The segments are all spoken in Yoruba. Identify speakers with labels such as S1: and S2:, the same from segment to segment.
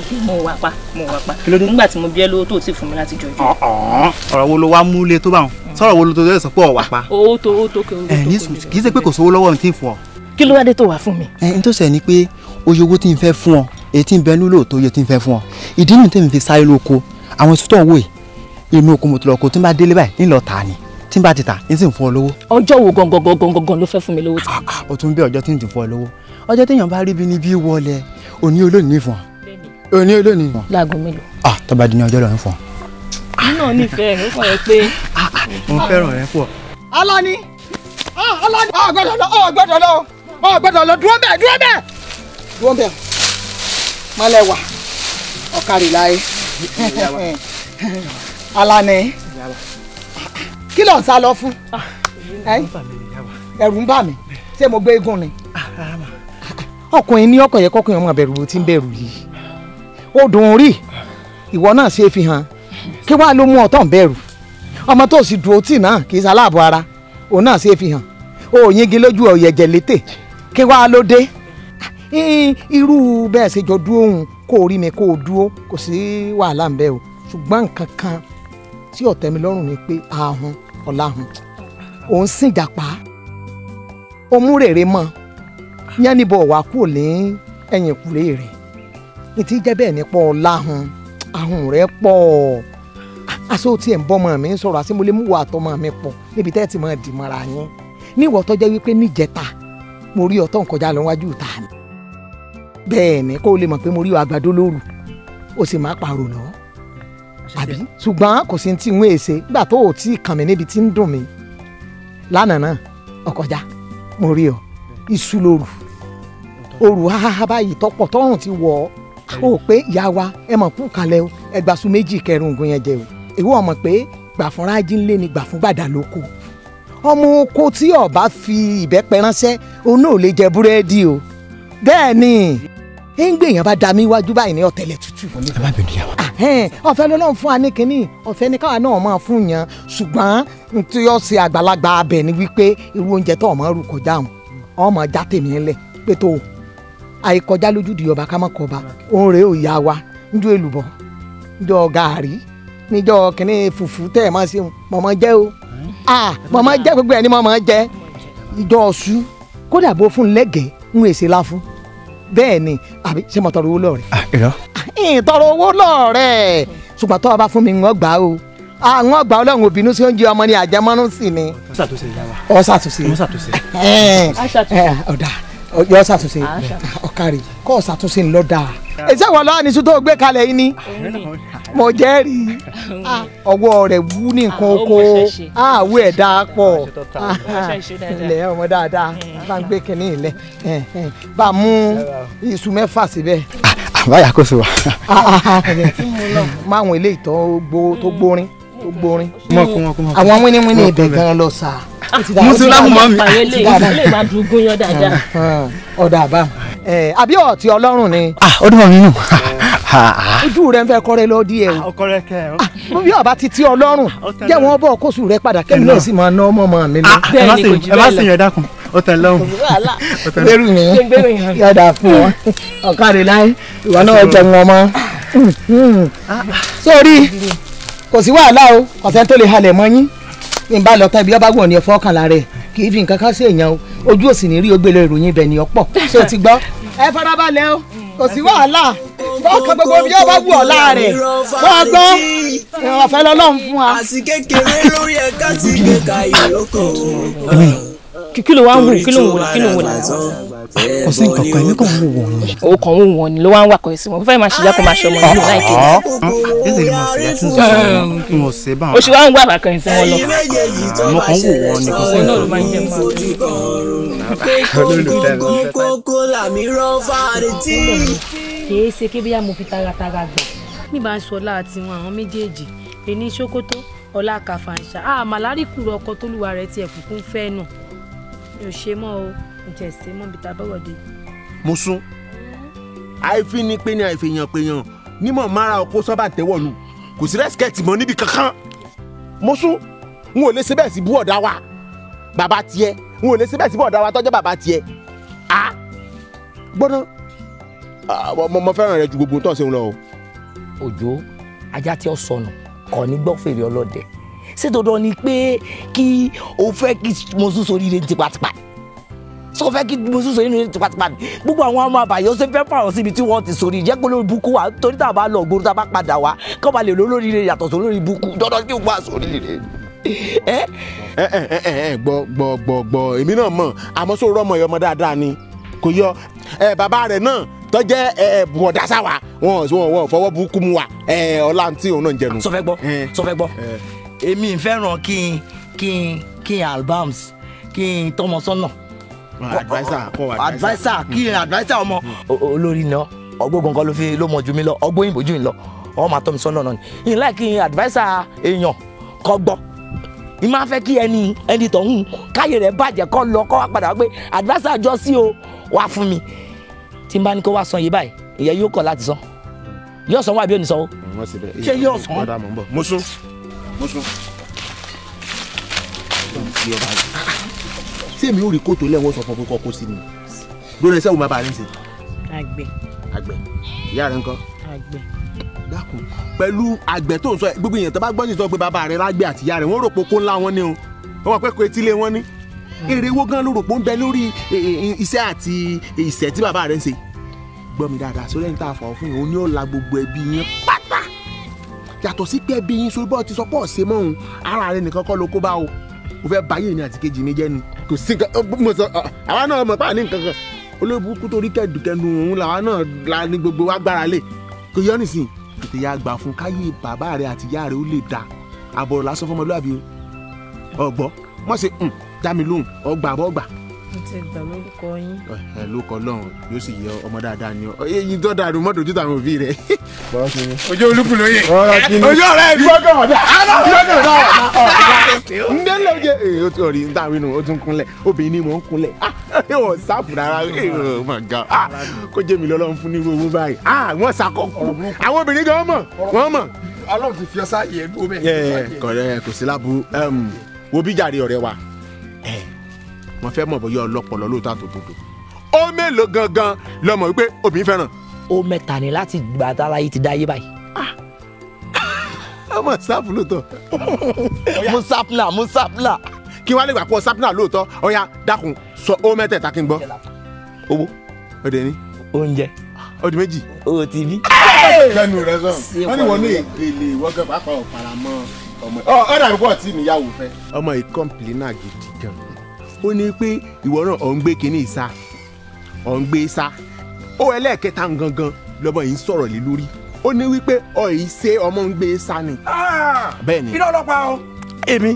S1: òkè mo wà pa mo wà pa nígbà tí mo bí ẹ lówó tó ti fún mi láti
S2: jọjú. ọ̀rọ̀ wo ló wá mú lé tó bá wọn mm. sọ̀rọ̀ wo ló tó sọ pé ọ̀ wà pa.
S1: owó tó owó tó kẹ owó tó kẹ lórí. kì í ṣe pé kò lọ́wọ́ ní tí ń fún ọ. kí ló wá dé tó wà fún mi. ẹ n tó sẹ ni pé oye owó tí n fẹ́ fún ọ èyí tí n bẹ nílò tó yẹ tí n fẹ́ fún ọ ìdí nìyí tèmi fi sáré lóko àwọn èso wò yìí inú oko mo ti tí n bá délé báyìí ńlọ tà ni tí n bá ti tà n sì ń fún ọ lówó. ọjọ́ wo gangan gangan gangan ló fẹ́ fún mi lówó. o ah, ah, tún bí ọjọ́ tí n ti fún ọ lówó ọjọ́ téèyàn bá rí bí ni bí wọlé òní olóòní fún ọ òní olóòní. láago mélòó. ah tọ́ba di ní ọjọ́ lọ́rùn fún ọ. nínú nífẹ̀ẹ́ rẹ̀ fún ẹ pé. mo fẹ́ràn rẹ pọ̀. alani ah, alani ọ gbọ́dọ̀ lọ ọ gbọ́dọ̀ lọ ọ gbọ́dọ̀ lọ dúró bẹ́ẹ̀ dúró bẹ́ẹ̀ dúró bẹ́ẹ̀ mọlẹwà ọkàrìlá yẹ alani kí ló ń sá lọ fún ẹ̀rù ń bà mí ṣé mo gbé eégún ni ah, ọkùnrin ní ọkọ yẹ kọkùnrin ọmọ abẹ̀rù tí ń bẹ̀rù yìí. ó dùn rí ìwọ náà ṣe fi hàn kí wàá ló mú ọtọ̀ ń bẹ̀rù ọmọ tó sì dùn òtì náà kì í ṣaláàbọ̀ ara òun náà ṣe fi hàn ó yingi lójú ọ̀yẹ̀jẹ̀ létè kí wàá ló dé irú bẹ́ẹ̀ ṣe jọ dúró òun kò rí mi kò o dúró kò sí wàhálà ń bẹ o ṣùgbọ́n nǹkan kan tí ó tẹ́ mi lọ́rùn ni pé ahun ọ̀làhun òun sìn jàpá òun mú rèrè níbo yánnibọ̀ wà kúrò ní ẹ̀yìnkùlé rẹ̀ ní ti jẹ́ bẹ́ẹ̀ ní pọ̀ láhùn ahùn rẹ̀ pọ̀ aṣọ tí ẹ̀ ń bọ́mọ mi ń sọ̀rọ̀ àti mo lè mú wà àtọmọ mi pọ̀ níbi tẹ́ẹ̀ tí mo dì mọ́ra yín ní ìwọ tó jẹ́ wípé níjẹta mo rí ọ̀tọ̀ nkọjá lọ wájú ìta mi bẹ́ẹ̀ ni kó o lè mọ̀ pé mo rí àgbàdo lóru o sì máa pààrọ̀ lọ́wọ́ àbí ṣùgbọ́n kò sí ti ń èsè nígbà tó o ti kàn mí níbi tí ń dùn mí lánàá náà ọkọjá mo rí ọ iṣu lóru òrù háhá báyìí tọpọ tọrùn ti wọ ọ o pé ìyá wa ẹ mọ̀ kú kalẹ̀ o ẹ gbàsù méjì kẹrin ògùn yẹn jẹ o ìwọ ọmọ pé gbàfúnra jínlé ni gbàfúngbàdà ló kù ọmọ oko tí ọba fi ìbẹ́pẹ ránṣẹ́ oná ò lè jẹ búrẹ́dì o bẹ́ẹ̀ ni éńgbé èèyàn bá da mí wájú báyìí ní ọ̀tẹ̀lẹ̀ tútù. ẹ má bẹ̀rù ìyá wa. Ah, ọ̀fẹ́ lọ́lọ́run fún wa ní kínní ọ̀fẹ́ ní káwa náà máa fún yàn ṣùgbọ́n tí yóò ṣe àgbàlagbà abẹ ni wípé irú oúnjẹ tó ọmọ rù kọjá àwọn ọmọ já tèmi ńlẹ̀ pé tó àìkọjá lójúdi ọba ká má kọba òun rèé ò yá wa njọ èlùbọ́ njọ gàárì níjọ kìnní fùfú tẹ ẹ máa ṣe mọ̀mọ́ jẹ́ o mọ̀mọ́ jẹ́ gbogbo ẹ̀ ní mọ̀mọ́ jẹ́ ìjọ ọ̀ṣù kódà bó fún lẹ́gẹ̀ẹ́ ń èsè láfún bẹ́ẹ̀ ni àbí ṣé mo tọrọ owó lọ́ọ̀rẹ́. ìtọrọ owó lọ́ọ̀rẹ́ ṣùgbọ́n tọ́wọ́ bá fún mi ń wọ́n gbà o àwọn ọgbà ọlọ́run òbínú sí oúnjẹ ọmọ ni àjẹmọ́nú sí ni. ó ṣàtúnṣe ìyá wa. ó ṣàtúnṣe. ó ṣàtúnṣe. ọ̀dà yọ ṣàtúnṣe ah, ọkàrí kọ́ ṣàtúnṣe ńlọ́dà ẹ̀sẹ̀ wà lọ́wọ́ àníṣu tó gbé kalẹ̀ yìí ni mo jẹ́rìí ah, ah, ọwọ́ rẹ̀ wú ní nǹkan oko àwọ̀ ẹ̀ dáa pọ̀ ilẹ̀ ọmọ dáadáa mm. bá ń gbé kínní ilẹ̀ eh, eh, bá a mú iṣu mẹ́fà síbẹ̀. báyà kò sí wa. máwọn ilé ìtọ́ tó gbórin tó gbórin àwọn wíníwíní ibẹ̀ gan lọ sáà mùsùlùmí mọ́ mi. Ah, ah. ọ̀dà àbá àbí ọ̀tí ọlọ́run ni. ọdún ah, mọ̀ mi nù. ojú rẹ ń fẹ́ kọ́rẹ́ lọ díẹ̀ o. ọkọrẹ kẹ o. bí ọba ti ti ọlọ́run jẹ́ wọn bọ̀ kóṣù rẹ padà kẹ́mi náà sì máa ná ọmọ ọmọ mi lọ. ẹ má sìn ẹ má sìn yẹn
S2: dákun ó tẹ lọ́hùn.
S1: gbèrú mi yọ̀dà fún ọ ọ̀kadì láyé ìwà náà jẹ wọn mọ́. sórí kò sí wàhálà o kọ̀sẹ́ tó lè halẹ̀ mọ́ yín n bá lọ tán ibi ọba gbọ̀n ni ẹ̀fọ́ kan lára ẹ̀ kì í fi nǹkan kan sí èèyàn o ojú òsì ní rí ogbélé ìròyìn ibẹ̀ ni ọ̀pọ̀ ṣé o ti gbọ́. ẹ farabalẹ̀ o kò sí wàhálà fọ́ọ̀kan gbogbo ibi ọba wù ọ́ láàrẹ̀ wọ́n gbọ́ ọ̀fẹ́ lọ́lọ́run fún wa. àti kékeré lórí ẹ̀ka ti kéka ìlókò. kí ló wá ń wù kí ló ń wù kí ló ń wù náà
S3: kò sí nǹkan kan èmi kàn ń wò wọ́n ni.
S1: o kàn ń wò wọ́n ni ló wá ń wà kọ́ sí wọn fẹ́ẹ́ máa ṣe yá kó máa ṣe ọmọ ìlú láìpẹ́ ẹsẹ ni ehm, mo ṣe ẹ ti ń oṣù wa ń wá àbàkan ìsìn wọn lọ. àmọ́ kan wò wọ́n ni kò sí nǹkan.
S4: kókó làmì rán fáre tí.
S5: kìí ṣe kí bí a mo fi taratara gbà. mi ń sọ láti wọn àwọn méjèèjì ẹni ṣòkòtò ọlá kàfàǹṣà a màlárí kùrọ ọkọ tólúwa rẹ tiẹ̀ kúkún fẹ́ nù yóò ṣe mọ́ o ìjẹ̀sẹ̀ mọ́ bìtà bọ́wọ́de.
S2: mo sún
S1: àìfi ni pé ni àìfi pé yàn Ni mo mara ọkọ sábà tẹ́wọ̀lù kò sí rẹ́sikẹ́ẹ̀tì mọ́ níbi kankan mo sún n ò lè ṣe bẹ́ẹ̀ sí bú ọ̀dá wa bàbá tiẹ̀ n ò lè ṣe bẹ́ẹ̀ sí bú ọ̀dá wa tọ́jọ́ bàbá tiẹ̀ a gbọ́dọ̀ mo fẹ́ràn rẹ ju gbogbo tó ń ṣe ń lọ o. òjò ajá tí ó sọnù kò ní gbọ́ fèrè ọlọ́dẹ ṣé dandan ni pé kí o fẹ́ kí mo sún sórí ire tipátipá sọ fẹ́ kí mo sún sórí nínú tipátipá ni gbogbo àwọn ọmọ àbàyọ ṣe fẹ́ fàrọ̀ síbi tí wọ́n ti sórí ìjẹ́ pé lórí wa torí tá a bá lọ gbòòrò tá a bá padà wá kọ́ ba lè lólórí rẹ̀ yàtọ̀ sórí búkú dọ́dọ́ kí n wá sórí rẹ̀ ẹ ẹ ẹ ẹ gbọ́ gbọ́ gbọ́ gbọ́ èmi náà mọ̀ àmọ́ sóò rọmọ ọmọ dáadáa ni kò yọ ẹ bàbá rẹ̀ náà tó jẹ́ ẹ bùrọ̀dá sáwà wọn wọn wọn fọwọ́ burúkú mu wa ẹ ọlá tí òun náà jẹnu. sọfẹ gbọ́ sọfẹ gbọ́ advisor oh, oh, oh, hmm. kí hmm. ni advisor ọmọ. olórí náà ọgbọ́n gan ló fi ló mọ ju mi lọ ọgbọ́n òyìnbó jù mí lọ ọ máa tọ́ mi sọ́nà náà ni ìyìnlá kí n advisor èèyàn kọ́ gbọ́ ì máa fẹ́ kí ẹni ẹni tọ̀hún káyè rẹ̀ bàjẹ́ kọ́ lọ kọ́ wá padà wá pé advisor jọ sí o wá fún mi tí n bá ní kó wá san yìí báyìí ìyẹn yóò kọ̀ láti san yóò san wá bí ò ní san o ṣé yóò san. mo sún
S3: mo sún. Ah, ah
S1: sẹ́mi ò rí kóòtù lẹ́wọ̀n sọ fún fún kọ́kọ́ sí ni lórí ẹsẹ̀ wo máa bá a ní sè. àgbẹ̀. àgbẹ̀ ìyá rẹ ńkọ́. àgbẹ̀. dákun pẹ̀lú àgbẹ̀ tó ń sọ gbogbo èèyàn tó bá gbọ́ nìsọ pé bàbá rẹ lágbẹ̀ àti ìyá rẹ wọ́n rò pé kó ńlá wọn ni o wọ́n mọ̀ pé kó etílé wọn ni èrè wo gan ló rò pé ń bẹ lórí iṣẹ́ àti ìṣẹ́ tí bàbá rẹ ń ṣe gbọ́ mi dáadáa sórí ẹni tá a fọ̀ fún yìí òun ni ó la gbogbo ẹbí yẹn pátá yàtọ̀ sí pé ẹbí yín sórí bọ́ọ̀ ti sọ pọ̀ ṣe mọ́ òun ara rẹ nìkan kọ́ ló kó bá o ò fẹ́ báyé ní àtìkejì mi jẹ́ ni kò sí nǹkan mo sọ ah, àwa náà mọ̀ páà ní nǹkan kan olóòbùkú torí kẹ̀dùkẹ̀dù òun làwa náà la ní gbogbo wa gbára lé kò yọ nìsín tètè ya gbà fún káyé bàbá rẹ àti ìyá rẹ ó lè da àbọ̀rọ̀ lásán fọmọlúwàbí ọgbọ́ mọ̀ sí hmm, dá mi lóhùn ọgbà àbọ̀gbà mo ti gbà lórúkọ yín. ẹ lórúkọ Ọlọ́run yóò sì yẹ ọmọ dáadáa ni ọ eyín tó dàrú mọ dojú tàwọn òbí rẹ. ojú olúkú ló yẹ ojú ọ̀rẹ́ mi. gbọ́dọ̀ ọ̀dà gbọ́dọ̀ ọ̀dà ọ̀dà. ndélé oye ee o ti rí n tàwé nù o tún kúnlẹ̀ obìnrin ni mò ń kúnlẹ̀ ah, wọ́n sáàpù rárá oh
S2: my God ah,
S1: kó jẹ́ mi lọ́lọ́run fún nírú owó báyìí ah, wọ́n sàkọ́kù àwọn obìnrin gan mọ̀ wọ́n mọ̀.
S2: Ọlọ́run ti fi ọsá yẹ dúró
S1: bẹ́ẹ̀. kọrẹ kò sí lábu wo bí jàre ọ̀rẹ́ wa mo fẹ́ mọ̀ bóyá ọlọ́pọlọ lóòótọ́ àtòdodo ó mélòó gangan lọmọ wípé obìnrin fẹ́ràn. ó mẹ́ta ni láti gbà tára yìí ti dáyé báyìí. Ah! ọmọ sáàpù lóòótọ́. mo sápìlà mo sápìlà. kí wàá lè gbà pọ̀ sápìlà lóòótọ́ ọ̀ya dákun sọ ó mẹ́tẹ̀ẹ̀ta kí n gbọ́. owó ọdẹ ni. oúnjẹ. ọdún méjì. o ti bí. kẹnu rẹ sọ wọn ni wọn ní èlé ìwọgẹ pàápàá ọ̀páramọ́
S2: ọmọ ọ̀ ọ̀dà ìwọ́ tí mi yà wò fẹ́. ọmọ ìkọ́ǹpìlì náà gidi gan-an ó ní pé ìwọ náà ò ń gbé kinní ìsa ò ń gbé ìsa e ó ẹlẹ́ẹ̀kẹta
S1: gangan lọ́mọ yìí ń sọ̀rọ̀ lé lórí ó ní wípé ọ̀ yìí ṣe ọmọ ń gbé ìsa e ni. Ah!
S4: bẹ́ẹ̀ ni irọ́ ọlọ́pàá
S1: o èmi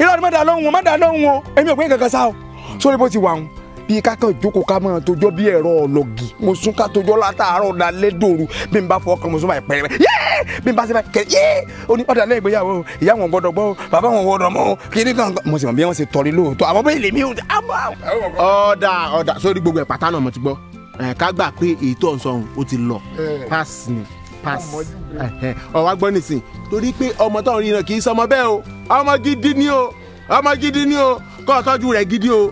S1: irọ́ ni má dá lóhùn o má dá lóhùn o èmi ò pé kankan sá o sórí bó ti wà ń bí kákan jókòó ká máa tójọ́ bí ẹ̀rọ ọ̀lọ́gì mo sún ká tójọ́ látàárọ̀ dòru bí n bá fọ ọkàn mo sún báyìí pẹ́rẹ́pẹ́ yé bí n bá ṣe báyìí kẹ́ yé onípadà lẹ́yìn ìgbéyàwó ìyá wọn gbọ́dọ̀ gbọ́ bàbá wọn gbọ́dọ̀ mọ́ kiri kan mo sì mọ̀ bí wọ́n ṣe tọ́rí lóòótọ́ àmọ́ bẹ́ẹ̀ lèmi ò àmọ́. ọ̀dà ọ̀dà sórí gbogbo ẹ̀ pátá náà mo ti gbọ́ ká gbà pé èyí tó ń sọhun ó ti lọ pass ni pass ọwọ́ agbọ́n nìsín torí pé ọmọ tó ń rí iná kì í sọmọ bẹ́ẹ̀ o ọmọ gidi ni o ọmọ gidi ni o kọ́ ọ rẹ̀ gidi o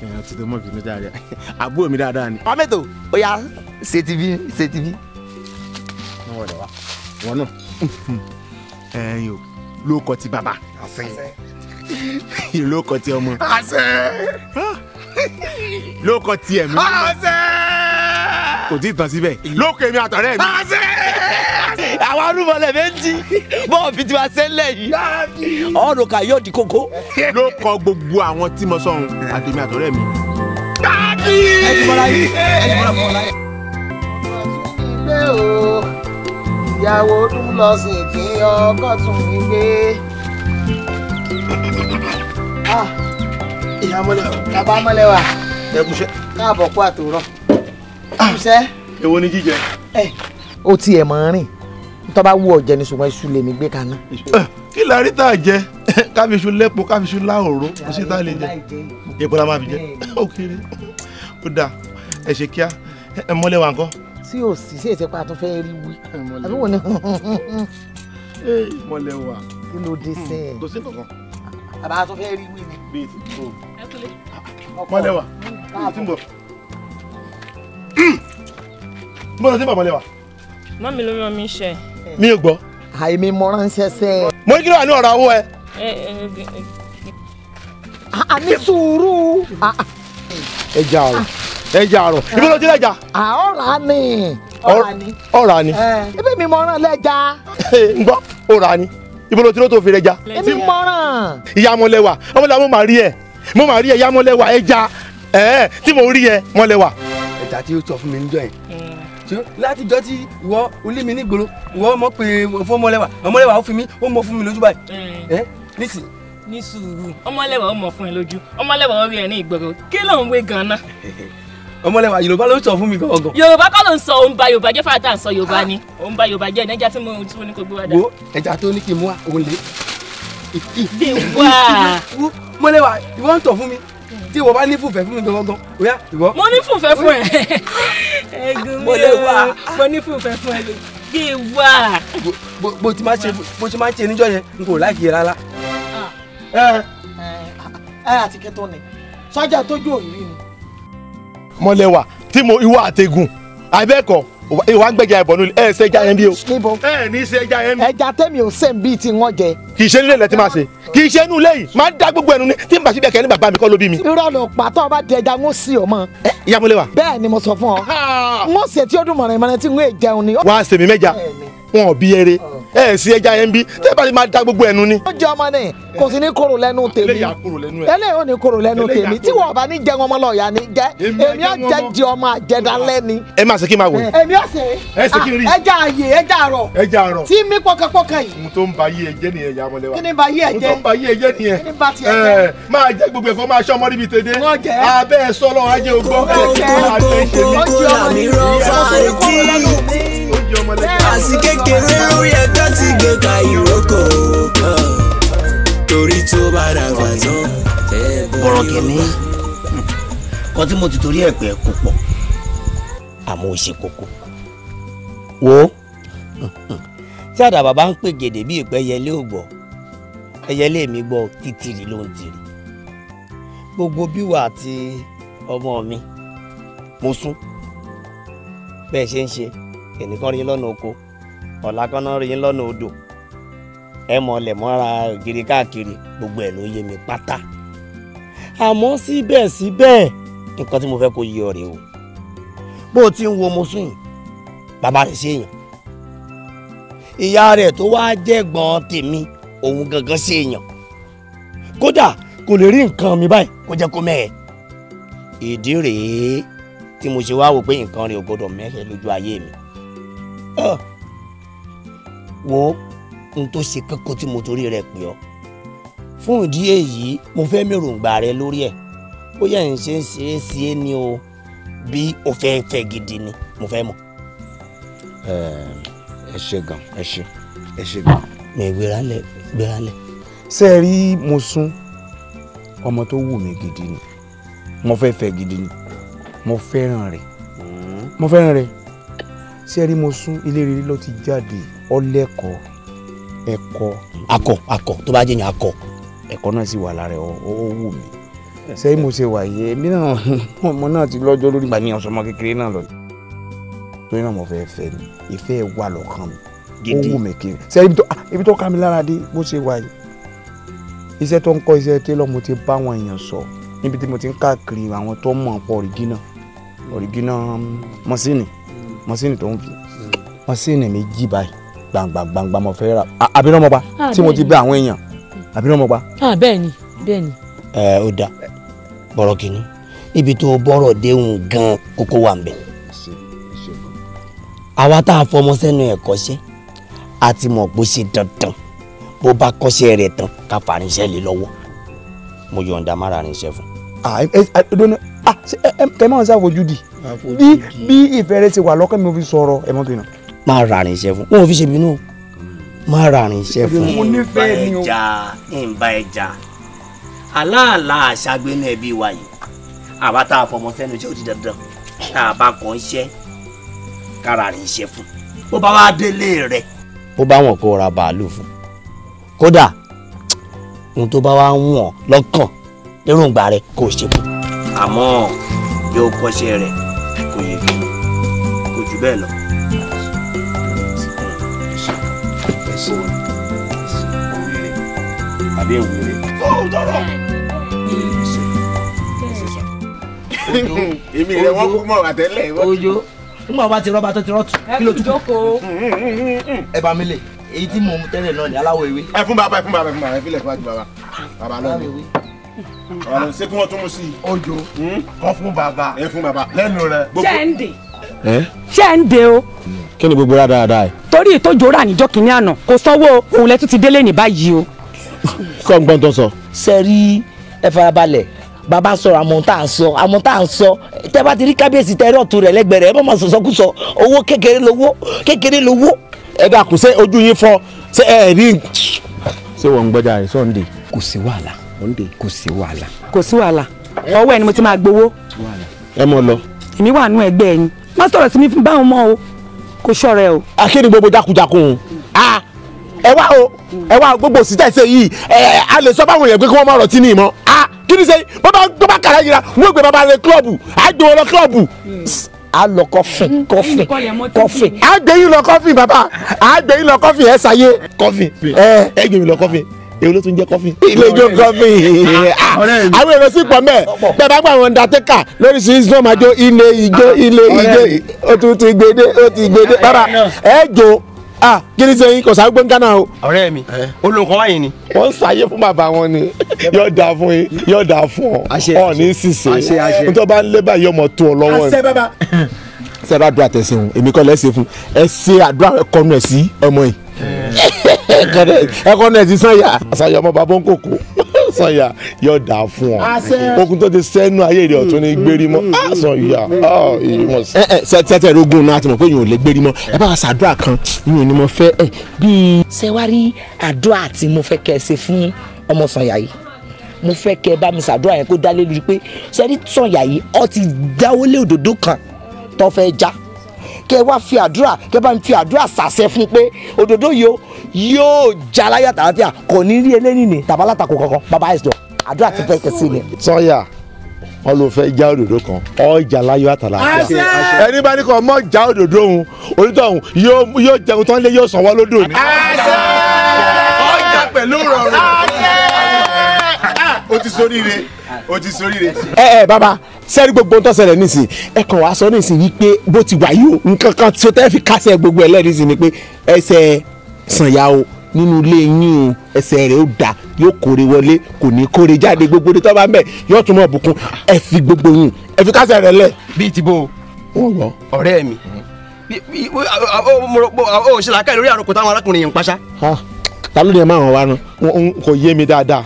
S1: ti tó mọ̀ bínú jáde àbúrò mi dáadáa ni. ọmọ ètò ó yà ṣe ti bí ṣe ti bí. wọn wọlé wa wọn náà ẹyin o ló kọ ti bàbá ló kọ ti ọmọ ló kọ ti ẹ̀mí kò tí ì tán síbẹ̀ ló kọ èmi àtọ̀rẹ́ mi àwọn arúgbọ́lẹ̀ méjì bọ́ọ̀fì tí wàá sẹ́lẹ̀ yìí ọ̀rọ̀ kà yóò di kókó. ló kọ gbogbo àwọn tí mo sọ̀hún
S2: àtẹ̀mí àtọ̀rẹ́ mi.
S1: dáàbì ìyàwó tún lọ sí kí ọkọ tún mi gbé. Ah, ìyá mọ́lẹ̀ wa. bàbá mọ́lẹ̀ wa. ẹ káàbọ̀ kó àtòrọ̀. Ah, kúṣẹ́. èwo ni jíjẹ. ẹ o tiẹ̀ mọ̀ rìn tó bá wù ọ ni ṣùgbọ́n iṣu lèmi gbé kaná. Eh, kí la rí tá a jẹ káfíṣu lẹ́pọ̀ káfíṣu láòró kò sí tá a lè jẹ èèpo la máa fi jẹ ó kéré ó dáa ẹ ṣe kíá ẹ mọ́lẹ̀ wa nǹkan. sí ò sí sí èsèpá tó fẹ́ rí wí àbí wò ni. Eh, mọ́lẹ̀ wa kí ló dé sẹ́ẹ̀. Hmm, kò sí kankan. bàbá tó fẹ́ rí wí ni. bíi ti tó. mọ́lẹ̀ wa tí mo. Hmm. mo lọ sí bàbá mọ́lẹ̀
S5: mọ́mi ló rán mi ṣe
S1: mi ò gbọ́. àìmí mo ránṣẹ́ sẹ́. mo ní kí ló wà ní ọ̀rọ̀ owó ẹ. àní sùúrù. ẹja àrò ẹja àrò ibi ló ti lẹja. ọ̀rá ni. ọ̀rá ni. ibi mi mo rán lẹ́ja. ń gbọ́ ọ̀rá ni ibi ló ti ló tó fi lẹ́ja. ibi mo rán. ìyá mọ̀lẹ́wà ọmọdé àwọn màrí ẹ̀ mo máa rí ẹ̀yà mọ́lẹ́wà ẹja tí mo rí ẹ mọ́lẹ́wà.
S2: ẹja tí ó sọ fún mi níjọ́ yẹn
S1: látijọ́ tí ìwọ olé mi nígboro ìwọ mọ̀ pé fún ọmọlẹ́wà ọmọlẹ́wà ó fi mí ó mọ fún mi lójú báyìí ẹ nísì. ní sùúrù ọmọlẹ́wà ó mọ fún ẹ lójú ọmọlẹ́wà ó rí ẹ ní ìgboro kí ló ń wé ganan. ọmọlẹ́wà yorùbá ló ń sọ fún mi gangan. yorùbá kọ́ ló ń sọ òun ba yorùbá jẹ́ fàtà sọ yorùbá ni òun ba yorùbá jẹ́ ẹja tí mo tún ní kó gbé wá wo ẹja tó ní kí n mú wa òun lè. ìwà mọlẹ́wà ìwọ ń tọ̀ fún mi tí ìwọ bá ní fùfẹ́ fún mi gangan oya ìwọ. mo ní fùfẹ́ fún ẹ ẹgùn mi o mo ní fùfẹ́ fún ẹ gbé wá. bó ti máa ṣe bó ti máa ṣe níjọ́ yẹn n kò láìkí rárá. ẹ ah. ẹ eh. eh, eh, àti kẹtọ ni sọjà tójú òní ni. mọlẹwà tí mo ìwọ àtẹgùn àbẹ́kọ̀ọ́ ìwà ń gbẹ̀jà ẹ̀bọ̀nú ẹ̀ ṣe ẹja yẹn bí o. níbo ẹ ní ṣe ẹja yẹn bí. ẹja tẹ́mi ò sẹ́ǹ bíi ti wọ́n jẹ. kì í ṣe nílé ilẹ̀ tí màá ṣe kì í ṣe inú ilé yìí máa ń dá gbogbo ẹnu ní tí n bá ṣe bẹ́ẹ̀ kẹ́ ní bàbá mi kọ́ ló bí mi. irọ́ ló pa tó o bá di ẹja ń ó sí o mọ́. ẹ ìyá mo lè bẹ́ẹ̀ ni mo sọ fún ọ. ń ó ṣe tí ó dùn mọ̀ràn ìmọ̀ràn tí ń ó jẹun ni. wàá ṣèmi mẹ́ja wọn ẹ sí ẹja yẹn bí tẹ́ bá lè máa da gbogbo ẹnu ni. ó jẹ ọmọ ni kò sí ní koro lẹ́nu tèmi eléyìí ò ní koro lẹ́nu tèmi tí wọn bá ní jẹun ọmọ lọ́ọ̀yà ni jẹ èmi á jẹ di ọmọ àjẹdálẹ́ ni. ẹ máa ṣe kí n máa wò yìí. èmi ọ̀sẹ̀ ah, ẹja ààyè ẹja àrọ̀ ẹja àrọ̀ tí mi pọkànpọkàn yìí. mo tó ń ba yí ẹjẹ nìyẹn ya ọmọlẹ́wà. kí ni ba yí ẹjẹ. mo tó ń ba yí ẹjẹ nìyẹn. kí ni ba tiẹ̀ jẹ. Eh, máa jẹ gbogbo ẹ̀fọ́ máa ṣọmọ níbi tèdè. wọ́n jẹ́ abẹ́ ẹ sọ́lọ́ ajé ogbó. kókó kókó àmì rọ̀ fàájì.
S5: àti kékeré ló yẹ
S1: ká ti gbé ka ìrókò
S3: kan torí tó bá dàgbà tán. bọ̀rọ̀ kìíní
S1: kan tí mo ti torí ẹ̀ pẹ́ kó pọ̀ àmọ́ ó ṣe kókó wo tí àdàbà bá ń pè gèdè bí ìpẹ́ yẹlé ò gbọ́ ẹyẹlé mi gbọ́ títìrì ló ń tìrì gbogbo bíwà àti ọmọ mi mo sún bẹ́ẹ̀ ṣe ń ṣe ẹnìkan rí lọ́nà oko ọ̀la kọ́nà rí yín lọ́nà odò ẹ mọ̀ọ́lẹ̀ mọ́ra ògiri káàkiri gbogbo ẹ̀ ló yé mi pátá àmọ́ síbẹ̀síbẹ̀ nǹkan tí mo fẹ́ kó yí ọ o bó o ti ń wo mosún yìí bàbá rẹ̀ ṣe èèyàn ìyá rẹ̀ tó wáá jẹ̀gbọ́n tèmi òun gangan ṣe èèyàn kódà kò lè
S2: rí nǹkan mi báyìí
S1: kó jẹ́ kó mẹ́ẹ̀ ìdí rèé tí mo ṣe wá wò pé nǹkan rẹ̀ ò gbọ́dọ̀ mẹ́rẹ̀ lójú ayé mi. Uh wo n tó ṣe kókó tí mo torí rẹ̀ pè ọ́ fún ìdí èyí mo fẹ́ mèròǹgbà rẹ lórí ẹ̀ bóyá n ṣe ń ṣe é sí é ni o bí o fẹ́ fẹ́ gidi ni mo fẹ́ mọ̀. ẹ ṣe gan ẹ ṣe ẹ ṣe gan. mi gbéra lẹ gbéra lẹ. ṣé ẹ rí mo sún ọmọ tó wù mí gidi ni mo fẹ́ fẹ́ gidi ni mo fẹ́ràn rẹ̀ hmm. mo fẹ́ràn rẹ̀ ṣé ẹ rí mo sún ilé rere ló ti jáde ọlẹ́kọ̀ ẹ̀kọ́. akọ akọ tó bá jẹyàn akọ. ẹ̀kọ́ náà sì wà lára ẹ̀ ó wù mí sẹ́yìn mo ṣe wà yìí èmi náà ọmọ náà ti lọ́jọ́ lórí gbà mí kékeré náà lọ. torí náà mo fẹ́ fẹ́ ni ìfẹ́ wà lọ́kàn mi ó wù mí kiri sẹ́yìn ah, ibi tó ká mi lára dé bó ṣe wà yìí. iṣẹ́ tó ń kọ́ iṣẹ́ télọ̀ mo ti bá àwọn èèyàn sọ níbi tí mo ti ń káàkiri àwọn tó mọ̀ ọ́n pọ̀ ọ̀rìgínà mọ́sínì mọ́sínì tó ń fi mọ́sínì mi jí báyìí gbangba gbangba mo fẹ́ ra ah, abirọ́mọba ah, tí mo ti bẹ àwọn èèyàn abirọ́mọba. Ah, bẹ́ẹ̀ ni bẹ́ẹ̀ ni. ẹ ó da bọ̀rọ̀ kìíní ibi tó bọ́rọ̀ déhùn gan-an kókó wà ń bẹ̀. àwa tá a fọmọ sẹ́nu ẹ̀ kọ́ṣẹ́ a ti mọ̀ pé ó ṣe dandan bó bá kọ́ṣẹ́ rẹ̀ tán ká farinṣẹ́ lé lọ́wọ́ mo yọ̀ǹda má irinṣẹ́ fún. Ah, kẹ máa ń ṣàfojú di bí bí ìfẹ́ rẹ ti wà lọ́kàn mi ò fi sọ̀rọ̀ ẹ̀ mọ́ bínú. máa ra àrìn iṣẹ́ fún wọn ò fi ṣe bínú hmm. máa ra àrìn iṣẹ́ fún. mo nífẹ̀ẹ́ ni o ìbá ẹja ìbá ẹja aláàlá àṣàgbénu ẹbí wa yìí àbá tá a fọmọ fẹ́nu iṣẹ́ ó ti dandan tá a bá kàn ń ṣẹ́ kára àrìn iṣẹ́ fún bó bá wá délé rẹ̀. bó bá wọn kó ra bàálù fún kódà ohun tó bá wá ń wọ̀n lọ́kàn lérògbà rẹ̀ kò ṣe kù àmọ́ yóò kọ́ṣẹ́ rẹ̀ kò yẹ kí kò jù bẹ́ẹ̀ lọ. èmi rẹ wọn kú mọ àtẹlẹ. ojo nígbà wọn bá ti rọba tó ti rọtù kí ló tún. ẹ bá mi lè èyí tí mò tẹ́lẹ̀ náà ní aláwọ̀ ewé. ẹ fún bàbá ẹ fún bàbá ẹ fún bàbá ẹ fílẹ̀ fún bàbá bàbá lọ́wọ́ àwọn ṣé kí wọ́n tún mú sí i. ojo hmm? kọ fún bàbá ẹ fún bàbá lẹ́nu rẹ. ṣẹ́ǹdè ṣẹ́ǹdè o. kí ni gbogbo rà dáadáa ẹ. torí ìtòjò rà níjọ́ kìíní àná kò sanwó òun lẹ́tún ti délé ní báyìí o. kọ́ ń gbọ́n tó sọ. ṣe rí ẹ farabalẹ̀ bàbá sọ̀rọ̀ àmọ́ tá à ń sọ àmọ́ tá à ń sọ tẹ́ bá ti rí kábíyèsí tẹ́rẹ́ ọ̀tún rẹ̀ lẹ́gbẹ̀ẹ́ rẹ̀ ẹ má má sọ̀sọ́ kú sọ owó kékeré lówó kékeré lówó. ẹ dákun ṣé ojú yín fọ́ ṣé ẹ rí. ṣé wọn ń gbọ́jà ẹ sọ́ndé. kò sí wàhálà Monday kò sí wàhálà. kò sí wàhálà ọwọ́ ẹ ni mo ti máa gbowó. ẹ mọ lọ. èmi wà nù ẹgbẹ́ ẹ̀yin má sọ̀rọ̀ sí mi fún báwọn mọ́ o kò ṣọ̀rẹ́ o. akéde gbogbo jákujákun ẹ wá o ẹ wá gbogbo òsítẹ́ ṣe yìí ẹ a lè sọ fáwọn èèyàn pé kí wọ́n má rọ̀ tí ní ìmọ̀ a kí ni ṣe bàbá tó bá kàrá yìí wọ́n gbé bàbá rẹ kílọ̀bù àjò lọ kílọ̀bù a lọ kọfìn kọfìn kọfìn a gbé yín lọ kọfìn bàbá a gbé yín lọ kọfìn ẹ ṣayé kọfìn ẹ ẹ gbé lọ kọfìn èwo ló tún jẹ́ kọ́fì. ilé ijó kọ́fì ah, àwọn èrò sì pọ̀ mẹ́ẹ̀ bẹ́ẹ̀ bá gba àwọn undertaker lórí sí islam àjọ ilé ijó ah, ilé ijó ó tún ti gbédé
S2: ó ti gbédé bàbá ẹ jò ah kí ni sẹ́yìn kò sáré gbẹ̀ngàn náà o. ọ̀rẹ́ mi olùkọ́ eh? wáyé ni. wọ́n ń ṣàyè fún bàbá wọn ni yóò dáa fún yín yóò dáa fún ọ ọ ní sísè nítorí bá ń lé báyìí ọmọ tó ọ lọ́wọ́ ni sẹ́ẹ̀ bá dùn àtẹ̀sìn
S1: èmi kọ́ lẹ́sẹ̀ fún ẹ ṣe àdúrà ẹ̀kọ́nù ẹ̀ sí ọmọ yìí ẹkọnẹ
S2: ti sanya sanya ọmọ babọ nkoko sanya yóò dà fún
S3: ọ
S1: okun
S2: tó ti sẹnu ayé rẹ ọtún ní gbérí mọ sanya ọ èyí mọ sí. sẹtẹ rogun náà ti mọ pé yìí ò lè gbérí
S1: ẹ bá wa ṣàdúrà kan yìí ò ní mo fẹ ẹ bíi. sẹwárí àdúrà tí mo fẹ́ kẹ́ ẹ ṣe fún ọmọ sanya yìí mo fẹ́ kẹ́ ẹ bá mi ṣàdúrà yẹn kó dá lé lórí pé sẹ́rí sanya yìí ọ ti dáwọ́lé òdòdó kan tó fẹ́ já kẹ wá fi àdúrà kẹ bá ń fi àdúrà sàṣẹ fún pé òdòdó yìí yóò já láyà tàlàfíà kò ní rí eléyìí ní tàbá látàkò kankan bàbá àìsàn àdúrà ti fẹsẹ̀ sí ni. sọ́yà wọn ló fẹ́ já òdòdó kan ọjà láyọ̀ àtàlàfíà ẹni bá ní kọ́ mọ́ já òdòdó
S2: òun onítọ̀hún yóò jẹun tán lé yóò sanwó lódò ní.
S3: ọjà pẹ̀lú rọrùn
S2: o ah, ah, ti soríire o ti soríire.
S1: ẹ ẹ bàbá sẹ́rí gbogbo tó ṣẹlẹ̀ nísìnyí ẹ kàn wá sọ nísìnyí wípé bó ti wà yìí o nǹkan kan tó tẹ́ fi kásẹ̀ gbogbo ẹ̀ lẹ́ẹ̀dínsì ni pé ẹsẹ̀ sànyà o nínú ilé yín o
S2: ẹsẹ̀ rẹ̀ ó da yóò kórè wọlé kò ní kórè jáde gbogbo tó bá mẹ́ yóò tún mọ̀ bùkún ẹ fi gbogbo yín ẹ fi kásẹ̀ rẹ̀ lẹ̀. bíi ti bo ọ̀rẹ́ mi
S1: ó hmm. ṣe làákàyè lórí àròkọ táwọn arákùnrin yẹn ń paṣá.
S2: ta ló ní ẹ máa hàn wá ná kò yé mi dáadáa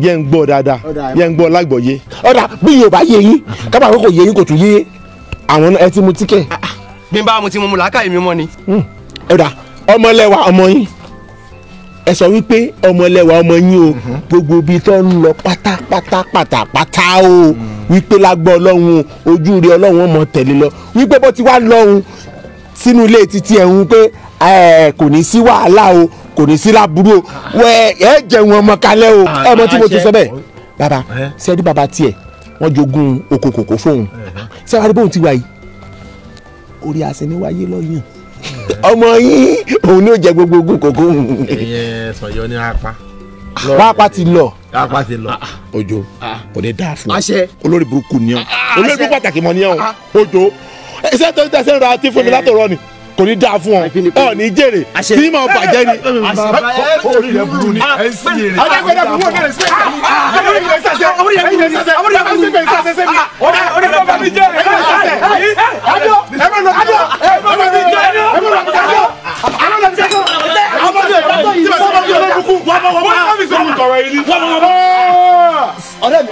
S2: yẹ ń gbọ́ dáadáa yẹ ń gbọ́ lágbọ̀ọ́yé.
S1: ọ̀dà bí yorùbá yé yín kábà kò yé yín kò tún yé àwọn ẹ ti mu tíkẹ̀. Ah, ah. bí n bá mu ti mu
S2: mu làákàyè mi mọ́ ni. ọ̀dà hmm. ọmọlẹ́wà ọmọ yín ẹ sọ wípé ọmọlẹ́wà ọmọ yín o mhm. gbogbo ibi tó ń lọ pátápátá o
S1: wípé lágbọ́ ọlọ́run ojú rẹ ọlọ́run ọmọ tẹ̀lé lọ wípé bó ti wá lọ́run sínú ilé títí ẹ̀hún pé kò ní sí wàhálà o kò ní sí láburú o wẹ ẹ jẹun ọmọ kalẹ o ah, ẹ mọ tí ah, mo ti sọ bẹ́ẹ̀ baba sẹẹdi eh? baba tiẹ wọn jogún okòkòkò fóun sẹwárí eh. bóun ti wá yìí orí àsẹni wáyé
S2: lọ́yàn ọmọ yín òun ni ó jẹ gbogbo ogún kòkó òun.
S1: ẹyẹ sọyọ ní apá. apá ti lọ. apá ti lọ. ojo ah, kò ní dáa fún ọ olórí burúkú ni ọ olórí burúkú pàtàkì mọ ni ọ ojo ṣé tó ń tẹsẹ̀ ń ra ọtí fún mi látọ̀rọ̀
S2: ni kò ní dáa fún ọ ọ ní jèrè tí mo bàjẹ́ ni. orí rẹ burú ni ẹ ń sí èrè. adágbẹ́dẹ́ burú ọ̀gá rẹ̀ sí èrè. àwọn ènìyàn sàṣẹ àwọn ènìyàn sàṣẹ àwọn ènìyàn
S4: sàṣẹ sẹ́mi. orí kò bá mi jẹ́ ẹ̀ ẹ̀ sàṣẹ. àjọ ẹ bá lọ àjọ ẹ bá mi jẹ́ ẹ bá lọ àjọ.
S1: àwọn ọ̀nà ìṣẹ́jọ́ àwọn ọ̀nà ìṣẹ́jọ́ tí wọ́n sọ́kọ́ bí olókùnkùn wọ́n mọ̀ wọ́n mọ̀ ọ̀rẹ́ mi ọ̀rẹ́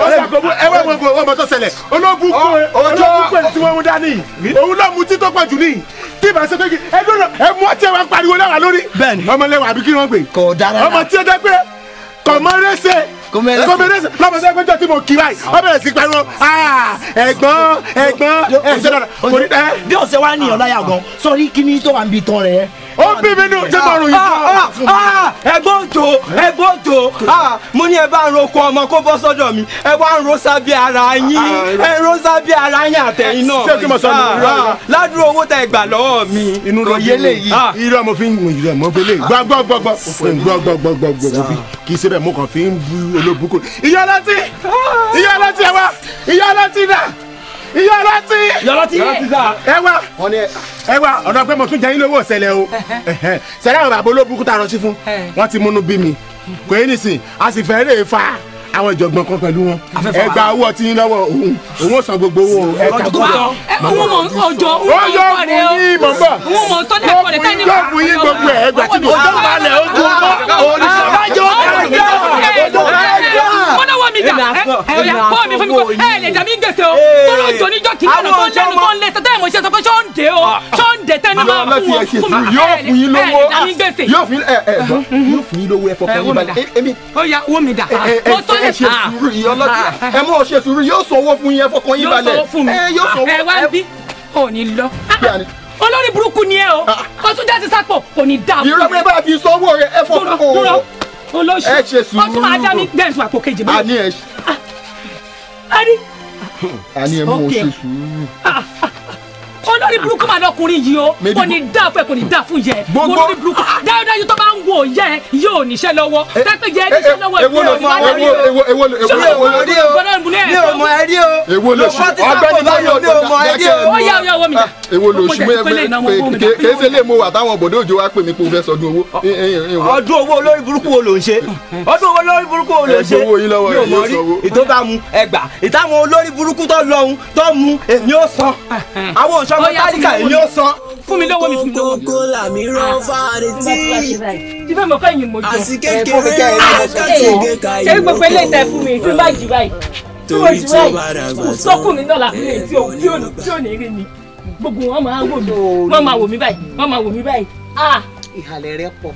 S1: mi ẹ wẹ́ gbogbo ọmọ tó ṣẹlẹ̀ ológun kú ológun kú ẹ̀ tí wọ́n mú dání òun náà mutí tó pọ̀ jù níyì tí ìbá ṣe pé kí ẹ dúró ẹ mú ọtí ẹ wá pariwo lẹ́wà lórí. bẹ́ẹ̀ni ọmọlẹ́wà àbí kí wọ́n gbé. kò dára ọmọ tí ẹ dẹ́ pé kọ̀mọ́rẹ́sẹ̀ kọ̀mọ́rẹ́sẹ̀ lọ́mọdé ẹgbẹ́jọ́ tí mo kí báyìí ọ sí pariwo ah, ẹ̀gbọ́n ẹ̀gbọ́n ẹ̀ṣẹ̀ dára. Eh. bí ọ̀sẹ̀ wa nìyọ̀ láyà gan sọ ó bí mi nù tí mo rùn yìí ah, fún ah, ọ. Ah, ẹgbọ́n tó ẹgbọ́n tó mo ní ẹ bá ń ro oko ọmọ kó bọ́ sọ́dọ̀ mi ẹ wá ń ro sábẹ́ ara yín ẹ ro sábẹ́ ara yín àtẹ̀yìn náà. ṣé kí mo sọ ní ìrọ̀ ládùúgbò owó tẹ gbà lọ́wọ́ mi. inú ló yé léyìí
S2: irọ́ mo fi ń gun ìrọ̀ mo fi lè gbọ́ gbọ́ gbọ́ gbọ́ gbọ́ gbọ́ gbọ́ gbọ́ gbọ́ bí kì í ṣe bẹ́ẹ̀ mo kàn fi ń bu olóbùkún. ìyá ọlọ́tí ìyá ọlọ́tí ẹ wá
S1: ìyá ọlọ́tí náà. Iyọlọ́tí. Iyọlọ́tí. Ẹ wá ẹ wá
S2: ọ̀dọ̀ pé mo tún jẹ yín lówó ọ̀sẹ̀lẹ̀ o. Sẹ́lẹ̀ àwọn bàbá olóbùkún tá a rántí fún. Wọ́n ti múnú bí mi. Kò yé nìsín, a sì fẹ́ rè é fa àwọn ìjọ̀gbọ̀n kan pẹ̀lú wọn ẹ gba owó ọtí yín lọ́wọ́ òun òun ó san gbogbo owó ẹ kà kó lọ. òun mọ̀ ọjọ́ òun mọ̀ ọjọ́ rẹ̀ o òun mọ̀ bọ̀ òun mọ̀ tọ́lá ẹ̀kọ́ rẹ̀ tẹ́lẹ̀ wá. yóò fún yín gbogbo ẹ̀ ẹgbẹ́ tí kò tó balẹ̀ ojú mọ́ olùsọ̀rọ̀jọ́
S4: mọ́nàwọ́ mi jà ẹ̀yà pọ́ mi fún mi
S1: kọ́ ẹ̀ lè jà mí gbèsè o tọ́lá òjò níjọ́ kìnnìkan tó lẹ́nu tó ń lé sẹ́tẹ́ ìmọ̀ ìṣẹ́ sọ pé ṣọ́ọ̀ǹdè o ah. ṣọ́ọ̀ dẹ̀ tẹ́ni máa fún wọn fún ma yóò fún yín lówó yóò fún yín ẹ ẹ bọ yóò fún yín lówó ẹ fọkàn yín balẹ̀ èmi. ó ya owó mi dà mo tó lè ṣe ah. sùúrù yìí ọlọ́tí ah. ẹ mọ̀ ṣe sùúrù yóò sọ owó fún yín ẹ fọkàn yín balẹ̀ yóò sọ owó fún mi ẹ wá bí ò ní lọ ah, olórí burúkú ni ẹ o o tún jáde sápò kò ní dáa. ìrọ̀lẹ́ bá fi sanwó rẹ̀ ẹ fọkàn o olóṣù ẹ ṣe sùúrù o tún máa dá mi gbẹ̀nsùn àpò kejì báyìí. a ní ẹ ṣe ẹ mú olórí burúkú máa lọkùnrin yìí o kò ní dá fún ẹ kò ní dá fún yẹ olórí burúkú ah! dáadáa tó bá ń wo yẹ yóò níṣẹ́ lọ́wọ́ eh, tẹ́pẹ́ yẹ eh, níṣẹ́ lọ́wọ́ ìwé òní máa lọ rí o ṣọlá ìwọ rí o mi ò mọ ẹ rí o èwo ló ṣù ọ̀gbẹ́ni báyọ mi ò mọ ẹ rí o. ó yà ó yà owó mi dà ah, èwo ló ṣù kèé ṣe lè mú wa táwọn bòdó òjò wa pè mí pé o fẹ́ sọdún owó. ọdún owó olórí burúkú wo ló ń ṣe ọdún owó olórí burúkú wo ló ń ṣe mi ò mọ rí ìtó bá mu ẹgbà ìtàwọn olórí burúkú tó lọ ohun tó mu èmi ò sọ ah, àwọn òṣ sọmọ tálíkà èmi ò san fún mi lówó mi fún mi lówó mi. kókólà mi rán ah, fáre tí. ìfẹ́ mọ̀ fẹ́yìn mo jọ. àti kékeré ẹ̀ka tí ìgbé ka ìlú kọ́. ṣé gbogbo ilé ìtẹ̀ fún mi tí bá jù báyìí
S5: tí mo jù báyìí
S1: kò sọ́kùnrin náà làkúrẹ́ tí ò ní rí mi gbogbo wọn máa wò mí wọn máa wò mí báyìí wọn máa wò mí báyìí. Ah! ìhàlẹ̀ rẹ pọ̀.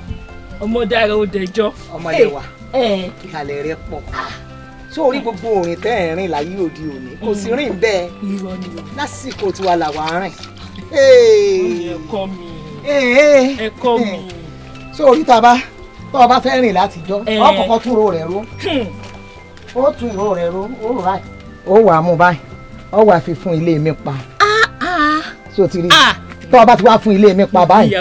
S1: ọmọ dára ó dẹjọ́. ọmọ lẹwà eh, eh. ìhàlẹ̀ rẹ pọ̀. Ah! tí orí gbogbo òrìn tẹ́ ẹ̀ rìn láyé òde òní kò sí rìn bẹ́ẹ̀ lásìkò tiwa làwa rìn. ẹ̀kọ́ mi ẹ̀kọ́ mi. sórí tá a bá tó o bá fẹ́ rìn látijọ́ ọ kọ̀kọ́ tún ro rẹ̀ ro hmm. ó tún ro rẹ̀ ro ó rà ẹ̀. ó wàá mú báyìí ó wàá fi fún ilé mi pa so ah, ah. ti rí ah. tó o bá ti wá fún ilé mi pa báyìí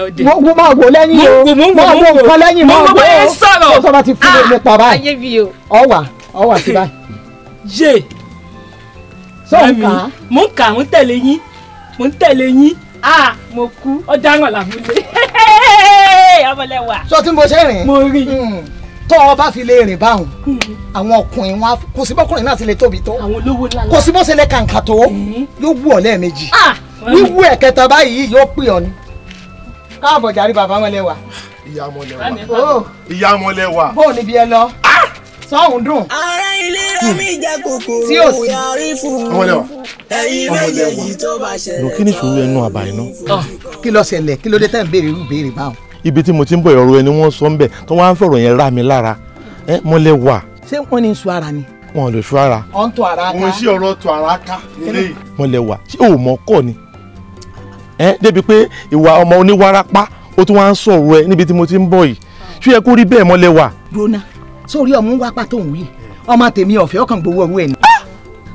S1: mo máa wò lẹ́yìn o máa wò nǹkan lẹ́yìn máa wò tó o bá ti fún ilé mi pa báyìí ọ wà ọ wà sí báyìí. yé sọ n kà. mo ń kà mo ń tẹ̀lé yín mo ń tẹ̀lé yín ah mo kú ọjà ràn làmúlé
S5: ọmọlẹ́wà. sọ tí mo ṣe rìn.
S1: mo rí i. Hmm. tọ́ ọ bá fi lè rìn báwọn hmm. àwọn ọkùnrin wọn kò sí bọ́kùnrin náà ti lè tóbi tó kò sí bó ṣe lè kàǹkà tó eh. yóò wú ọ lẹ́ẹ̀mejì wíwú ẹ̀kẹta báyìí yóò pè ọ ni káàbọ̀ jàre bàbá mọ́lẹ́wà.
S2: ìyá mọ́lẹ́wà oh. ìyá mọ́lẹ́wà.
S1: bó o níbi ẹ lọ sọ́hún dùn. ará ilé omi jẹ kòkòrò hmm. tí ò sí yọrí fún mi ẹyin méjèèjì tó bá ṣẹlẹ̀ tó kí ni
S2: sùúrù ẹnu àbá iná. Ah,
S1: kí ló ṣẹlẹ̀ kí ló dé tẹ́ ń béèrè irú báwọn.
S2: ibi tí mo ti ń bọ̀ ọ̀rọ̀ ẹni wọ́n sọ ń bẹ̀ tó wá ń fọ̀rọ̀ yẹn rá mi lára ẹ mọ́lẹ̀ wà.
S1: ṣé wọ́n ní sùn ara ni.
S2: wọn lè sùn ara.
S1: ọ̀ ń ara ká. mo ń ṣe ọ̀rọ̀ tọ́
S2: ara ká nílé yìí. mọ́lẹ̀ wà ṣé o mọ̀ kọ́ ni. ẹ débi pé ìwà ọmọ oníwárápá ó tún wá ń sọ̀rọ̀ ẹ níbi tí mo ti ń bọ̀ yìí ṣé ẹ kó rí bẹ́ẹ̀ mọ́lẹ̀ wà. rona
S1: sórí ọmú wápá tó ń wí ọmọ tèmi ọ̀fẹ́ ọkàn gbowó owó ẹ̀ ni. Ah!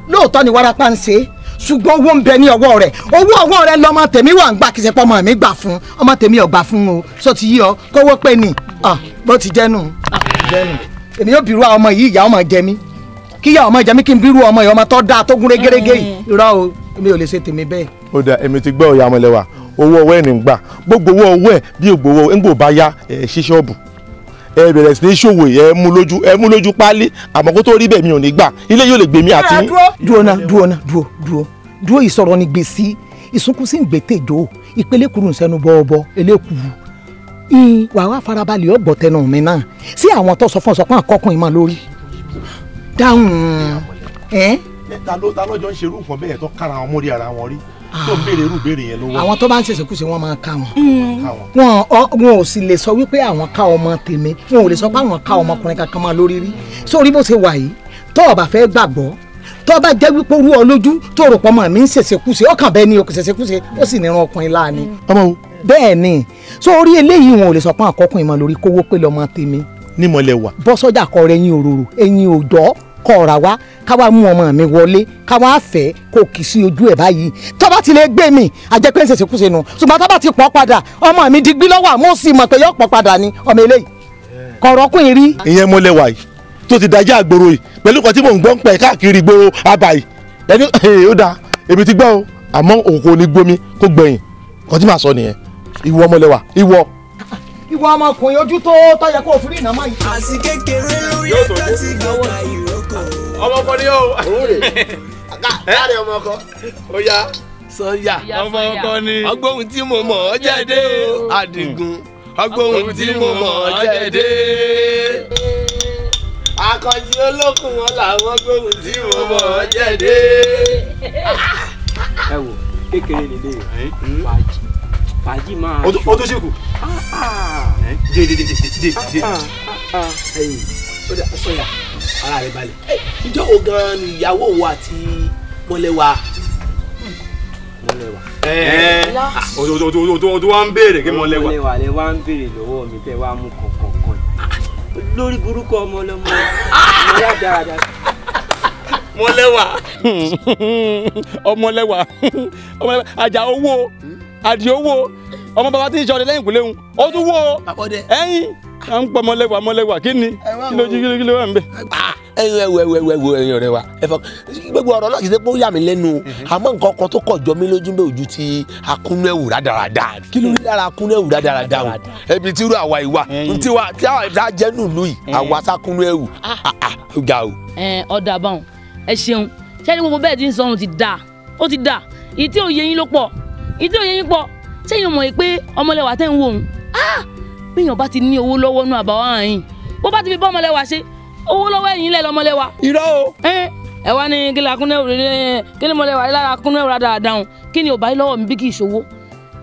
S1: lóòótọ́ ni wárápá ń ṣe ṣùgbọ́n owó ń bẹ ní ọwọ́ rẹ̀ owó ọwọ́ rẹ̀ lọ́mọ tèmi wà ń gbà kìí ọmọ mi gbà fún ọmọ tèmi ò fún o sọ ti yí ọ kówó pé ni ah, bó ti jẹ́nu ah, èmi yóò bírú ọmọ yìí ìyá ọmọ jẹ mí kíyà ọmọ jẹ mí kí n bírú ọmọ yìí ọmọ tó dáa tó gún régérégé yìí mm. irọ́ o èmi ò lè ṣe tèmi bẹ́ẹ̀.
S2: ó dà èmi ti gbọ́ ọ̀yà ọmọlẹ́wà owó ọwọ́ ẹ̀ ní gbà gbogbo owó ọwọ́ ẹ̀ bí ògbówó ẹ̀ bá yá ẹ̀ ṣíṣọ́ọ̀bù ẹ bẹ̀rẹ̀ sí ní ṣòwò ẹ mú lójú ẹ mú lójú páálí àmọ́ kó tó rí bẹ́ẹ̀ mi ò ní gbà ilé yóò lè gbé mi àti.
S1: dúró náà dúró náà dúró dúró dúró ìsọ̀rọ̀ ni gbèsè ìsunkún sí gbètèjò ìpele-kuru nsẹ́nu bọ́ọ̀bọ́ elékuru wà wá farabalẹ̀ ọ̀gbọ̀ tẹnu mi náà sí àwọn tó sọ fún ọ̀sọ̀ pọ́n àkọ́kùn ìmọ̀ lórí dáhùn.
S2: ta ló ta lọ́jọ́ ń ṣerú nǹkan bẹ́ẹ̀ tó kára wọn mórí ara wọn rí tó ń béèrè irú béèrè yẹn lọ́wọ́. àwọn tó bá ń
S1: ṣẹ̀ṣẹ̀ kù sí wọn máa ká wọn. wọn wọn ò sì lè sọ wípé àwọn ká ọmọ tèmi wọn ò lè sọ pé àwọn ká ọmọkùnrin kankan máa lórí rí sórí bó ṣe wà yìí tó o bá fẹ́ gbàgbọ́ tó o bá jẹ́ wípé orú ọ lójú tó o rò pọ̀ mọ́ mi ń ṣẹ̀ṣẹ̀ kù sí ọkàn bẹ́ẹ̀ ni o kò ṣẹ̀ṣẹ̀ kù sí ó sì níran ọkùnrin láàánú. Mm. ọmọ o. bẹ́ẹ̀ ni sórí eléyìí wọn ò lè sọ pé àkọkùnrin mọ lórí kówó pé lọmọ tèmi. nímọ̀lẹ̀ kọ ọ̀rá wá ká wá mú ọmọ mi wọlé ká wá fẹ́ kó kì í sí ojú ẹ̀ báyìí tó bá ti lè gbé mi àjẹpẹ́ ṣèṣe kúṣe nù ṣùgbọ́n tó bá ti pọ̀ padà ọmọ mi digbí lọ́wọ́ àmọ́ sì mọ̀ pé yọ pọ̀ padà ni ọmọ eléyìí kọ̀rọ̀kùn rí. ìyẹn
S2: mo lẹwà yìí tó ti dájẹ́ àgbòrò yìí pẹ̀lú kan tí mò ń gbọ́ ń pẹ̀ káàkiri gbòòrò abàyè ẹni ó
S1: ìwọ ọmọkùnrin ojú tó tọ́ kó o fi rí ìnáwó yìí. àti kékeré lórí ẹ̀ka ti gbọ́ wáyé ọmọ kan ni o. káàdì ọmọ kan ó yá. sọyà ọmọ kan ni. ọgbóhun tí mo mọ̀ ọ́ jáde Adigun ọgbóhun tí mo mọ̀ ọ́ jáde.
S5: akọ̀jí ah! olókùn wọn làwọn ọgbóhun tí mo mọ̀ ọ́
S1: jáde.
S2: ẹ wò kékeré nílé hmm? fàájì fàájì máa. o tó ṣe kù. Ah, ah. dé dé dé dé dé dé.
S1: sọyà ara rẹ balẹ̀ ǹjẹ́ o gan ni ìyàwó òun àti mọ́lẹ́wà
S2: mọ́lẹ́wà. Ah, o tó wá ń béèrè kí
S1: mọ́lẹ́wà. mọ́lẹ́wà lè
S3: wá ń béèrè lọ́wọ́
S2: mi tẹ́ wá mú kọ̀ọ̀kan lórí
S1: burúkú ọmọ ọlọmọ ìyá dáadáa. mọ́lẹ́wà. ọmọlẹ́wà ọmọlẹ́wà owó hmm? àdìo ọmọ bàbá tí ń ṣe ọdẹ lẹ́yìn kúlẹ̀ ó tún wo ẹ̀yìn à ń pọ mọlẹwà mọlẹwà kí ni kí ló jí kí ló wà ń bẹ. ẹwẹwẹwẹwẹ ẹyin ọ̀rẹ́ wa ẹ fọ gbogbo ọ̀rọ̀ náà kì í ṣe pé ó yà mí lẹ́nu mhm. àmọ́ nǹkan kan tó kọ jọ mí lójú bẹ ojú ti akúnú ẹwù rádaràda kí ló ń dára akúnú ẹwù rádaràda o ẹbí tí irú àwa ìwà tí wa tí àwa ìdá jẹ nùlù yìí àwa sákúnú ẹwù ah. ah, ah, ga o. ọ̀dà àbáwọn ẹ ṣeun ṣẹ́ni gbogbo bẹ́ẹ̀ ti ń sọ̀rùn ti dà ó ti dà ìtí òye yín ló pọ̀ ìtí òye yín pọ̀ ṣẹ́yìn mọ̀ pé ọmọlẹ́wà tẹ́ ń wò ó bíyàn bá ti ní owó lọ́wọ́ nú àbáwá yín bó bá ti fi bọ́
S5: ọmọlẹ́wà ṣe owó lọ́wọ́ ẹ̀yìn lẹ̀ lọ́mọlẹ́wà. irọ́ o. ẹ ẹ wá ní kí la kúnlẹ̀ òrèlè ẹ kí ni mọ̀lẹ́wà yìí lára kúnlẹ̀ òrà dáadáa o kí ni ò bá yín lọ́wọ́ mi bí kì í ṣòwò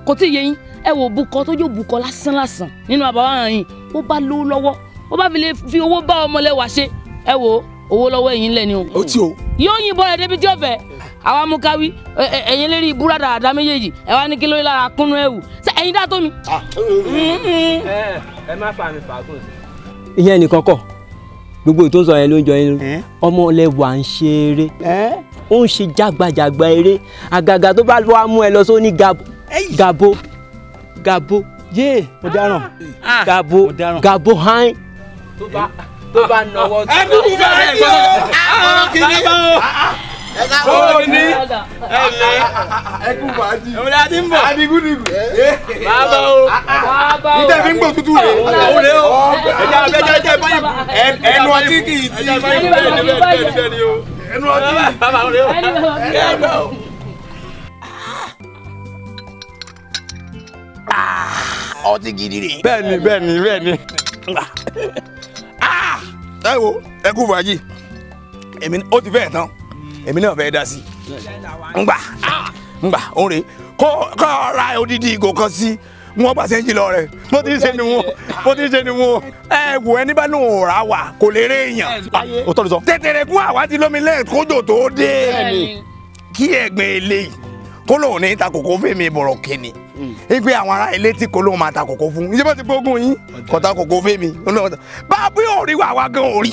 S5: kò tí ì yé yín ẹ
S1: wò bukọ tó yóò bukọ lásán lásán nínú àbáwá yín ó bá lówó lọ́wọ́ ó bá fi lè fi owó bá ọmọlẹ́wà ṣe ẹ wò owó lọ́wọ́ ẹ̀yìn lẹ̀ ni o. ó ti o. yóò yìnbọn rẹ̀ débi tí ó fẹ́ àwa mú káwí ẹ̀yin lérí búrádà àdá méjèèjì ẹ wá ní kí lórí lára kúnnú ẹ̀wù ṣé ẹ̀yin dá tó mi. ẹ má fa mi fàákùn sí. ìyẹn nìkan kọ́ gbogbo ètò sọ yẹn ló ń jọ yín lórí ọmọ ọlẹ́wà ń ṣe eré ó ń ṣe jágbajàgba eré àgàgà tó bá wàá mú ẹ lọ sóní gàbo gàbo yéè ọ̀daràn gàbo gàbo hàn tó bá nọwọ́ tó bá nọwọ́ bọ́ọ̀ ni ẹ lè ẹkún fàájì ọmọdé àti ń bọ̀ adigundigun bàbá
S4: o níta fi ń gbọ̀ tútù rè òun rè o ẹja ẹja ẹja
S1: báyìí
S3: ẹnu ọtí kì í ti ẹnu ọtí bàbá òun rè o ẹgbẹ́ o.
S1: ọtí gidi rè. bẹ́ẹ̀ni bẹ́ẹ̀ni bẹ́ẹ̀ni ah! ẹ wo ẹkún fàájì èmi ó ti fẹ́ẹ̀ tán èmi náà fẹ́ dá sí ngbà ngbà òun rè kó kó ra odidi ìgò kan sí wọn gbà sẹ́yìn lọ rẹ bó ti ṣe ni wọn bó ti ṣe ni wọn ẹ wò ẹni bá ní òòrà wà kò lè rí èèyàn o tọ́ ló sọ. tètèrè kún àwa ti lómi lẹ́yìn kójò tó dé kí ẹ̀gbìn eléyìí kó lóun ní ta kòkó fèmí bọ̀rọ̀ kìnnì ipe hmm. àwọn ará ilé tí kò lóun máa ta kòkó fún ìjọba ti gbógun yín kò ta kòkó fèmí bá bí òòrí wà wá gan òòrí.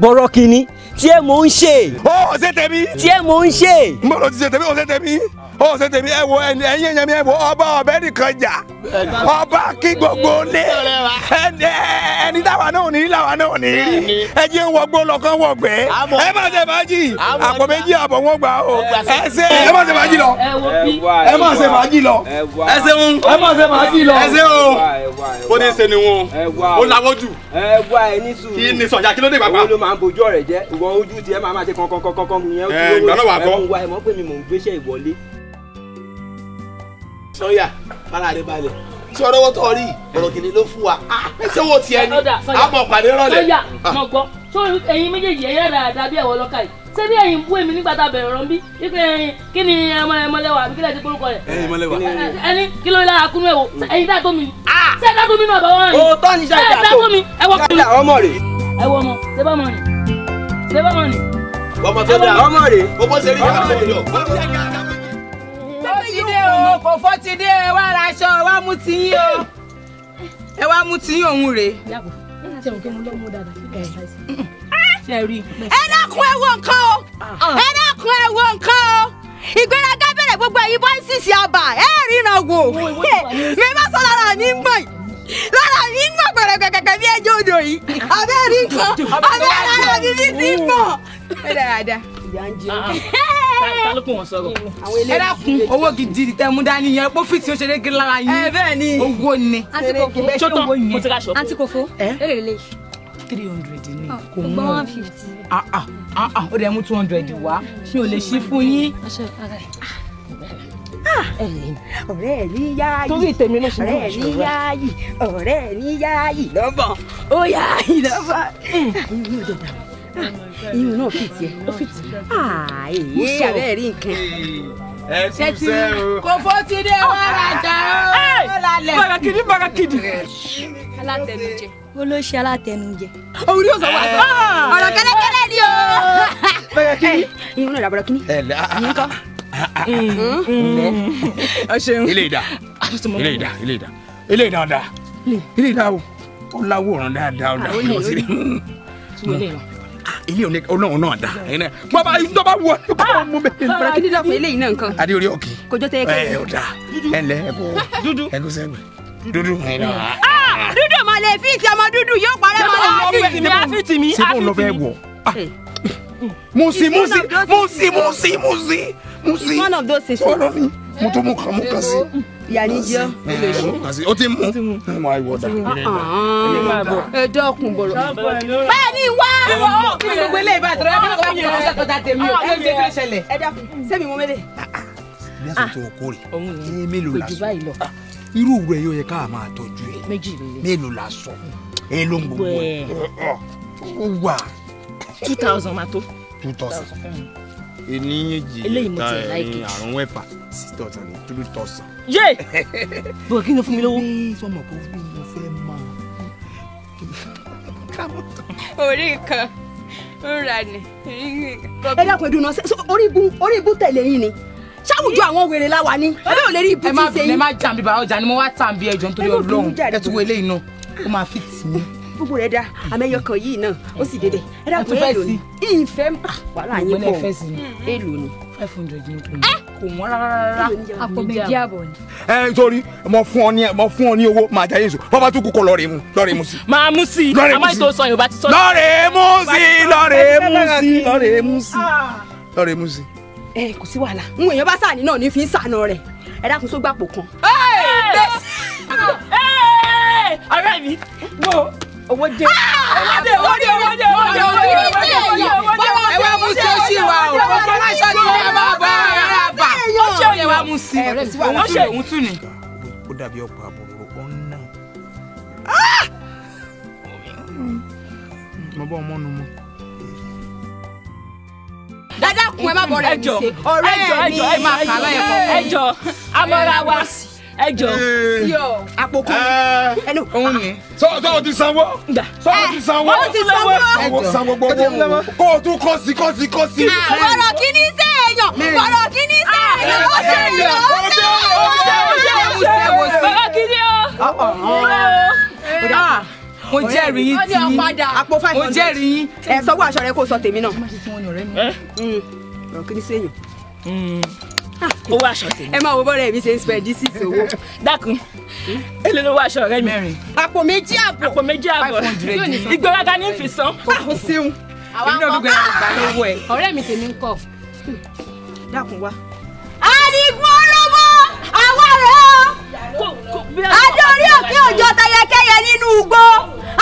S1: bọ̀rọ̀ kìnnì tí ẹ mò ń ṣe. ọ ọsẹ tẹmí. tí ẹ mò ń ṣe. n bọ̀dọ̀ ti ṣe tẹmí ọsẹ tẹmí ọsẹ tẹmí ẹ wo ẹyin ẹyin mi ẹ wo ọba ọbẹ nìkan jà ọba kí gbogbo lé ẹni táwa náà ní làwa náà ní rí ẹ jẹ́ ń wọgbó lọ́kàn wọ̀gbẹ́ ẹ má ṣe fàájì àpò méjì àbọ̀ wọn gbà ó ẹ ṣe ẹ má ṣe fàájì lọ ẹ má ṣe fàájì lọ ẹ ṣeun ẹ má ṣe fàájì lọ ẹ ṣeun ó ní í ṣe ni wọn ó lawọ́ jù kí ni sọ̀jà kí ló dé gbàgbà. owó ló máa ń bojú ọ̀rẹ́ jẹ́ ìw ìwọ ojú tiẹ̀ máa máa ṣe kankan kankan kankan yẹn. ẹ ìgbà náà wà kọ́. ẹmu
S2: wa ẹ mọ̀ pé mi mò ń gbéṣẹ́ ìwọlé.
S1: sọ́yà fara rẹ balẹ̀ tí ọ̀rọ̀ wọ́n tọ̀ rí ọ̀rọ̀ kìnìún ló fún wa ah, ṣé wọ́n tiẹ̀ ni a mọ̀ pàdé rọlẹ̀. sọ́yà
S5: ah. mọ̀ gbọ́ tó ẹ̀yin méjèèjì ẹ̀yà dáadáa bí ẹ̀wọ̀ lọ́ka yìí ṣé bí ẹ̀yin bú èmi nígbà tá a bẹ̀rẹ̀ ọ̀rọ̀ ń bí wípé ẹ̀yin kí ni ẹmọ ẹmọlẹ́wà àbí kílẹ̀ ti gbórúkọ rẹ̀. ẹ̀yin mọlẹ́wà. ẹni kí ló lára kúnú ẹ̀wò mm. ẹ̀yin dá tómi. Ah! ṣé dá tómi náà bá wọn rìn. òótọ́ ni ṣáà dá tómi.
S1: ẹ wọ ọmọ rẹ̀.
S5: ẹ wọ ọmọ ṣé bá ọmọ rìn ṣé bọ́mọ ni.
S1: ọmọ tó dáa ọmọ rè ó bó ṣe rí ọmọ rè lọ.
S5: fọ́tídé o kò fọ́tídé ẹ wá ra aṣọ ẹ wá mú tiyín o ẹ wá mú tiyín òun rè. ẹ dákun ẹ wo nǹkan o ah. ẹ dákun nǹkan o ìgbéraga bẹ̀rẹ̀ gbogbo ẹ̀yin bọ́ìsì sí àbà ẹ̀ ríran wò mi bá sọ lára mi ń gbọ̀n lára mi ń gbọ̀n pẹ̀rẹ̀ kẹ̀kẹ́ bí ẹjọ́ odò yìí abẹ́rẹ́ nǹkan abẹ́rẹ́ a mi fi ti bọ̀. ó dára dá.
S1: tálókùn wọn sọ̀rọ̀. ẹ dákun owó gidi tẹ mú dání yẹn pé fìtì ó ṣe dé gírí lára yín. ẹ bẹ́ẹ̀ ni owó ni. àǹtí kòfó ṣótọ́ mo ti ra ṣọ. àǹtí kòfó èrè lè three hundred
S5: ni ah, kò mú ọ
S1: ah ah ah ah o dẹ̀ mú two hundred wá mi ò lè ṣí fún
S5: yín ọ̀rẹ́ ẹ̀ ní yáàyì torí tèmi ló ṣe mú ọ̀rẹ́ ẹ̀ ní yáàyì ọ̀rẹ́ ẹ̀ ní yáàyì lọ́bọ̀n ó yáàyì lọ́bọ̀n. Mm. Ah, ìyún yóò dẹ̀ dàrú ìyún ah, náà fìtì ẹ̀ ó fìtì ààyè mo ṣàbẹ̀ rí nǹkan.
S1: ẹ kú sẹ́ o. kò
S5: fó ti dé wá rajà o. barakidi barakidi. alátẹnujẹ wo ló ṣe alátẹnujẹ. òun ni yóò sọ wá sọ ọ̀rọ̀ kẹ́lẹ́kẹ́lẹ́ ni o. barakidi. ìyún náà dàbọ̀rọ̀ kí ni. ẹ lẹ́ ẹ mm. ṣeun
S1: ilé ìdá ilé ìdá ilé ìdá ilé ìdá ọ̀dà ilé ìdá o ó láwòrán dáadáa ọ̀dà ó sì rí ilé òní ọlọ́run náà dá ẹ̀yin náà mo bá yín tó bá wọ ẹ bá wọn mú bẹ́ẹ̀ ní pẹ́rẹ́ kí dídá fún eléyìí
S5: náà nǹkan adé orí òkè kòjọ tẹ ẹ kẹ ẹ ọ̀dà
S1: ẹ ǹlẹ́ ẹ kò dúdú ẹ kò sẹ́gbẹ̀ dúdú ẹ náà. Ah, dúdú
S5: mà lè fi ti ọmọ dúdú yóò parẹ́ mọ́ lè fi tì mí. ṣé kò ń lọ fẹ́ wọ̀ ah. eh.
S1: musi musi musi musi musi mo sí one of those ṣiṣẹ́ ọ̀rọ̀ mi mo tó mú kan mú kan sí. ìyàní jẹ́ olóṣù
S3: ó ti mú mo á wọ̀ dà. Ah, ah.
S1: ẹ dọ́kun bọ̀rọ̀.
S3: báyọ̀ ní wá kí ni gbogbo eléyìí bá a tọrọ ẹ kọ́kọ́ yẹn ọ̀sẹ̀ tó da tèmi o ah, ẹ jẹ́ kí ló ṣẹlẹ̀.
S5: ẹ dákun sẹ́mi mo mẹ́lẹ̀.
S1: bí a sọ tó o kórè ẹ mélòó la sọ irú rẹ yóò yẹ ká máa tọ́jú ẹ mélòó la sọ ẹ ló ń gbogbo ẹ wà. two thousand ma tó. two thousand
S3: ení èjì ẹ̀ta ẹ̀rin
S1: àrùn ẹ̀fà six thousand three thousand. yé bọ̀ kí ni fún mi lówó. ní sọmọ kò fún mi fẹ́ máa.
S5: orí kan rúra ni.
S1: ẹ dákun ẹdùn náà orí ibú tẹ̀lé yín ni ṣáwùjọ àwọn wèrè la wà ní ẹbí ò lè rí ibú tí ṣe yín. ẹ má jàǹbí bá ọjà ni mo wá tàǹbí ẹjọ nítorí Ọlọ́run ẹ tún wo eléyìí náà ó máa fi tì í
S5: gbogbo rẹ̀ da àmẹ́yọkàn yìí náà
S1: ó sì dédé ẹ dàpọ̀ èlò ni ìfẹ́ wàhálà yín pọ̀ èlò ni. five hundred ní kò
S5: wọ́n rárá àpò méjì àbọ̀ ni.
S1: ẹ ẹ torí mo fún ọ ní mo fún ọ ní owó màá jẹ yéṣu bàbá tó kú kọ lọ́ọ̀rẹ́ mu lọ́ọ̀rẹ́ mu sí. máa mú sí i àmọ́ ètò sọ yorùbá ti sọ. lọ́ọ̀rẹ́ mú sí lọ́ọ̀rẹ́ mú sí lọ́ọ̀rẹ́ mú sí lọ́ọ̀rẹ́ mú sí. ẹ kò sí wàhálà ń èèyàn bá sàní náà ní fi ń sànà rẹ ẹ dákun só owó jẹ. owó jẹ owó jẹ owó jẹ owó jẹ owó jẹ owó jẹ owó jẹ owó jẹ. ẹ wá mú sí òsì wa o fọláṣọ ni ẹ máa bá ara
S4: bà ó ṣe òye wa mú sí ó ṣe òun
S1: tún ni. ó dàbí ọ̀pọ̀ àbòrò ó ń nà. mo bá ọmọ nu mu. dáadáa kun ẹ má bọ̀ rẹ̀ mi ṣe ọ̀rẹ́ mi ẹ máa kà láyé kọ́. ẹ jọ amọ̀ra wa ẹ jọ àpòkù ẹnu. òun ni. Eh, ah. sọ ti sanwó. sọ eh, ti sanwó. ó ti sanwó. ẹ jọ sanwó gbogbo kó o tún kọ́ sí kọ́ sí kọ́ sí. àwọ̀rọ̀ ah,
S5: kìíní sẹ́ èèyàn
S4: ọ̀rọ̀ kìíní sẹ́ ah. èèyàn ó ṣe èèyàn ó ṣe èèyàn ó ṣe
S5: èèyàn. bàbá
S4: kìíní o
S1: mo
S5: jẹ́rìí yín tí yín mo
S1: jẹ́rìí yín. ẹ sọ wọ aṣọ rẹ kó sọ tèmi náà. ọ̀rọ̀ kìíní sẹ́yìn owó aṣọ tèmi. ẹ máa wo bọ́ọ̀rẹ́ mi ṣe ń spẹ̀ dísì owó. dákun èlò lówó aṣọ rẹ mi. àpò méjì àbọ̀ àpò méjì àbọ̀ ìgbéraga ní fi san. o ah, ṣeun
S5: èmi náà dúgbò yàrá ìgbà lọ́wọ́ ẹ. ọ̀rẹ́ mi tèmi ń kọ̀. dákun wá. adigun olówó àwa rẹ̀ ọ́ adórí òkè òjò tẹyẹkẹyẹ nínú igbó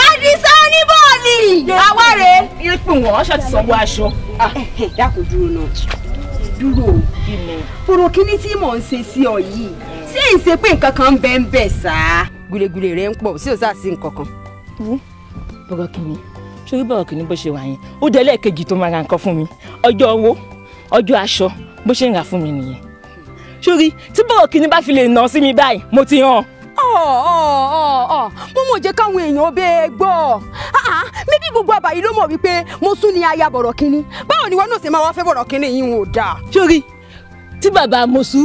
S5: adisa oníbọ̀ọ̀lì àwa rẹ̀. yéé pè wọ́n aṣọ ti sanwó aṣọ. Ah, eh, eh, dákun dúró náà dúró ọ̀rọ̀ kíní tí mò ń ṣe sí ọ yìí ṣé ń ṣe pé nǹkan kan ń bẹ ń bẹ sáá. gulegule rẹ ń pọ̀ sí ò sáà sí nǹkan kan. bọ̀rọ̀ kìíní torí
S1: bọ̀rọ̀ kìíní bó ṣe wà yẹn ó jẹ́ lẹ́ẹ̀kejì tó máa ra nǹkan fún mi ọjọ́ owó ọjọ́ aṣọ bó ṣe ń rà fún mi nìyẹn. sórí tí bọ̀rọ̀ kìíní bá fi lè nà sí mi báyìí mo ti hàn
S5: mo mọ̀ jẹ́ káwọn èèyàn bẹ́ẹ̀ gbọ́ mẹ́bí gbogbo àbàyí ló mọ̀ wípé mo sún ní aya bọ̀rọ̀ kínní báwo ni wọn náà ṣe máa wá fẹ́ bọ̀rọ̀ kínní yìí wọn ò dáa. sórí tí bàbá mosu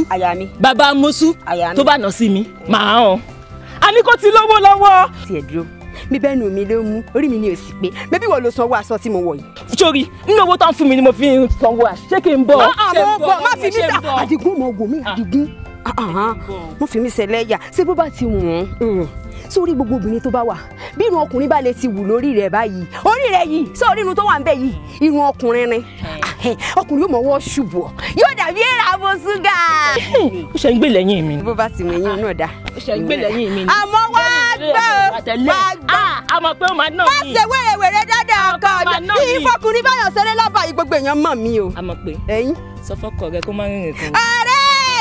S1: bàbá mosu tó bá nà sí mi màá hàn àní kò ti lówó lọ́wọ́. tiẹ̀ dúró mi bẹ́ẹ̀ nù mí ló mú orí mi ni òsì pé mẹ́bí wọ́n ló sanwó aṣọ tí mo wọ̀ yìí. sórí nínú owó tó fún mi ni mo fi sanwó aṣọ ṣé kí n bọ̀. Ah, ah, má fi mí sá àdìgún mo wò mí àdìgún. Ah. Ah, ah, ah. wọ́n fi mí ṣẹlẹ́yà ṣé bó bá ti wọ̀n
S5: mm. sórí gbogbo obìnrin tó bá wà bí irun ọkùnrin bá lè ti wù lórí rẹ̀ báyìí orí rẹ̀ yìí sórí irun tó wà ń bẹ̀ yìí irun ọkùnrin ni eh, ọkùnrin yóò mọ ọwọ́ ṣubú ọ yóò dàbí èrè àbò ṣúgà. ó ṣe ń gbé lẹ́yìn mi. bó bá ti mẹ̀yìn náà dá. ó ṣe ń gbé lẹ́yìn mi. àmọ́ wá gbé wá gbá. a mọ̀ pé ó máa ná mi. má ṣe wèrè wèrè dáadáa ọkọ ọjà bí ìfọkùnrin báyọ̀ ṣeré lọ́ba yìí gbogbo èèyàn mọ̀ mí o. a mọ̀ pé ẹyin. sọ fọkọ rẹ kó má rìnrìn kan.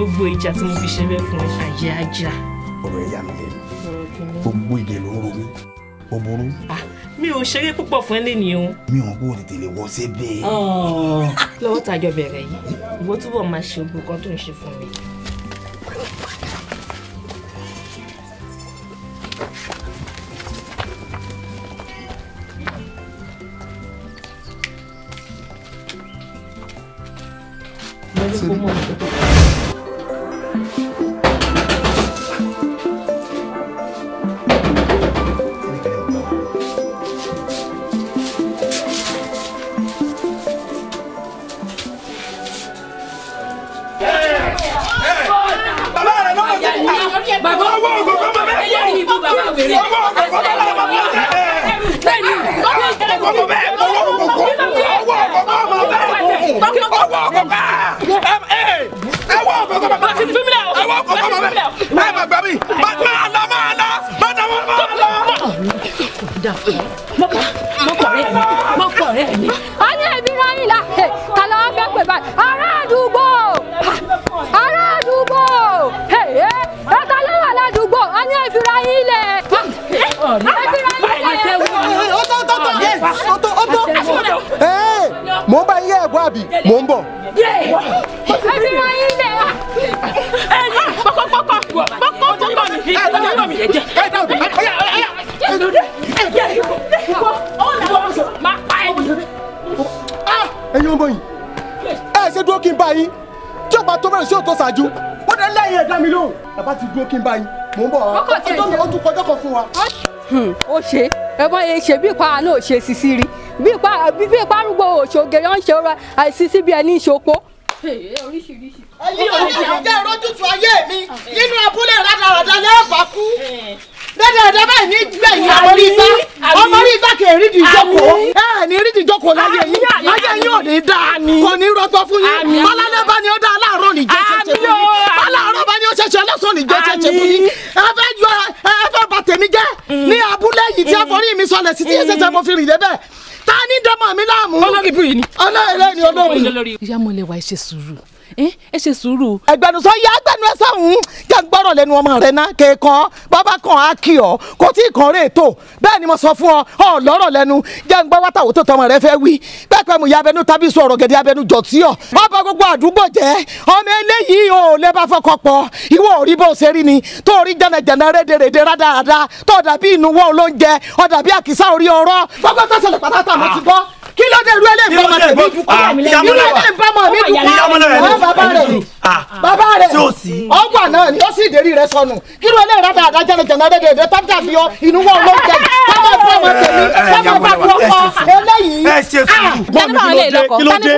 S1: gbogbo ìjà tí mo fi ṣe fún ayé ajá. ọ̀rọ̀ ẹ̀yà mi
S2: lẹ́nu gbogbo ìdè
S1: ló ń ro mí ó burú. mi ò ṣeré púpọ̀ fún ẹ o. mi ò kó tètè lè wọ sébè. lọ́wọ́ tàjọ bẹ̀rẹ̀ yìí ìwọ túbọ̀ máa ṣe ogun kan tó ń ṣe fún mi. Gracias.
S4: wèrè. mọ̀kọ̀rẹ́ mi. a ní ẹbí ráyìn la ta ló ń fẹ́ pè báyìí ará àdúgbò.
S1: kí n bá yín tí ọba tó bẹ̀rẹ̀ sí òtó ṣáájú ó dé lẹ́yìn ẹ̀dá mi lóhùn bàbá ti dúró kí n bá yín mò ń bọ̀ wá ọjọ́ mi ó tún kọjọ́ kan fún wa. ó ṣe ẹ bọ́ ẹ ṣe bí ipa àánú ò ṣe sisi rí bí ipa arúgbó òṣòge yọ̀ ń ṣe àìsí síbi ẹni ìṣòpó
S5: oríṣiríṣi. ẹyin òní ìjẹ́ ìrójútu ayé mi ah, nínú abúlé rádaràdà lẹ́ẹ̀bà kú bẹ́ẹ̀ dáadáa báyìí
S1: ní gbẹ̀yìn àwọn orí ibà ọmọ ibà kì í rí di ìjókòó ẹ ní rí di ìjókòó láyé yín láyé yín ò ní dáa kò ní rọgbọ fún yín bọ́lálẹ́ bá ní ó dá aláàárọ̀ ní jẹ́ ṣẹ̀ṣẹ̀ fún yín aláàárọ̀ bá ní ó ṣẹ̀ṣẹ̀ lọ́sàn ní jẹ́ ṣẹ̀ṣẹ̀ fún yín ẹ fẹ́ yọ ẹ fẹ́ bà tèmi jẹ́ ní abúlé yìí tí àforí mi sọlẹ̀ sí tí ẹ ṣẹ̀ṣẹ̀ mo fi rìn débẹ̀ ta ní mi láàmú. olórí ibú yìí ni. olórí ni olórí. ìyá mọ̀lẹ́wà ẹ ṣe sùúrù Eh, ẹ ṣe sùúrù. ẹgbẹnusọ ya gbẹnu ẹ sọhùn jẹ n gbọrọ lẹnu ọmọ rẹ náà kẹẹkan bàbá kan á kì ọ kó tí kan rè tó bẹ́ẹ̀ ni mo sọ fún ọ ọ lọ́rọ̀ lẹnu jẹ n gbọ wátàwó tó tọmọ rẹ fẹ́ wí pẹpẹ mu yabẹnu tàbí sọ ọ̀rọ̀ gẹdẹ abẹnu jọ tí ọ ọba gbogbo àdúgbò jẹ ọmọ eléyìí ò lè bá fọkọ pọ ìwọ ò rí bó ṣe rí ni tó rí jẹnẹjẹnẹ rédèrèdè rádaràda tó dàbí ìnuwọ́ olóúnjẹ ó dàbí àkísà orí ọ̀rọ̀ gbogbo tó ṣẹlẹ̀ pátá kí ló dé ruẹ́lẹ̀ ń bá ọmọ tẹ̀lé dúkọ́ ruẹ́lẹ̀ ń bá ọmọ mi dúkọ́ ọmọ bàbá rẹ̀ bàbá rẹ̀ ọgbà náà ni ó sì dérí rẹ̀ sọnù kí ruẹ́lẹ̀ ń rádà àdá jẹrẹ jẹrẹ rẹ̀ rẹ̀ tábìlì àfihàn ìnúwọ́ ọlọ́jẹ táwọn ẹ̀fọ́ ọmọ tẹ̀lé táwọn eh, eh, bá dúró kọ eléyìí. ẹ ṣe sùúrù gbọ́n ah, mi kí ló dé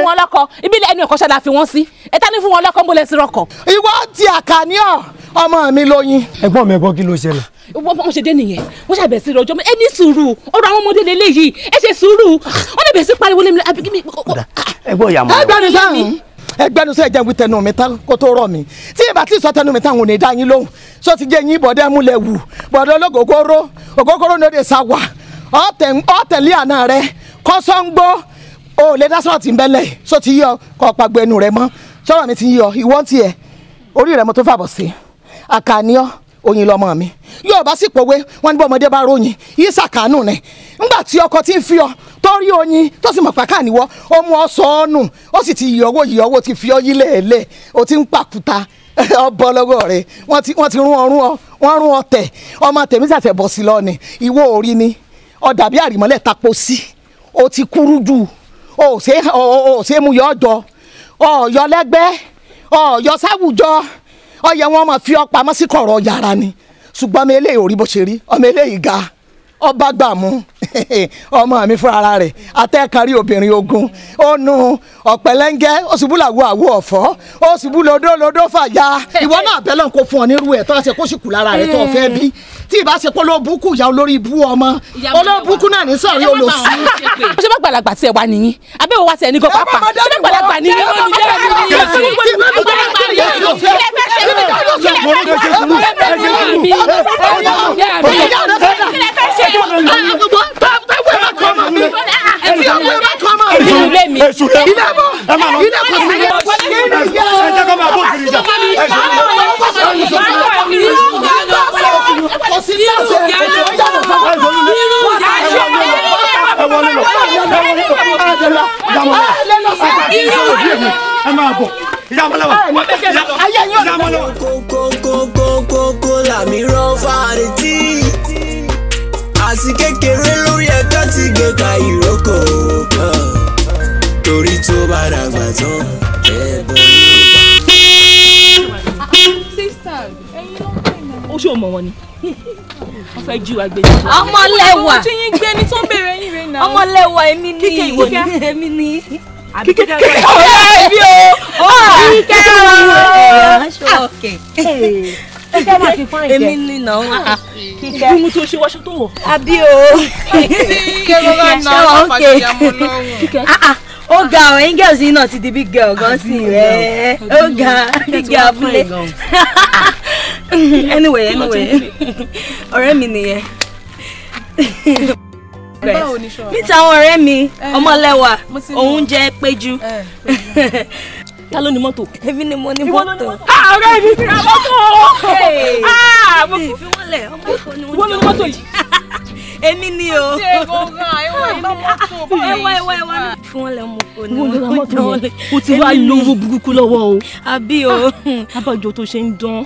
S1: ibi ẹni ọ̀kọ́ṣẹ́ la fi wọ́n sí ẹ tani fún wọn lọ́kọ́ ń bọ́lẹ̀ sí rọ́kọ̀. ìwọ ti àkànní ọ ọmọ mi lóyún. ẹ̀gbọ́n mi ẹ̀gbọ́n kí ló ṣẹlẹ̀ wọ́n wọ́n ṣe dé nìyẹn wọ́n ṣàbẹ̀ sí rọjọ́ ẹ ní sùúrù ọ̀rọ̀ àwọn ọmọdé lè léyìí ẹ ṣe sùúrù wọ́n lè bẹ̀ sí pariwo lẹ́mi àbí kíni. ẹ gbọ́ ìyàmú. ẹ gbẹ́nu sáhùn ẹ gbẹ́nu sọ ẹ jẹun tẹnu mi tán kó tó rọ̀ mi tí ìbá tí ì sọ tẹnu mi tán òun ní dá yín lóhùn sọ ti jẹ yín bọ̀dẹ́ múlẹ̀ wù bọ̀dẹ́ ológógóró orí rẹ mo tó fàbọ̀ sí àkànníọ́ oyin lọmọ mi yóò bá sì pòwe wọn ní bí ọmọdé bá ròyìn isa kanu ni ńgbà tí ọkọ ti ń fi ọ tó rí oyin tó sì mọ̀ pàkà níwọ ó mú ọ sọ ọ nù ó sì ti yọwọ́ yọwọ́ ti fi ọ yí lẹ́ẹ̀lẹ́ o ti ń pàkúta ọbọ lọ́wọ́ rẹ̀ wọ́n ti rún ọ rún ọ wọ́n rún ọ tẹ̀ ọmọ tèmi sàtẹ̀ bọ̀ sí lọ ni ìwọ orí ni ọ dàbí àrìmọ́lẹ̀ tapo sí o ti kúrú jù o ò ṣe é mú yọ ọjọ́ ọ̀ọ́yọ lẹ́gbẹ́ sáwùjọ ọyẹ wọn máa fi ọ pamọ́ sí kọ̀rọ̀ yàrá ni ṣùgbọ́n ọmọ eléyìí ò rí bó ṣe rí ọmọ eléyìí ga ọba gbà mú ọmọ mi fúnra ara rẹ̀ atẹ́kànrí obìnrin ogun ó nu ọ̀pẹ̀lẹ́ngẹ́ ó ṣubú làwọ̀ àwọ̀ ọ̀fọ́ ó ṣubú lodó lodó fàyà ìwọ náà bẹ́lẹ̀ kó fún ọ nírú ẹ̀ tó ṣe kó sì kù lára rẹ̀ tó fẹ́ bí tí ìbá ṣe pé olóbùkù ìyá olórí ibú ọmọ olóbùkù náà ní sọ̀rí olóṣù. ṣé bá gbàlagbà tiẹ̀ wá nìyí abẹ́wò wá tiẹ̀ ní gọ́pàá pa ṣé bá gbàlagbà
S4: táwọn ẹ̀ bá kọ́
S1: ọmọ mi tí
S2: àti kékeré lórí ẹjọ́ ti gbé ka ìrókò kan
S3: torí tó bá dàgbà tán ẹ̀bọ̀
S1: ó ṣe òmò wọn ni wọn fẹẹ jí wa gbé ní.
S4: ọmọlẹ́wà ọmọ tí
S5: yín gbé ní tó ń bèrè yín rẹ náà. ọmọlẹ́wà èmi ni kíkẹ́ ìwọ ni èmi ni. kíkẹ́ ọ̀rẹ́ mi o. kíkẹ́ ọ̀rẹ́ mi o kíkẹ́ máa fi fáìn jẹ èmi ni nà ó kíkẹ́ bí mo tó ṣe wáṣọ tó wọ̀. àbí o kíkẹ́ bọ́lá náà wọ́n fàjọ ya
S3: mọ́
S5: ó ga ọ angels yìí náà ti di big girl gan sí rẹ ó ga big girl abúlé anyway anyway ọ̀rẹ́ mi nìyẹn
S3: níta àwọn ọ̀rẹ́ mi ọmọlẹ́wà òun jẹ́ péjú
S5: ta ló ní mọ́tò. èmi ni mo ní mọ́tò. Ah, ọ̀rẹ́ mi ti ra mọ́tò. Ah, mo fi wọ́n lẹ̀ ọmọ ìfọ̀nù. wọ́n ní mọ́tò yìí èmi ni o. ṣé ewo gan ewo iná mọ́tò báyìí. ẹwà ẹwà ẹwà fún wọn lẹ mọ kò ní wọn lọ mọ́tò
S1: yẹn o ti wá lówó burúkú lọ́wọ́ o. àbí o. abájọ tó ṣe ń dán.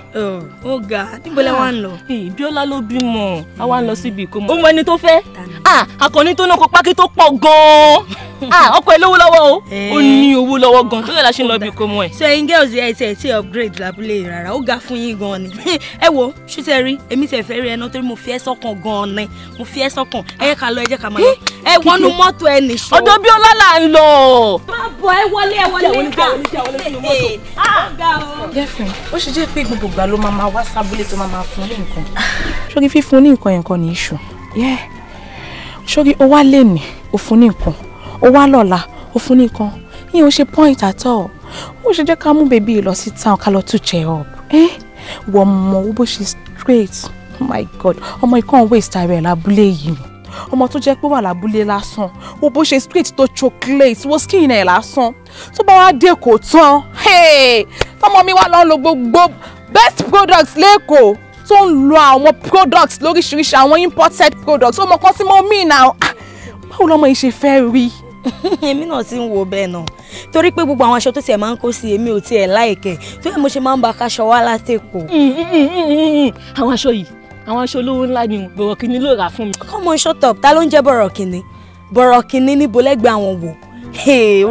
S1: ó ga níbo lẹ wá ń lọ. Bíọ́lá ló bímọ a wá ń lọ síbi ìkómọ. ó mọ ẹni tó fẹ́ akọni tó náà kó pákí tó pọ̀ gan-an ọkọ ẹ lówó lọ́wọ́
S5: o ó ní owó lọ́wọ́ gan-an tó yẹ la ṣe ń lọ bí ìkómọ ẹ. sẹ́yìn girls ẹ ti ẹ ti upgrade lábúlé rárá ó ga fún yín gan-an ni ẹ wo ṣùtẹ́rì èmi tẹ̀ fẹ́ rí ẹ náà torí mo fi ẹ́ sọ́kàn gan-an ni mo fi ẹ́ yẹn sọkàn ẹ ká lọ ẹ jẹ́ ká máa lọ ẹ wọnú mọ́tò ẹ nìṣó. ọ̀dọ̀ bí ọlá là ń lọ. má bọ̀ ẹ wọlé ẹ wọlé ká ah! ah! girlfriend ó ṣe
S1: jẹ́ pé gbogbo ìgbà ló máa wá sábúlé tó máa fún ní nǹkan. Ah! ṣókí fífún ní nǹkan yẹn kan ní iṣu ṣókí ó wá lè ní ó fún ní nǹkan ó wá lọ́la ó fún ní nǹkan yíyan ó ṣe point at all ó ṣe jẹ́ ká mú bèbí lọ sí town ká lọ tún check up wọ́n mọ̀ owó bó ṣe straight oh my god ọmọ ikán waste ara ẹ̀ lábúlé yìí ọmọ tó jẹ́ pé wà lábúlé lásán wo bó ṣe straight tó chocolate wo skin ẹ̀ lásán tó bá wá dé kò tán tọmọ mi wá lọ lo gbogbo best products lẹ́kọ̀ọ́ tó ń lo àwọn products lóríṣiríṣi àwọn imported
S5: products ó mọ kán sí mọ́ mí náà báwo lọmọ yìí ṣe fẹ́ rí èmi náà ti ń wo bẹ́ẹ̀ náà torí pé gbogbo àwọn aṣọ tó tiẹ̀ máa ń kó sí èmi ò tiẹ̀ láìkẹ́ tó yẹ mo ṣe máa ń ba kaṣọ wá látẹ̀kọ̀. àwọn aṣọ yìí àwọn aṣọ olówó ńlá ni bọ̀rọ̀ kìnní ló rà fún mi. come on shut up ta ló ń jẹ́ bọ̀rọ̀ kìnní bọ̀rọ̀ kìnní níbo lẹ́gbẹ̀ẹ́ àwọn wò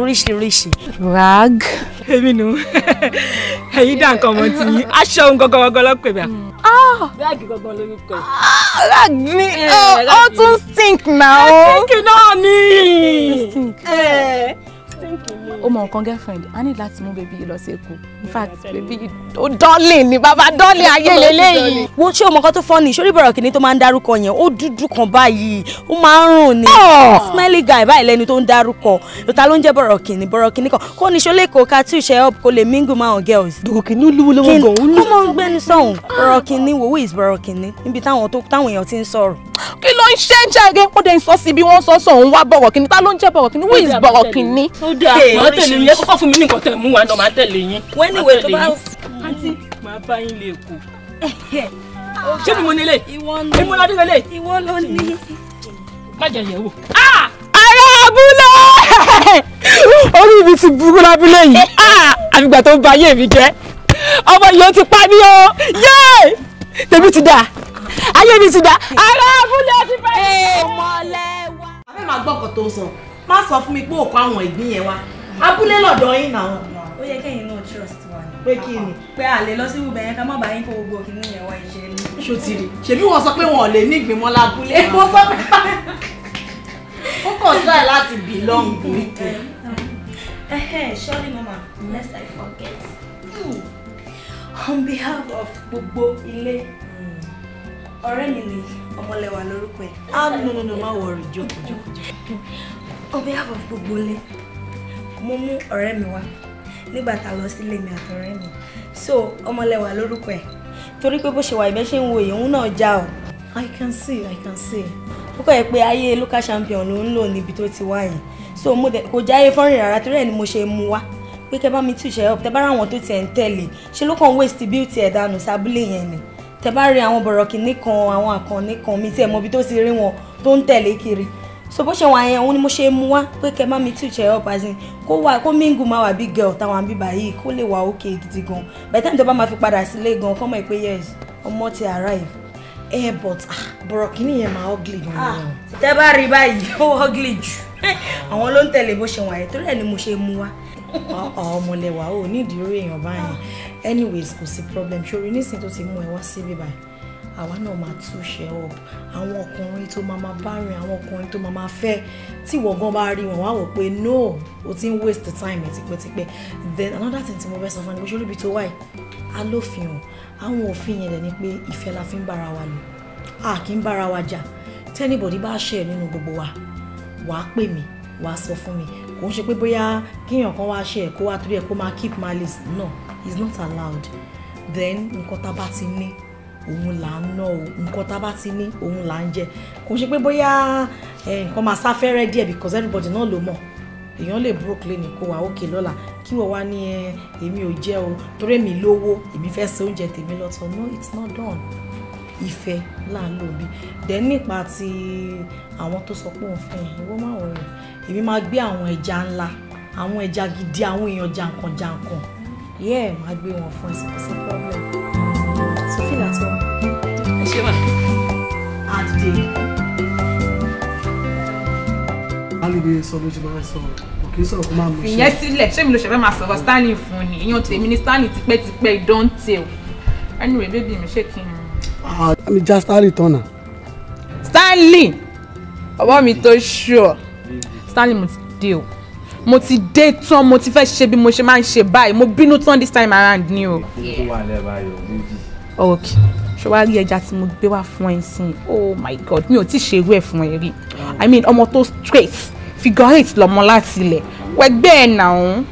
S5: oríṣiríṣi. rag. èmi nù ẹyin dá nǹkan ọmọ tí yín aṣọ òun gangan gangan lọ́pẹ̀ bá. Ah! rag gangan lórúkọ ẹ. Ah, rag eh, oh, ni ó tún stink na eh, o. stink náà ni. stink
S1: ó mọ nǹkan girlfriend a ní láti mú bèbí yìí lọ sí èkó in fact bèbí
S5: ó dọ́lìn ni bàbá dọ́lìn ayé lélẹ́yìí. wo ṣé o mọ nǹkan tó fọ́ ni ìṣòrí bọ̀rọ̀ kìíní tó máa ń dárúkọ yẹn ó dúdú kan báyìí ó máa ń rùn ni oh! Oh, smelly guy báyìí lẹ́ni tó ń dárúkọ ta ló ń jẹ́ bọ̀rọ̀ kìíní bọ̀rọ̀ kìíní kan kó ní ṣọlẹ̀ kó ká tún ṣe up kó lè mingle máa hàn girls. dòkìní olúwo ló ń gàn who is bọ̀rọ̀ kìíní níbi táwọn èèyàn ti ń sọ̀rọ̀. kí ló ń ṣe ń ṣe àgẹ́ ó dẹ̀ ń sọ sí bí wọ́n sọ sọ̀hún wá bọ̀rọ̀ kìíní ló ń jẹ́ bọ̀rọ̀ kìíní who is bọ̀rọ̀ kìíní.
S1: ó dáa máa tẹ̀lé yín ẹ kọ́kọ́ fún mi ní nǹkan tẹ̀ mú wa lọ máa tẹ̀lé yín. wọ́n ní ìwé tó bá àǹtí máa bá yín lè kó. ṣé ah, mi mo ní ilé èmi ló dúró lé. ìwọ ló ní. má jẹ yẹ̀ wò. Ah! ará abúlé orí ibi ti burú lábúlé yìí ah! àfìgbà tó ń ba ayé mi jẹ́ ọmọ yìí ó ti pa mí o yéé tèmi ti dà ayé mi ti dà ará abúlé ti bẹ̀rẹ̀. ọmọ ọlẹ́wà. a máa gbọ́ ọkọ̀ tó ń sọ má sọ fún mi pé òkú àwọn ìgbín yẹn wá abúlé lọ́dọ̀ yín náà.
S5: ó yẹ kẹ́yìn náà trust wa ni. pé kí ni. pé àlè lọ sí ibùbẹ̀ yẹn ká má bàa yín kó gbogbo kìnnú yẹn wá iṣẹ́ ni.
S1: ṣòtìrì ṣèbí wọn sọ pé wọn ò lè ní ìgbìmọ̀ lábúlé. èpo sọ pé ó kàn try láti belong with
S5: you. surely mama unless I forget hmm. on behalf of gbogbo ilé hmm, ọ̀rẹ́ mi ni ọmọlẹ́wà lórúkọ ẹ̀. ah no no no má wọrí jókòó jókòó jókòó on behalf of gbogbo ilé mo mú ọ̀rẹ́ mi wá nígbà tá a lọ sílé mi àtọ̀rẹ́ mi so ọmọlẹ́wà lórúkọ ẹ̀ torí pé bó ṣe wà ìbẹ́ ṣe ń wo ìyẹn náà já o. I can see I can see. ó kọ́ ẹ pé ayé local champion ló ń lò níbi tó ti wá yẹn so mo dẹ̀ kò jáyé fọ́nrìn rárá torí ẹ̀ ni mo ṣe mú wá pé kẹ bá mi tù ṣe up tẹ bá ra àwọn tó tiẹ̀ ń tẹ̀lé ṣe ló kàn waste beauty ẹ̀ dànù sábúlé yẹn ni tẹ bá rí àwọn bọ̀rọ̀kìnní kan àwọn àkànní kan mi tí ẹ̀ mọ ibi tó ti rí wọn tó ń tẹ̀lé kiri so bó ṣe wà yẹn òun ni mo ṣe mu wá pé kẹ má mi tù ṣe up as kó wà kó mingu má wà big girl táwọn àbí báyìí kó lè wà okay gidi gan by the time tó bá máa fi padà sílé gan kọ́ mọ̀ pé yes ọmọ ti arrive eh but ah bọ̀rọ̀ kìíní máa ugly gan ah, ni. tẹ́ bá rí báyìí ó ugly jù àwọn ló ń tẹ̀lé bó ṣe wà yẹn torí ẹ̀ ni mo ṣe mu wá. ọmọlẹ́wà ò ní ìdíró èèyàn báyìí anyways kò sí
S1: problem ṣorí nísìnyí tó ti mú ẹ wá síbí báyìí àwa náà máa túṣẹ ọ àwọn ọkùnrin tó máa máa bá rìn àwọn ọkùnrin tó máa máa fẹ́ tí ìwọ gan bá rí wọn wá wò pé no o ti ń waste time ẹ tipẹ́tipẹ́ then another thing tí mo fẹ́ sọ fún ẹ ni pé ṣé olóbi tó wáyé a lófin o àwọn òfin yẹn dẹ̀ ni pé ìfẹ́ la fi ń bára wa lò a kì í bára wa jà tẹ́nìbọ̀dì bá ṣẹ̀ nínú gbogbo wa wàá pè mí wàá sọ fún mi kò ń ṣe pé bóyá kíyàn kan wá ṣe ẹ̀kọ́ wá torí ẹ̀ kó máa keep malice no it's not allowed then nǹkan tá a bá ti ní òun là ń ná o nǹkan tá a bá ti ní òun là ń jẹ kò ṣe pé bóyá nǹkan máa sáfẹ́rẹ́ díẹ̀ because everybody náà ló mọ̀ èèyàn lè brooklyn kó wa òkè lọ́la kí wọ́n wá ní èmi ò jẹ́ o torí èmi lówó èmi fẹ́ ṣe oúnjẹ tèmi lọ́tọ̀ no it's not done ìfẹ́ là ń lò bí dẹ̀ nípa ti
S5: àwọn tó sọ pé òun fẹ́ yẹn ìwọ máa wọ̀ rẹ̀ èmi máa gbé àwọn ẹja ńlá àwọn ẹja gidi àwọn èèyàn jàǹkànjàǹkàn yẹ́ẹ̀ máa gbé wọn fún ẹsẹ̀ kò sí
S1: problem ṣe wà. àdìdè. alóbi sọ ló ṣe máa ń sọ̀rọ̀ kò kì í sọ̀rọ̀ kó máa mú ṣe. ìyẹn sílẹ̀ ṣé mi ló ṣe fẹ́ máa sọ̀rọ̀ stanley fún ni ìyẹn tèmi ni stanley tipẹ́tipẹ́ don tell anyway baby mi ṣé kí n. Ah, mi já stanley tán náà. stanley ọwọ́ mi tó ṣùọ́ stanley mo ti dé o mo ti dé tán mo ti fẹ́ ṣe bí mo ṣe máa ń ṣe báyìí mo bínú tán this time around ni o. ó wà lẹ́ẹ̀ báyọ̀ méjì. okay ṣé ẹja tí mo gbé wá fún ẹ sìn oh my god mi ò tí ì ṣe irú ẹ̀ fún ẹ rí i mean ọmọ tó straight figure eight lọmọ láti ilẹ̀ wẹgbẹ́ ẹ̀ nà ń.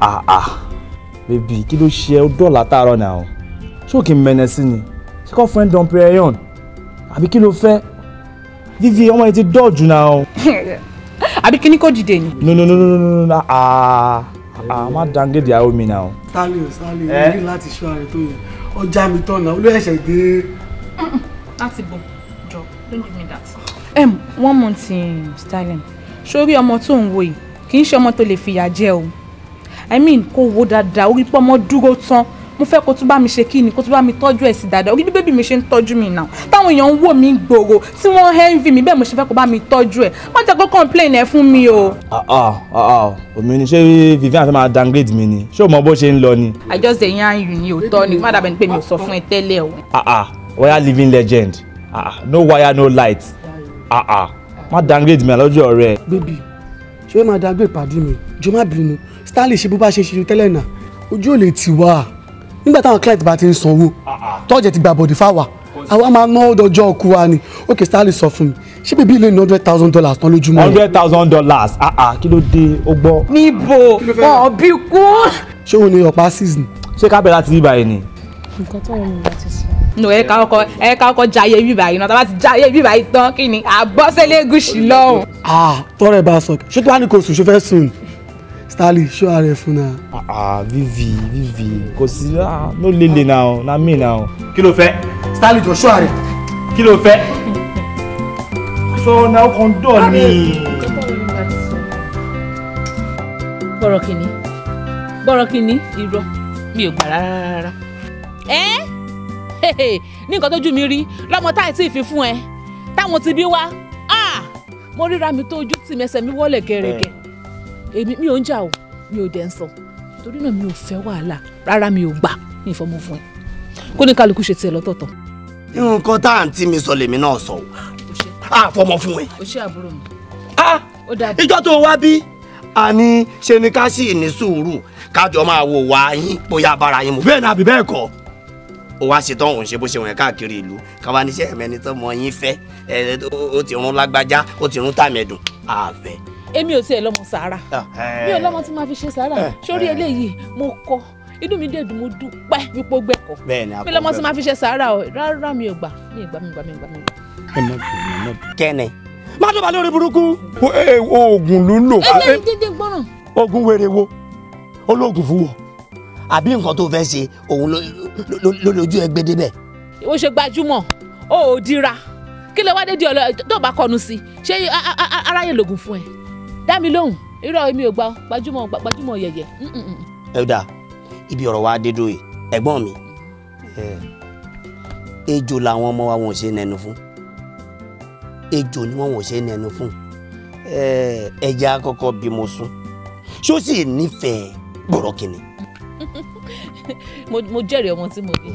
S1: àà àà bèbí kí ló ṣe ẹ dọ́là táàrọ̀ nà ọ́ ṣó kì í mẹ́nẹ sí ni ṣé kò fẹ́ dán pẹ́ẹ́yọ̀n àbí kí ló fẹ́ vivi ọmọ yẹn ti dọ́ọ̀jù nà ọ́. àbí kí ni kò dìde ni. no no no no no no no ah. ah a ah, má dáńgé di àwọn mi náà. stanley stanley ẹ ní láti ṣọ́ ààrẹ tó yẹ ọjà mi tán náà olú ẹ̀ṣẹ̀ dé. láti bọ̀ jọ don't give me that. em one month styling sórí ọmọ tó ń wo yìí kì í ṣe ọmọ tó lè fìyà jẹ o i mean kó wo dáadáa orí pọ́ ọmọ dúró tán mo fẹ́ kó tún bá mi ṣe kí ni kó tún bá mi tọ́jú ẹ̀ sí dáadáa ògidì bébì mi ṣe ń tọ́jú mi náà táwọn èèyàn ń wò mí gbòòrò tí wọ́n envy mi bẹ́ẹ̀ mo ṣe fẹ́ kó bá mi tọ́jú ẹ̀ má jẹ́ kó complain ẹ̀ fún mi o. Ah, ah, ah, omi ni ṣé Vivian fẹ́ máa downgrade mi ni ṣé o mọ bó ṣe ń lọ ni. I just dey yan you ni òótọ́ ni má dàbẹ̀ ni pé mi ò sọ fún ẹ tẹ́lẹ̀ o. wire living legend no wire no light má downgrade mi àlọ́jọ́ ọ̀rẹ́. bébì ṣé o máa downgrade pàdé mi jọ má bínú stanley ṣe bó bá ṣe ṣe tẹ́lẹ̀ náà ojú ò lè tì wá nígbà táwọn client bá ti ń sanwó ah, ah. tọ́jẹ̀ ti gba bọ̀dì fáwa àwa máa ná ọdọọjọ́ ọkú wa ni ok stanley sọ fún mi ṣé bíbí ilé ní hundred thousand dollars tán lójúmọ́ yẹn. hundred thousand dollars ah, kí ló dé ó gbọ́. níbo ọ̀bí kú. ṣé òun ni ọ̀pá season. ṣé ká bẹ̀rẹ̀ láti bíbá yẹn ni. nǹkan tó wọn bá ti sọ. no ẹ̀ka ọkọ ẹ̀ka ọkọ
S5: jayé bíbá yìí náà tá a bá ti jayé bíbá yìí tán kí ni àbọ̀sẹ̀lẹ̀ gúúsì lọ́hùn.
S1: ah tọrẹ bá a sọ ṣé tó wà ní kò sùn ṣe fẹ́ sùn starling show rẹ fún na. Ah, ah vivi vivi kò sí ah, no lele na o na me na o. kí ló fẹ́ starling jọ show rẹ kí ló fẹ́ so na o kàn dọ̀ ni. bọ̀rọ̀ kìíní bọ̀rọ̀ kìíní irọ́
S3: mi ò gbà rárá.
S1: ẹ ní nǹkan tójú mi rí lọ́mọ táì tí ì fi fún ẹ táwọn ti bí wá ah, mo ríra mi tó ojú tì mẹsẹ̀ mi wọlé gẹ̀rẹ́gẹ̀ èmi mi ò ń jà o mi ò dẹ̀ ń sọ torí náà mi ò fẹ́ wàhálà rárá mi ò gbà ní ìfọmọ fún ẹ kó ní kálukú ṣe tiẹ̀ lọ́tọ̀ọ̀tọ̀. nǹkan tá à ń tí mi sọ lèmi náà sọ o àfọmọ fún ẹ. o ṣe àbúrò mi. ìjọ tó wá bí àní ṣe ni ká sì ní sùúrù kájọ máa wo wá yín
S2: bóyá bára yín mu bẹ́ẹ̀ náà àbí bẹ́ẹ̀
S1: kọ́ o wá ṣe tán òun ṣe bó ṣe wọ̀nyẹn káàkiri ìlú káwa níṣẹ́ ẹ̀mẹ́ni tó mọ yín fẹ́ ó ti rún lágbájá ó ti rún tàmẹ̀dùn àfẹ́ èmi ò tiẹ̀ lọ́mọ sàárà ah, mi ò eh. lọ́mọ tí màá fi ṣe sàárà eh, sórí eh. eléyìí mo kọ́ inú mi dẹ̀ dùn mo dúpẹ́ wípé ó gbẹ̀kọ́ mi lọ́mọ tí màá fi ṣe sàárà o rárá mi ò gbà mi gbà mi gbà mi gbà mi. kẹ́ni má dọ̀bà lórí burúkú oògùn ló ń lò. ẹ ẹ jẹjẹ gbọ́ràn. oògùn wèrè wo olóògùn fún wọ àbí nǹkan tó fẹ́ ṣe òun ló lójú ẹgbẹ́ débẹ̀. ó ṣe gbajúmọ̀ ó ò dira kí lè wá dé di ọ̀lọ́ tó bá kọnu sí ṣé aráyè lògùn fún ẹ dá mi lóhùn irọ́ èmi ò gba gbajúmọ̀ gbajúmọ̀ yẹ̀yẹ̀. ẹ dà ibi ọ̀rọ̀ wa dé dóye ẹ̀gbọ́n mi ejò làwọn ọmọ wa wọn ò ṣe nẹnu fún ejò ni wọn ò ṣe nẹnu fún ẹja kọ́kọ́ bí mo sún ṣó sì nífẹ̀ẹ́ bọ̀rọ̀kìnní. mo jẹ́rìí ọmọ tí mo bí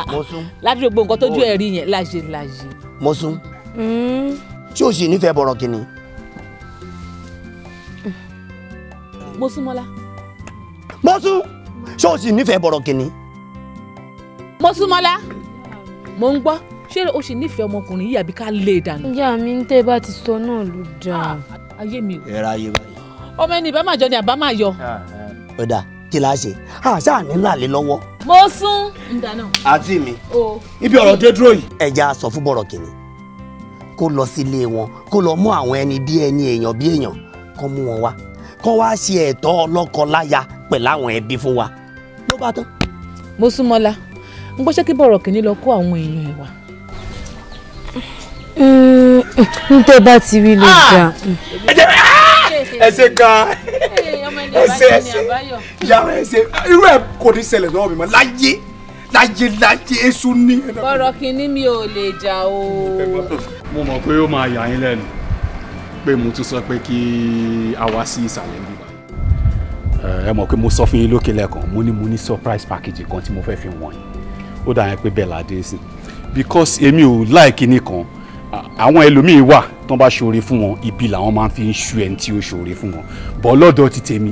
S1: ah, ah. ládùúgbò nǹkan tójú ẹ̀ rí yẹn láṣẹ láṣẹ. mo sún mm. ṣó sì nífẹ̀ẹ́ bọ̀rọ̀kìnní. mo sún mọ́lá. mo sún ṣé o sì nífẹ̀ẹ́ bọ̀rọ̀ kìnní. mo sún mọ́lá mo ń gbọ́ ṣé o sì nífẹ̀ẹ́ ọmọkùnrin yìí àbí ká lè e dànù. ìyá mi ń tẹ́ bá ti sọ náà ló dáa. Ah, ayé mi o. ẹ̀rọ ayé báyìí. ọmọ ẹni ìbá máa jọ ni àbá máa yọ. ọ̀dà ah, ah. kí la ṣe àṣà ní làlẹ́ lọ́wọ́. mo sún. àti mi ibi ọ̀rọ̀ dé dúró yìí. ẹja sọ fún bọ̀rọ̀ kìnní kó lọ sílé wọn kó lọ mú àwọn ẹni bí ẹni èèyàn bí èèyàn kó mú wọn wá kó wá ṣe ẹ̀tọ́ ọlọ́kọ-láya pẹ̀lú àwọn ẹbí fún wa ló bá tán. mo súnmọ́lá n gbọ́ṣẹ́ kí bọ̀rọ̀ kìíní lọ kó àwọn èèyàn ẹ̀ wá.
S5: n tẹ́ bá ti rí lè jà. Ah!
S1: ẹ ah! ṣe gan ẹ ṣe ẹ ṣe yàrá ẹ ṣe irú ẹ kò ní ṣẹlẹ̀ lọ́wọ́ mi mọ́ láyé láyé láyé èṣù ní. bọ̀rọ̀ kìíní mi ò lè
S2: jà o. mo mọ̀ pé ó máa yà yín lẹ́nu pé mo tún sọ pé kí a wá sí ìsàlẹ̀ níbí wa. ẹ mọ̀ pé mo sọ fún yín lókè lẹ́ẹ̀kan mo ní mo ní surprise package kan tí mo fẹ́ fi wọ̀n yín ó dà yẹn pé bẹ́ẹ̀ là á dé sí because èmi ò láìkí nìkan àwọn ẹlòmíì wà tán bá ṣoore fún wọn ibi làwọn máa fi ń ṣu ẹni tí ó ṣoore fún wọn bọ́ lọ́dọ̀ ti tèmi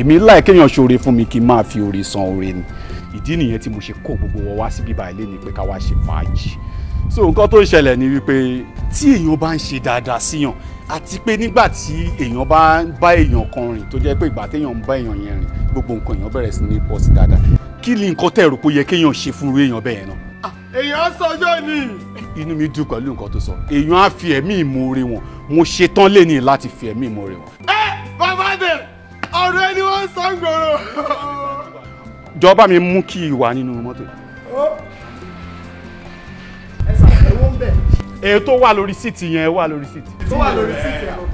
S2: èmi láìkéèyàn ṣoore fún mi kí n máa fi oore san oore ni ìdí nìyẹn tí mo ṣe kó gbogbo wọn wá sí bíbá ilé ni pé ká wá ṣe fàájì so nǹkan tó ń ṣẹlẹ̀ ni wípé tí èèyàn bá ń ṣe dáadáa síyàn àti pé nígbà tí èèyàn bá ń bá èèyàn kan rìn tó jẹ́ pé ìgbà téèyàn ń bá èèyàn yẹn rìn gbogbo nǹkan èèyàn bẹ̀rẹ̀ sí ní pọ̀ sí dáadáa kí ni nǹkan tẹ̀rù kó yẹ kéèyàn ṣe fún irú èèyàn bẹ́ẹ̀ náà
S3: ah, èèyàn sọjọ́ ni.
S2: inú mi dùn pẹ̀lú nǹkan tó sọ èèyàn á fi ẹ̀mí ìmoore wọn mo ṣetán lẹ́ni láti fi ẹ̀mí ìmoore wọn.
S1: ẹ bàbá dẹ ọ̀rọ̀ ẹni wọ́n sọ gbòòrò.
S2: jọba mi mú kí ìwà nínú mọ́tò yìí.
S3: ń bẹ̀.
S2: èyí tó wà lórí síìtì yẹn wà lórí síìtì. tó wà lórí síìtì àwọn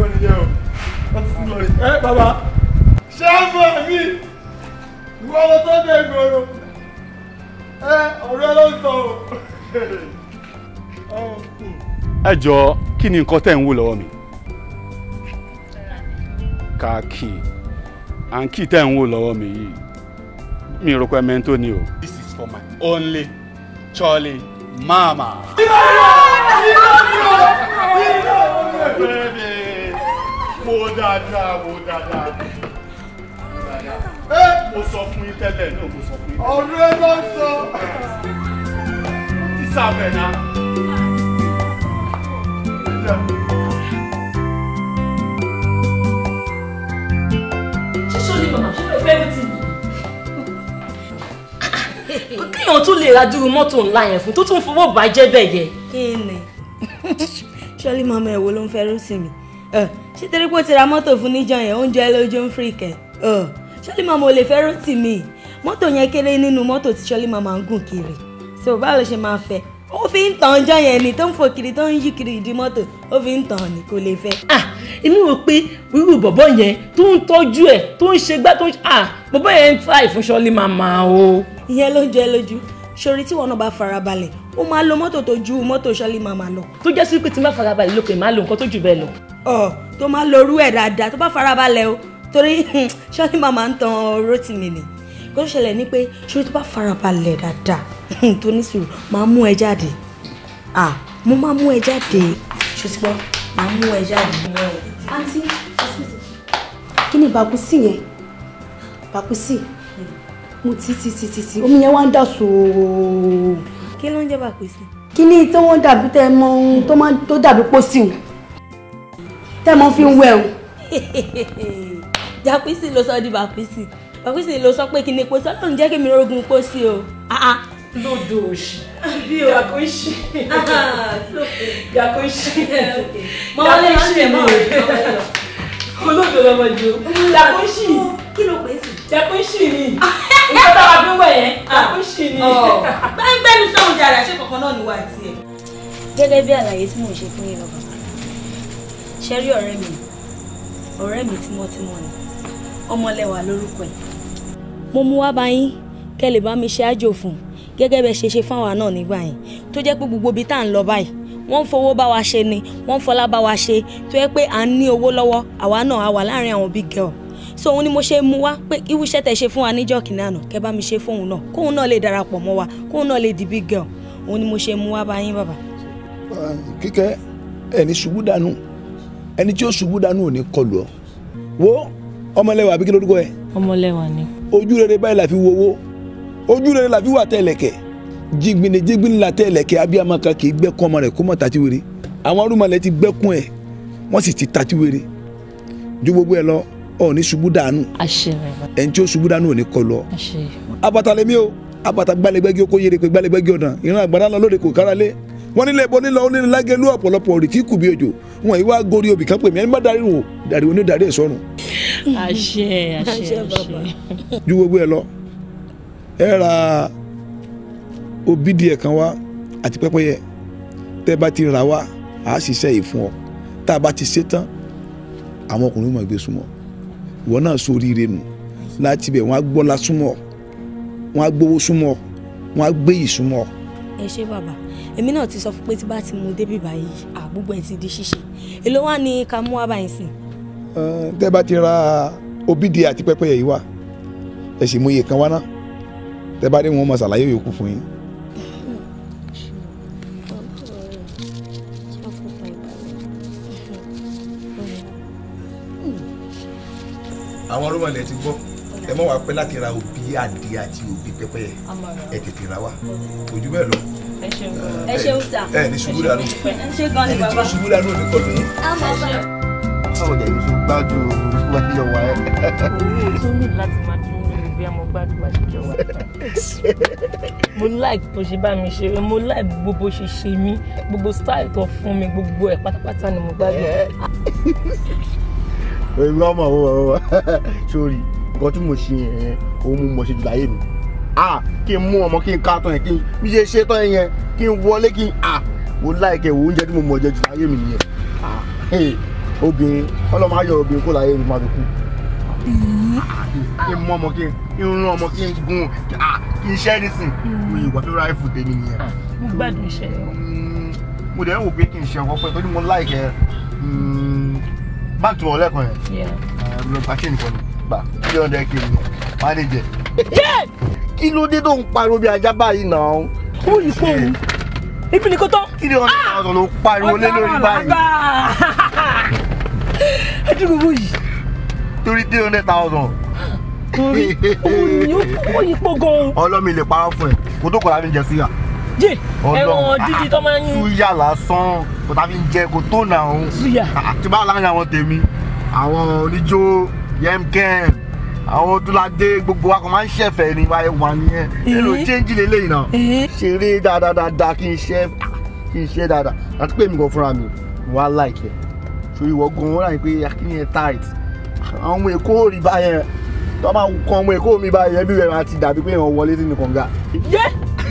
S2: ọ̀gá. ẹ bàbá ṣé àbọ̀ mi ìwọ ló tó dé ìgboro
S3: ẹ ọ̀rẹ́ ló ń sọ o.
S2: ẹ jọ kí ni nǹkan tẹ̀ ń wò lọ́wọ́ mi káàkì à ń kí tẹ̀ ń wò lọ́wọ́ mi yìí mi rò pé ẹmẹ tó ni o. this is for my only Charlie mama. mo dáadáa mo dáadáa mo sọ fún yín tẹ́lẹ̀ náà mo sọ fún yín.
S3: ọ̀rọ̀ ẹ lọ sọ.
S2: sísá bẹ̀ náà.
S5: kéèyàn
S1: tún lè ra dúró mọ́tò ńlá yẹn fún tó tún fowó bàjẹ́ bẹ́ẹ̀ yẹ.
S5: kí ni ṣọlí mama ẹ̀wò ló ń fẹ́ rúsì mi ṣé torí pé ó ti ra mọ́tò fún níjọ yẹn oúnjẹ lójú ń fìrì kẹ ṣọlí mama ò lè fẹ́ rúsì mi mọ́tò yẹn kéré nínú mọ́tò tí ṣọlí mama ń gùn kiri so báwo ló ṣe máa fẹ́ ó fi ń tàn ọjọ́ yẹn ni tó ń fò kiri tó ń yí kiri ìdí mọ́tò ó fi ń tàn ní kò lè fẹ́. èmi rò pé wíwú bọ̀bọ̀ yẹn
S1: tó ń tọ́jú ẹ̀ tó ń ṣe gbá tó ń ṣe bọ̀bọ̀ yẹn ń try fún ṣọlí mama o ìyẹn
S5: ló ń jẹ lójú ṣorí tí wọn náà bá farabalẹ̀ ó máa lo mọ́tò tó ju mọ́tò ṣálí màmá lọ. tó jẹ́ sí pé tí n bá farabalẹ̀ lókè máa lo nǹkan tó jù bẹ́ẹ̀ lọ. ọ tó máa lo orú ẹ̀ dáadáa tó bá farabalẹ̀ o torí ṣálí màmá ń tan Rótìmí ni kó ṣẹlẹ̀ ni pé ṣorí tó bá farabalẹ̀ dáadáa tó ní sùúrù máa mú ẹ jáde ah mo máa mú ẹ jáde ṣùgbọ́n máa mú ẹ jáde. àǹtí kí ni bàbá sí yẹn bàbá sí yẹn mo ti ti ti ti ti omi yẹn wá ń dà sòòrò. kí ló ń jẹ́ bàpẹ́ sí. kí ni tí wọ́n dàbí tẹ́ mọ ohun
S1: tó máa tó dàbí pósí o
S5: tẹ́ mọ fi ń wẹ̀ o. jàpísì ló sọ di bàpísì bàpísì ló sọ pé kí ni pósí ọlọ́run jẹ́ kí mi rógun pósí o ah, ah. lódò òṣì bí o yàkóṣì yàkóṣì yàkóṣì mi ò rí mo lóde lọmọ ju jacuzzi kí ló pè é sí. jacuzzi ni nǹkan tá a fi ń wẹ̀ yẹn jacuzzi ah. ni. Oh. gbẹ́gbẹ́ mi sọ̀rọ̀ jàre àṣẹ kankan náà ni wà á tiẹ̀. gẹ́gẹ́ bí àlàyé tí mò ń ṣe fún yín lọ́kàn ṣe rí ọ̀rẹ́ mi ọ̀rẹ́ mi tímọ́tímọ́ ni ọmọlẹ́wà lórúkọ ẹ̀ mo mú wá bá yín kẹ́ bá mi ṣe àjò fún gẹ́gẹ́ bẹ́ẹ̀ ṣe ṣe fáwọn náà nígbà yẹn tó jẹ́ pé gbogbo ibi tá à ń lọ báyìí wọ́n ń fowó bá wa ṣe ni wọ́n ń fọlá bá wa ṣe tó yẹ pé à ń ní owó lọ́wọ́ àwa náà wà láàrin àwọn big girl so òun ni mo ṣe mú wá pé irú iṣẹ́ tẹ̀ ṣe fún wa níjọ́ kìnìún àná kẹ́ bá mi ṣe fóun náà kóun náà lè darapọ̀ mọ́ wa kóun náà lè di big girl òun ni mo ṣe mú wá bá yín bàbá.
S1: kíkẹ́ ẹni ṣubú dànù ẹni tí ó ṣubú dànù ò ní kọlù ọ wo ọmọlẹ́wà àbí kí lórúkọ ẹ.
S3: ọmọlẹ́wà ni.
S1: ojú rere báyìí la wo owó ojú rere la wà tẹ̀lẹ̀kẹ̀ jigbine jigbine latẹ ẹlẹkẹ abiyama kan kì í gbẹkun ọmọ rẹ̀ kó mọ tati wèrè àwọn arúmọlẹ ti gbẹkun ẹ wọn sì ti tati wèrè ju gbogbo ẹ lọ ọ ní ṣubú dànù ẹni tí ó ṣubú dànù ò ní kọ lọ abatalẹmi o abata gbalẹgbẹgi oko yèrè pé gbalẹgbẹgi ọdàn ìran àgbàdo àlọ lóde kò kára lé wọn nílẹ̀ ìbọn nílọ onílẹ lágẹlú ọ̀pọ̀lọpọ̀ rì tí kù bí òjò wọn yìí wá gorí obì kan pè mí ẹni bá darí wò darí wò ní darí ẹ sọrùn. àṣẹ àṣẹ àṣẹ. ju gbogbo ẹ lọ ẹ ra kó bídìí ẹ̀ kan wá àti pẹ́pẹ́yẹ tẹ́ bá ti rà wá àá ṣiṣẹ́ yìí fún ọ tá a bá ti ṣe tán àwọn ọkùnrin máa gbé e súnmọ́ ìwọ náà sóríire nù láti bẹ̀ wọ́n á gbọ́lá súnmọ́ wọ́n á gbowó súnmọ́ wọ́n á gbé yìí súnmọ́.
S5: ẹ ṣe bàbá èmi náà ti sọ fún pé tí bá ti mú débi báyìí àgbúgbò ẹ ti di ṣíṣe èló wá ni ká mú wá báyìí sìn.
S1: bá ti ra obìdí àti pẹ́pẹ́yẹ yìí wá ẹ sì mú iye kan wá ná tẹ́ bá dé wọn mọ ṣàlàyé yòókù fún yín. àwọn olómọlẹ̀ ti gbọ́ ẹ mọ̀ wá pẹ́ láti ra òbí adìẹ àti òbí pẹ́pẹ́yẹ ẹ tètè ra wá ojú bẹ́ẹ̀ lọ.
S5: ẹ ṣe ń ta ẹ ní ṣubú dànù ẹni tó
S1: ṣubú dànù ò ní báwo
S5: ni
S1: èyí tó gbádùn wáyé wa ẹ. wá ṣe mo like tó ṣe bá mi ṣe mo like gbogbo ṣe ṣe mí gbogbo style tó fún mi gbogbo ẹ pátápátá ni mo gbádùn
S3: èmi ọmọ ọmọ ọmọ
S1: sórí nǹkan tí mo ṣe yẹn òun mo ṣe láyé mi ah kí n mú ọmọ kí n ká tán yẹn kí n bí ṣe ṣe tán yẹn kí n wọlé kí n ah wo láìkẹ wo oúnjẹ tí mo mọ̀ jẹ jù láyé mi nìyẹn ah obìnrin ọlọ́mọ ayọ̀ obìnrin kó láyé mi máa fi kú kí n mú ọmọ kí n rún ọmọ kí n gun kí n ṣẹ́ nísìn ìwà fífúra ẹ̀fù tèmi nìyẹn. Ah, mo gbádùn iṣẹ́ hmm, mo dẹ̀ wò pé kí n ṣe ọkọ pẹ́ mo láìkẹ́ báàgì tí mo lẹ́kùn yẹn ló pa chain kan ní gbà three hundred manager. kí ló dé tó ń pariwo bí ajá báyìí náà. ó yìí kó o ibi nìkan tán. three ah! hundred thousand ló pariwo lé lórí báyìí. ẹ dín gbogbo yìí. torí three hundred thousand orí òun yìí pọ̀ gan-an. ọlọ́mi lè parọ́ fún ẹ kó tó kọ̀ láti jẹ jẹ ẹwọn dídí tó máa ń. suya lásán kò tàbí ń jẹ kò tó nà òun. suya. àti ah, ah, bá láàrin àwọn tèmi àwọn oníjó yemkem àwọn ọdúnládé gbogbo wa kan máa ń ṣẹ̀fẹ̀ ni wáyé wà nìyẹn eh. èlò chéńjì lélẹ́yìn náà eh. ṣeré dáadáa kí n ṣe ah, kí n ṣe dáadáa àti pé mi kò fúnra mi wà láìpẹ́ torí wọ́n gan wọ́n rà pé akíní yẹn tight àwọn ọmọ èkó rí báyẹn tó máa kọ ọmọ èkó mi báyẹn bí rẹ̀ máa ti dàbí pé wọ́n wọlé sínú kànga. yé ó tó máa range fún ẹ.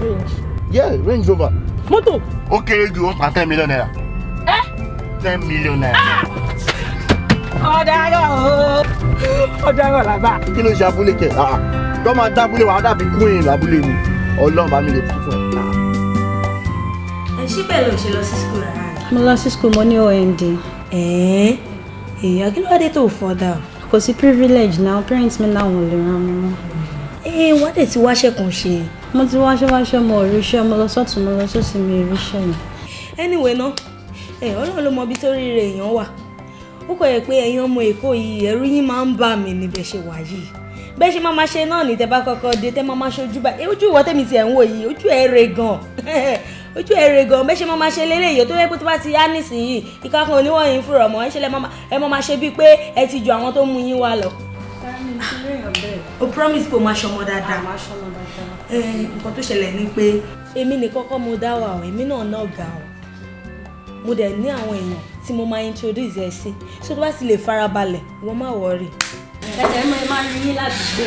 S1: range. yeah range rover. mọ́tò. ó kéré ju ó pa ten million naira. ẹ. ten million naira.
S4: Ah!
S1: ọ̀daràn o ọ̀daràn làbá. kí ló ṣe abúlé kẹ ah, tọ́ máa dábúlé wàá dàbí queen lábúlé ni ọlọ́run bá mi lè kú fún
S5: ẹ ṣé bẹ́ẹ̀ ló ṣe lọ sí school rárá ni. mo lọ sí school mo ní OND. ẹ̀ẹ́ èèyàn kí ló tó fọ́dà o. kò sí privilege náà parents mi náà wọn lè ràn mí mọ́. ẹ wá dé tí wáṣẹ kan ṣe. mo ti wáṣẹ wáṣẹ mo ò ríṣẹ́ mo lọ sọ́tún mo lọ sósì mi ríṣẹ́ mi. anyway náà ẹ ọlọ́run ló mọ ibi tó ríire èèyàn wà ó kọ̀ yẹ pé ẹ̀yin ọmọ èkó yìí ẹ̀rú yín máa ń bà mí níbẹ̀ ṣe wà yìí bẹ́ẹ̀ ṣe máa ma ṣe náà ní tẹ́ bá kọ́kọ́ dé tẹ́ máa ma ṣojú báyìí ojú ìwọ tẹ́mi tiẹ̀ ń wò yìí ojú ẹ̀ re gan ojú èrè gan bẹ́ẹ̀ ṣe mo máa ṣe lélẹ̀ yìí tó yẹ pé tó bá ti yá nísìnyìí ìka kan oníwọ̀n yìí fúnra mọ́ ẹ ṣe ẹ mọ́ máa ṣe bíi pé ẹ ti ju àwọn tó mú yín wá lọ. o promise pé o máa ṣọmọ dáadáa nǹkan tó ṣẹlẹ̀ ni pé. èmi nìkan kọ́ mo dá wà ọ́ èmi náà náà gà ọ́ mo dẹ̀ ní àwọn èèyàn tí mo máa introduce ẹ sí so tó bá ti lè farabalẹ̀ wọ́n má wọrí. ẹsẹ̀ mi máa rí yín láti gbé.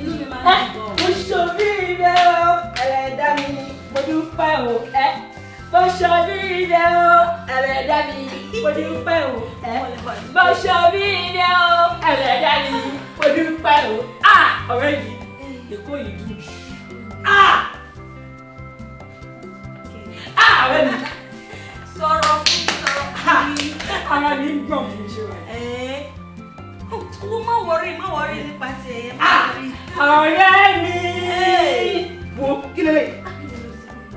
S5: inú mi máa ń dùn gan. mo ṣòfin rẹ o ẹ̀rẹ̀ ẹ̀dá mi ni dúpẹ́ o ẹ bó ṣọ bí ilé o ẹlẹ́dá mi mo dúpẹ́ o ẹ bó ṣọ bí ilé o ẹlẹ́dá mi mo dúpẹ́ o a ọ̀rẹ́ yìí èkó yìí dùn jù a a ọ̀rẹ́ mi sọ̀rọ̀ fún mi sọ̀rọ̀ fún mi. ara mi ń gbọ̀n fún jù wá. Owó má wọrí má wọrí nípa ti ẹ̀yẹ má wọrí. Ọ̀rẹ́ mi! Wo kí lélẹ̀? o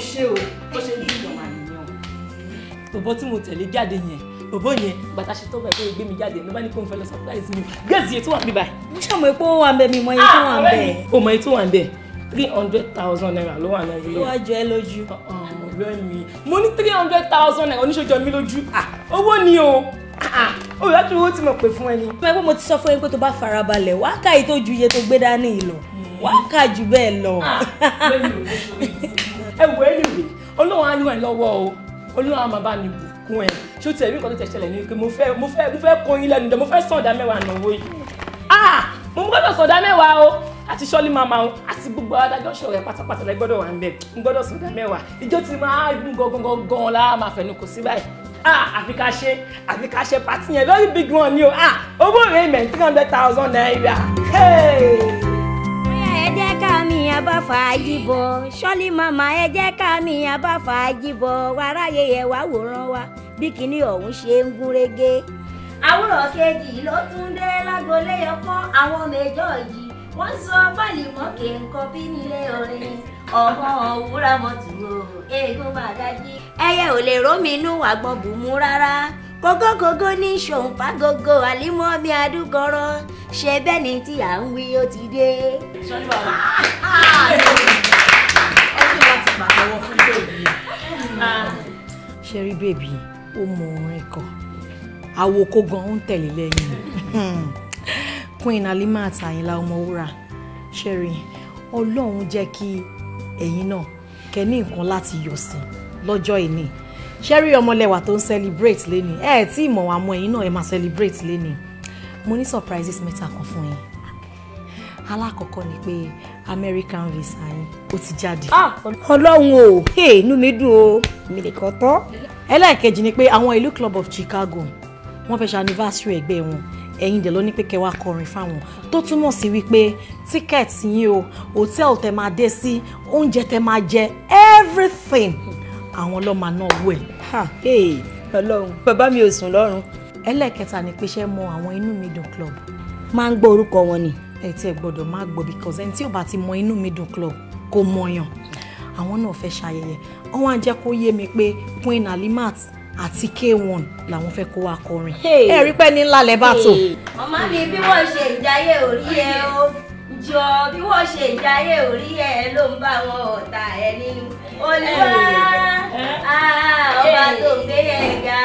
S1: ṣe o o ṣe ní ìjọba nìyẹn. bòbọ tí mo tẹ̀lé jáde yẹn bòbọ yẹn bàtà ṣe tó bá ẹgbẹ́ gbé mi jáde ló bá ní kó n fẹ́ lọ surprise mi gẹ̀ẹ́sì yẹn tó wà bí báyìí. mo ṣàmọ̀ epo wà ń mi mọ̀ iye tó wà ń bẹ̀. Ah, o mọ̀ iye tó wà ń bẹ̀ three hundred thousand naira ló wà náà yìí lọ. ló wá jọ ẹ lójú. Ah, ah, ọ̀rẹ́ mi mo ní three hundred
S5: thousand naira oníṣòjọ́ mi lójú owó ni o olùwàjú ti mọ̀ pé fún ẹni. mo ti sọ fún yín pé tó bá farabalẹ̀ wákàtí tó ju iye tó gbé dání lọ wàá kà jù bẹ́ẹ̀ lọ. ẹ wọ ẹlẹ́wẹ̀ ọlọ́run á yàn ẹ lọ́wọ́ o ọlọ́run
S1: á máa bá mi bùkún ẹ ṣé o tẹ̀ ẹ̀rí kan tó tẹ̀ ṣẹlẹ̀ ní pé mo fẹ́ mo fẹ́ mo fẹ́ kó yín lẹ́nu dẹ mo fẹ́ sàn ọ̀dà mẹ́wàá náwó yìí ah mo gbọ́dọ̀ sàn ọ̀dà mẹ́wàá o àti sọ́ọ́lì màmá o àti gbogbo adájọ́ ṣọ̀rẹ́ pátápátá la gbọ́dọ̀ wà ń bẹ̀ n gbọ́dọ̀ sàn ọ̀dà mẹ́wàá ìjọ ti máa dùn gangan gan la máa fẹ̀nu kò sí báyìí ah àfi ká ṣe àfi ká ṣe pàtì yẹn very big one ni o ah owó rẹ̀ mẹ́ three hundred thousand naira.
S5: Hey! jẹ́ ká mi àbá fàájì bọ̀ ṣọ́lí màmá ẹ jẹ́ ká mi àbá fàájì bọ̀ wàrà yẹyẹ wá wòran wa bí kinní ọ̀hún ṣe ń gún régé. àwòrán kejì ló tún dé lágbolé ọkọ àwọn mẹ́jọ yìí wọ́n sọ báàlì mọ́kè nǹkan bí nílé orin ọmọ òwúrà mọ́tò eégún bàdájí. ẹyẹ ò lè rómi inú àgbọn bùnmú rárá kókókókó ní ṣòǹfà gógó àlímọ́ mi àdúgọ́rọ́ ṣe bẹ́ẹ̀ ni tí à ń wí ó ti dé. ọdún láti pàtẹ́wọ́ fún bèbí. Ah. ṣe
S1: bèbí ó mọ orin kan àwòkó gan ń tẹ̀lé lẹ́yìn queen Halima àtàyìnlá ọmọwúrà ṣẹ́rin ọlọ́run jẹ́ kí ẹ̀yin náà kẹ́ ní nǹkan láti yọ̀ sí lọ́jọ́ ìní ṣé rí ọmọlẹ́wà tó ń celebrate lẹ́ni ẹ ẹ̀ tí ìmọ̀ wa mọ ẹ̀yin náà ẹ máa celebrate lẹ́ni mo ní surprises mẹ́ta kan fún yín alákọ̀ọ́kọ́ ni pé American visa yín ó ti jáde. Ah!
S5: ọlọ́run o inú mi dùn o mi lè kọ́ tán.
S1: ẹlẹ́ẹ̀kejì ni pé àwọn ìlú club of Chicago wọ́n fẹ́ ṣe anniversary ẹgbẹ́ wọn ẹ̀yin dẹ̀ ló ní pé kẹ́ wá kọrin fáwọn tó túmọ̀ sí wípé tíkẹ́ẹ̀tì yín o hòtẹ́ẹ̀lì tẹ máa dé sí oúnjẹ tẹ máa jẹ everything àwọn ọlọ́mà náà wò ẹ̀. ọlọ́run bàbá mi ò sùn lọ́rùn. ẹlẹ́ẹ̀kẹta ni pé mọ àwọn inú mi dùn club. máa ń gbọ́ orúkọ wọn ni. ẹ tí ẹ gbọ́dọ̀ máa gbọ́ because ẹni tí ò bá ti mọ inú mi dùn club kò mọyàn àwọn náà fẹ́ ṣayẹyẹ wọ́n á jẹ́ kó yé mi pé queen alimat àti k1 làwọn fẹ́ kó wa kọrin. ẹ rí pẹ́ ní ńlá lẹ́ bá tò.
S5: màmá mi bí wọ́n ṣe ìjáyé orí ẹ o jọ bí wọ́n ṣe ìjáyé orí ẹ ló ń bá wọn ọ̀tá ẹ nínú olúwa
S4: ah, ọba tó gbé yẹn
S5: ga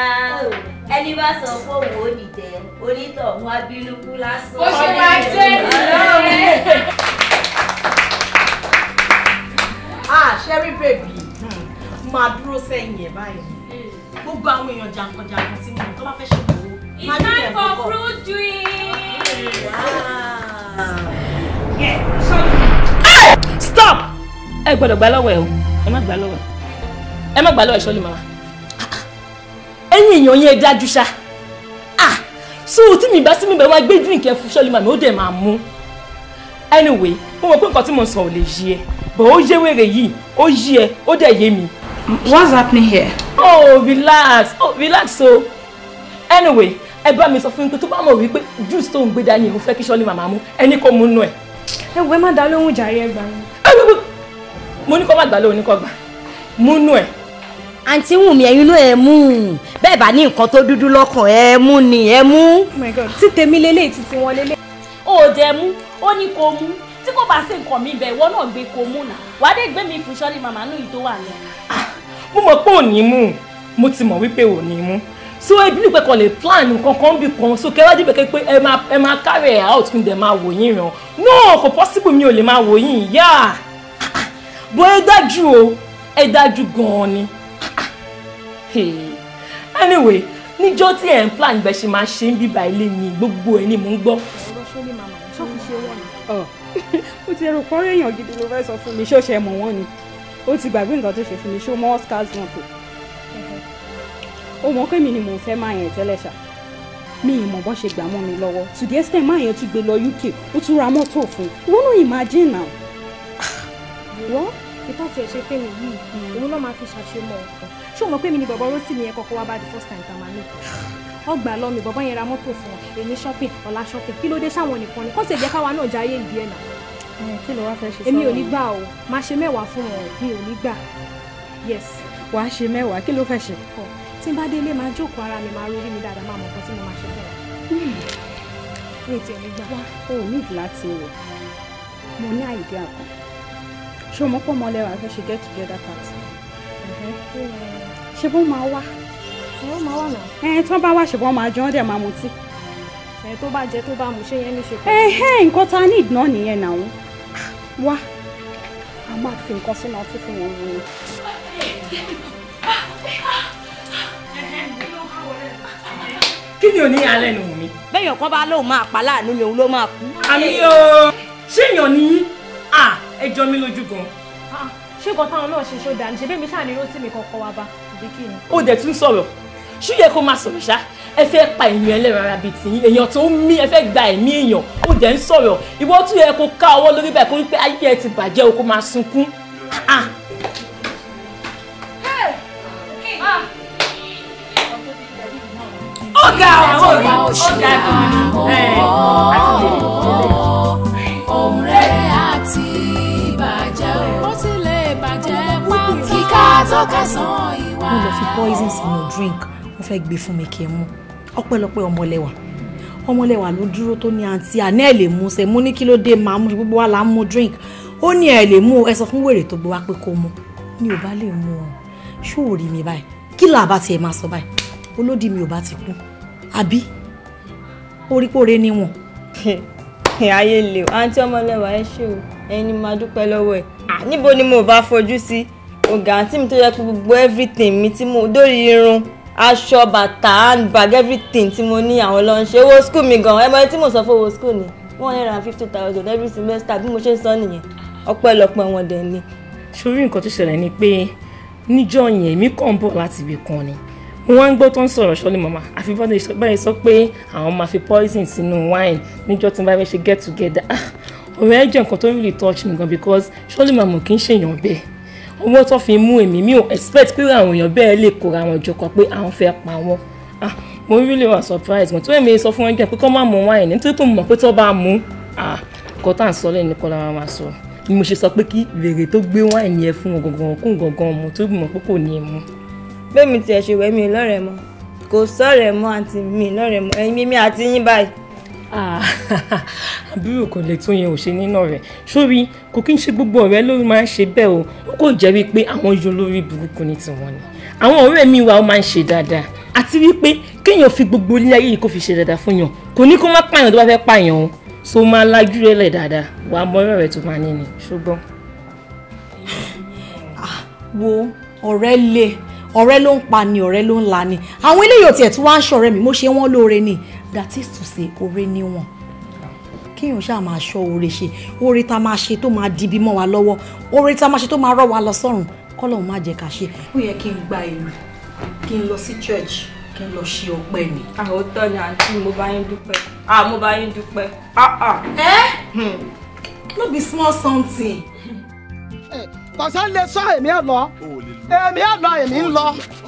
S5: oh. ẹni bá sọ fóun ó dìtẹ̀ onítọ̀hún abínú kú lásán. ó ṣe máa
S1: ah sherry baby hmm, máa dúró sẹ́yìn ẹ̀ báyìí
S5: gbogbo àwọn èèyàn jàǹkànjàǹkàn tí mo tó bá fẹ́ ṣe ìdánwò. it's time for fruit drink. Ah. Ah.
S1: Yeah. Stop! ẹ gbọ́dọ̀ gbà lọ́wọ́ ẹ o ẹ má gbà lọ́wọ́ ẹ má gbà lọ́wọ́ ẹ màmá ẹ̀yin èèyàn yẹn dájú ṣá so tí mi bá sí mi bẹ́ẹ̀ wá gbé drink ẹ fún sọ́lé màmá ó dẹ̀ máa mú anyway mo mọ̀ pé nǹkan tí mo sọ ò lè yí ẹ bọ̀ ó yé wèrè yìí ó yí ẹ ó dẹ̀ yé mi. what's happening here. oh relax oh relax o so. anyway ẹ bá mi sọ fún mi pé tó bá mọ̀ wípé juice tó ń gbé dání ò fẹ́ kí sọ́lé màmá mú ẹni kò mú nù ẹ.
S5: ẹ wẹ́ má dá lóhùn jàre ẹ gbà mí mo ní kó má gbà lóhùn ní kó gbà mú nú ẹ̀. àǹtí Wùnmí ẹ̀yin ló ẹ̀ mú un bẹ́ẹ̀ bá ní nǹkan tó dúdú lọ́kàn ẹ̀ mú ni ẹ̀ mú. Oh tí tèmi lélẹ̀
S1: tí tiwọn lélẹ̀. ó jẹ mú ó ní kó mú tí kò bá sí nǹkan mi bẹ̀ ìwọ náà gbé kó mú
S5: nà wàá dé gbé mi fún sọ́ọ́lì màmá nù yìí tó wà lẹ́. Ah,
S1: mo mọ̀ pé ò ní mú mo ti mọ̀ wípé ò ní mú so ebi ni pé kò lè plan nǹkan kan bí kan so kẹ wá dìbò pé ẹ máa ẹ máa carry out kí n dẹ̀ máa wò yín ràn no kò possible mi ò lè máa wò yín yá. Yeah bó ẹ dájú o ẹ dájú gan-an ni. anyway níjọ́ tí ẹ̀ ń plan bẹ́ẹ̀ ṣe máa ṣe ń bíbá ilé mi gbogbo ẹ̀ ni mò ń gbọ́. ọ̀rọ̀ ṣó lè máa mọ̀ ṣó fi ṣe wọ́n ni. ó ti rò pọ́nrẹ́ èèyàn gidi ló fẹ́ sọ fún
S5: mi ṣó ṣe mọ̀ wọ́n ni ó ti gbàgbé nǹkan tó ṣe fún mi ṣó mọ́ scars náà tó. ó mọ̀ pé mi ni mò ń fẹ́ máa yẹn tẹ́lẹ̀ ṣá mi ìmọ̀ bọ́n ṣe gbà mọ́ mi lọ́wọ́ to the extent máa yẹn tún gbé lọ UK ó tún ra mọ́tò fún un ìwọ náà imagine now
S1: wọ́n ìtọ́ tiẹ̀ ṣe fẹ́mi yìí hmm. òun náà máa fi ṣàṣemọ̀ ọ̀kan ṣé o mọ̀ pé mi ni bàbá Rótìmí yẹn kọ́kọ́ wá bá the first time tàmá ní ọgbà lọ́mi bàbá yẹn ra mọ́tò fún ọ èmi shopping ọ̀la
S5: shopping kí ló dé sáwọn nìkan ni kọ́sẹ̀ jẹ́ káwa náà jáyé ìdí ẹ̀ náà hmm, kí ló wá fẹ́ ṣe sọ́wọ́ èmi ò ní gbà o máa ṣe mẹ́wàá fún wọn mi ò ní gbà yes. wàá ṣe mẹ́wàá kí ló fẹ́ ṣe. tí n bá délé máa jókòó ara mi máa rórí mi dáadáa máa mọ nǹkan tí mo máa ṣe fún wọn. Hmm. mi ò tiẹ̀ ní gbà. o ò ní ìdí láti wọ̀ mo ní àìdí àkọ́ ṣé o mọ̀ pọ̀ mọ́ lẹ́wà fẹ́ get together party ṣé bó máa wá wọ́n máa wà náà. ẹ tó bá wà ṣùgbọ́n máa jẹun dẹ̀ máa mutí. ẹ tó bá jẹ tó bá mu ṣé yẹn ní ṣe Eh, ẹ nǹkan tá a ní ìdùnnà nìyẹn náà wá
S1: a máa fi nǹkan sínú ọtí fún wọn wọnyẹn. kí ni ò ní alẹ́ nù mí.
S5: bẹ́ẹ̀ yọ̀kan bá lóun pa láàánú mi òun ló máa kú. àmì o
S1: ṣé èèyàn Ah, jọ mí lójú gan.
S5: ṣé nǹkan táwọn náà ṣe ṣó dáa ní ṣe bẹ́ẹ̀ mi ṣáà ní rántí mi kọ́kọ́ wá bá bí kí ni. ó dẹ̀ tún
S1: sọ̀rọ̀ ṣú yẹ kó máa sọ̀rọ̀ ṣá ẹ fẹ́ pa èèyàn ẹlẹ́ran ara bíi tìyín èèyàn tó ń mí ẹ fẹ́ gba ẹ̀mí èèyàn ó dẹ̀ ń sọ̀rọ̀ ìwọ tún yẹ kó ká ọwọ́ lórí báyìí kó ní pé ayé ẹ ti bàjẹ́ o kó máa sunkún.
S4: ọ̀gá ọ̀gá ọ̀gá ọ̀gá.
S1: mo
S5: lọ fi poison sínú
S1: drink wọ́n fẹ́ gbé fún mi kí n mú ọpẹ́lọpẹ́ ọmọlẹ́wà ọmọlẹ́wà ló dúró tó ní àǹtí àná ẹ̀ lè mú sẹ́ mo ní kí ló dé máa mú gbogbo wa là ń mu drink ó ní ẹ̀ lè mú ẹ sọ fún wèrè tó gbé wá pé kó mu ní ò bá lè mú ọ ṣó ò rí mi báyìí kí là bá tiẹ̀
S5: máa sọ báyìí olódì mi ò bá ti kú àbí orípòre níwọ̀n. ayé lè o àǹtí ọmọlẹ́wà ẹ ṣé o ẹni máa dúpẹ́ lọ́wọ́ ẹ̀ níbo ni mo bá fojú sí. Si? ọ̀gá àǹtí mi tó yẹ pé gbogbo everything mi tí mo dórí irun aṣọ bàtà handbag everything tí mo ní àwọn ló ń ṣe owó school mi gan ẹ mọ tí mo sọ fún owó school ni one hundred and fifty thousand every semester bí mo ṣe ń sọ nìyẹn ọpẹ́lọpẹ́ wọn dẹ̀ ni. sórí nǹkan tó ṣẹlẹ̀ ni pé níjọ́ yẹn èmi kàn ń bọ̀ láti ibì kan ni
S1: mo wá ń gbọ́ tó ń sọ̀rọ̀ ṣọ́lé màmá àfi báyìí sọ pé àwọn máa fi poison sínú wine níjọ́ tí n bá fẹ́ ṣe get together ah, ọ̀rọ̀ ẹ̀ jẹ́ nǹkan tó really touch me gan because ṣọ́lé màmá kì í ṣèyàn bẹ́ẹ̀ owó tó fi mú èmi mi ò expect pé àwọn èèyàn bẹ́ẹ̀ lè kóra wọn jọ kan pé àwọn fẹ́ pa wọn ah mo really wà surprise mo tó èmi sọ fún wọn jẹ pé kọ́ máa mú wáìnì nítorí pé mo mọ̀ pé tó bá mú ah kọ́ tá à ń sọ lẹ́nu kọ́ la máa sọ ni mo ṣe sọ pé kí wèrè tó gbé wáìnì ẹ fún gangan kún gangan mu tó mọ̀ pé kò ní í mu.
S5: bẹ́ẹ̀ mi tiẹ̀ ṣe wẹ́ mi lọ́rẹ̀ẹ́ mọ́ kò sọ̀rẹ̀ mọ́ àǹtí mi lọ́rẹ̀ẹ́ mọ́ ẹ̀yin mímí àti yín báyìí àbúrò
S1: ah. kò lè tó yẹn ò ṣe nínú rẹ̀ sórí kò kí n ṣe gbogbo ọ̀rẹ́ ló máa ń ṣe bẹ́ẹ̀ o ó kò jẹ́ wípé àwọn yóò lórí burúkú ní tiwọn ni àwọn ọ̀rẹ́ mi wa ó máa ń ṣe dáadáa àti wípé kéèyàn fi gbogbo ilé ayé yìí kó fi ṣe dáadáa fún yàn kò ní kó má pààyàn tó bá fẹ́ pààyàn o so máa lajú rẹ̀ lẹ̀ dáadáa wàá mọ ọ̀rẹ́ rẹ̀ tó máa ní ni ṣùgbọ́n. Ah, wo ọ̀rẹ́ le ọ̀rẹ́ ló ń pa ni ọ̀rẹ́ ló ń la ni àwọn eléyìí ò tiẹ̀ tí wọ́n á ṣọ̀rẹ́ mi mo ṣe wọ́n lóore ni that is to say oore níwọ̀n kéèyàn ṣáà máa ṣọ́ oore ṣe oore tá a máa ṣe tó máa dibi mọ́ wa lọ́wọ́ oore tá a máa ṣe tó máa rọ́ wa lọ sọ́run
S5: kọ́lọ́hún má jẹ́ ká ṣe. ó yẹ kí n gba ìlú kí n lọ sí church kí n lọ ṣe ọpẹ́ mi. àwòtọ́ ni àǹtí mo bá yín dúpẹ́ ah mo bá yín dúpẹ́ ah ah. ẹ no be small something.
S1: Hmm ọ̀sán lè sọ èmi ẹ̀ lọ èmi ẹ̀ lọ èmi ń lọ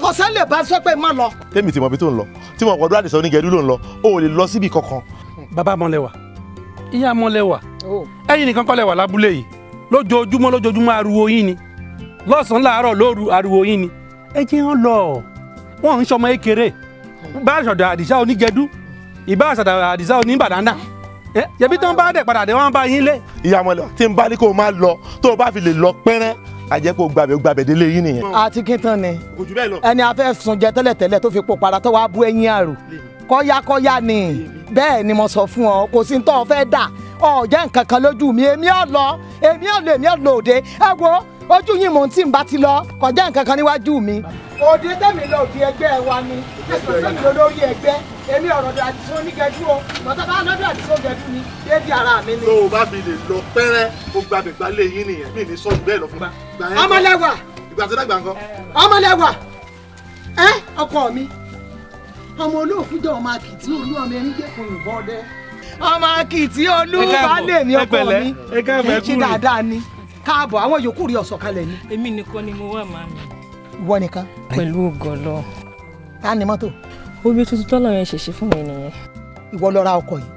S1: ọ̀sán lè bá sọ pé má lọ. tèmi tí mo fi tó ń lọ tí mo wọdú àdìsọ onígẹdú ló ń lọ o ò lè lọ síbi kankan. bàbá
S2: mọlẹwà ìyá mọlẹwà ẹ̀yin nìkan kọ́ lẹwà lábúlé yìí lójoojúmọ́ lójoojúmọ́ ariwo yín ni lọ́sàn-án làárọ̀ lóru ariwo yín ni ẹ jẹ́ wọn lọ wọn ń sọmọ ékeré bá àṣọdà àdìsá onígẹdú ìbá àṣọdà àdìsá oníbàdànà Eh, yẹbi tó ń bá dẹ̀ padà dé wọ́n bá yín lé. ìyàmọ̀ lọ tí n bá ní kó o máa lọ tó o bá fi lè lọ pẹ́rẹ́ àjẹ́ gbàbẹ̀ gbàbẹ̀ délé yín nìyẹn.
S1: àti kí n tán ni ẹni afẹ́ sùn jẹ tẹ́lẹ̀tẹ́lẹ̀ tó fi pò para tó wàá bú ẹyin àrò kọ́yákọ́yá ni bẹ́ẹ̀ ni mo sọ fún ọ kò sí tó o fẹ́ dà ọ jẹ́ nǹkan kan lójú mi èmi ò lọ èmi ò lọ èmi ò lọ òde ẹ wo ojú yín mò ń tì bá ti lọ kọjá nǹkan kan níwájú mi. òde tẹ̀mí lọ òdi ẹgbẹ́ wa ni ẹ̀sùn sẹ́mi olórí ẹgbẹ́ èmi ọ̀rọ̀ dàdí tó ní o bàtà bá lọ́dọ̀ àti tó gẹ̀dú ara mi ni. tó o bá fi lè lọ pẹ́rẹ́ gba lé yín nìyẹn ní sọ́ọ̀dù bẹ́ẹ̀ lọ ọkọ mi ọmọ olóòfin jẹ́ ọmọ olú ọmọ ẹni jẹ́ ọmọ olú balẹ̀ mi ọkọ mi káàbọ̀ àwọn yòókù rí ọ̀sọ̀ kalẹ̀ ni. èmi nìkan ni mo wà máa mi. ìwọ nìkan. pẹ̀lú ògọ̀lọ. ta ni mọ́tò. omi tuntun tọ́lọ̀ yẹn ṣèṣe fún mi nìyẹn. ìwọ lọ ra ọkọ̀ yìí.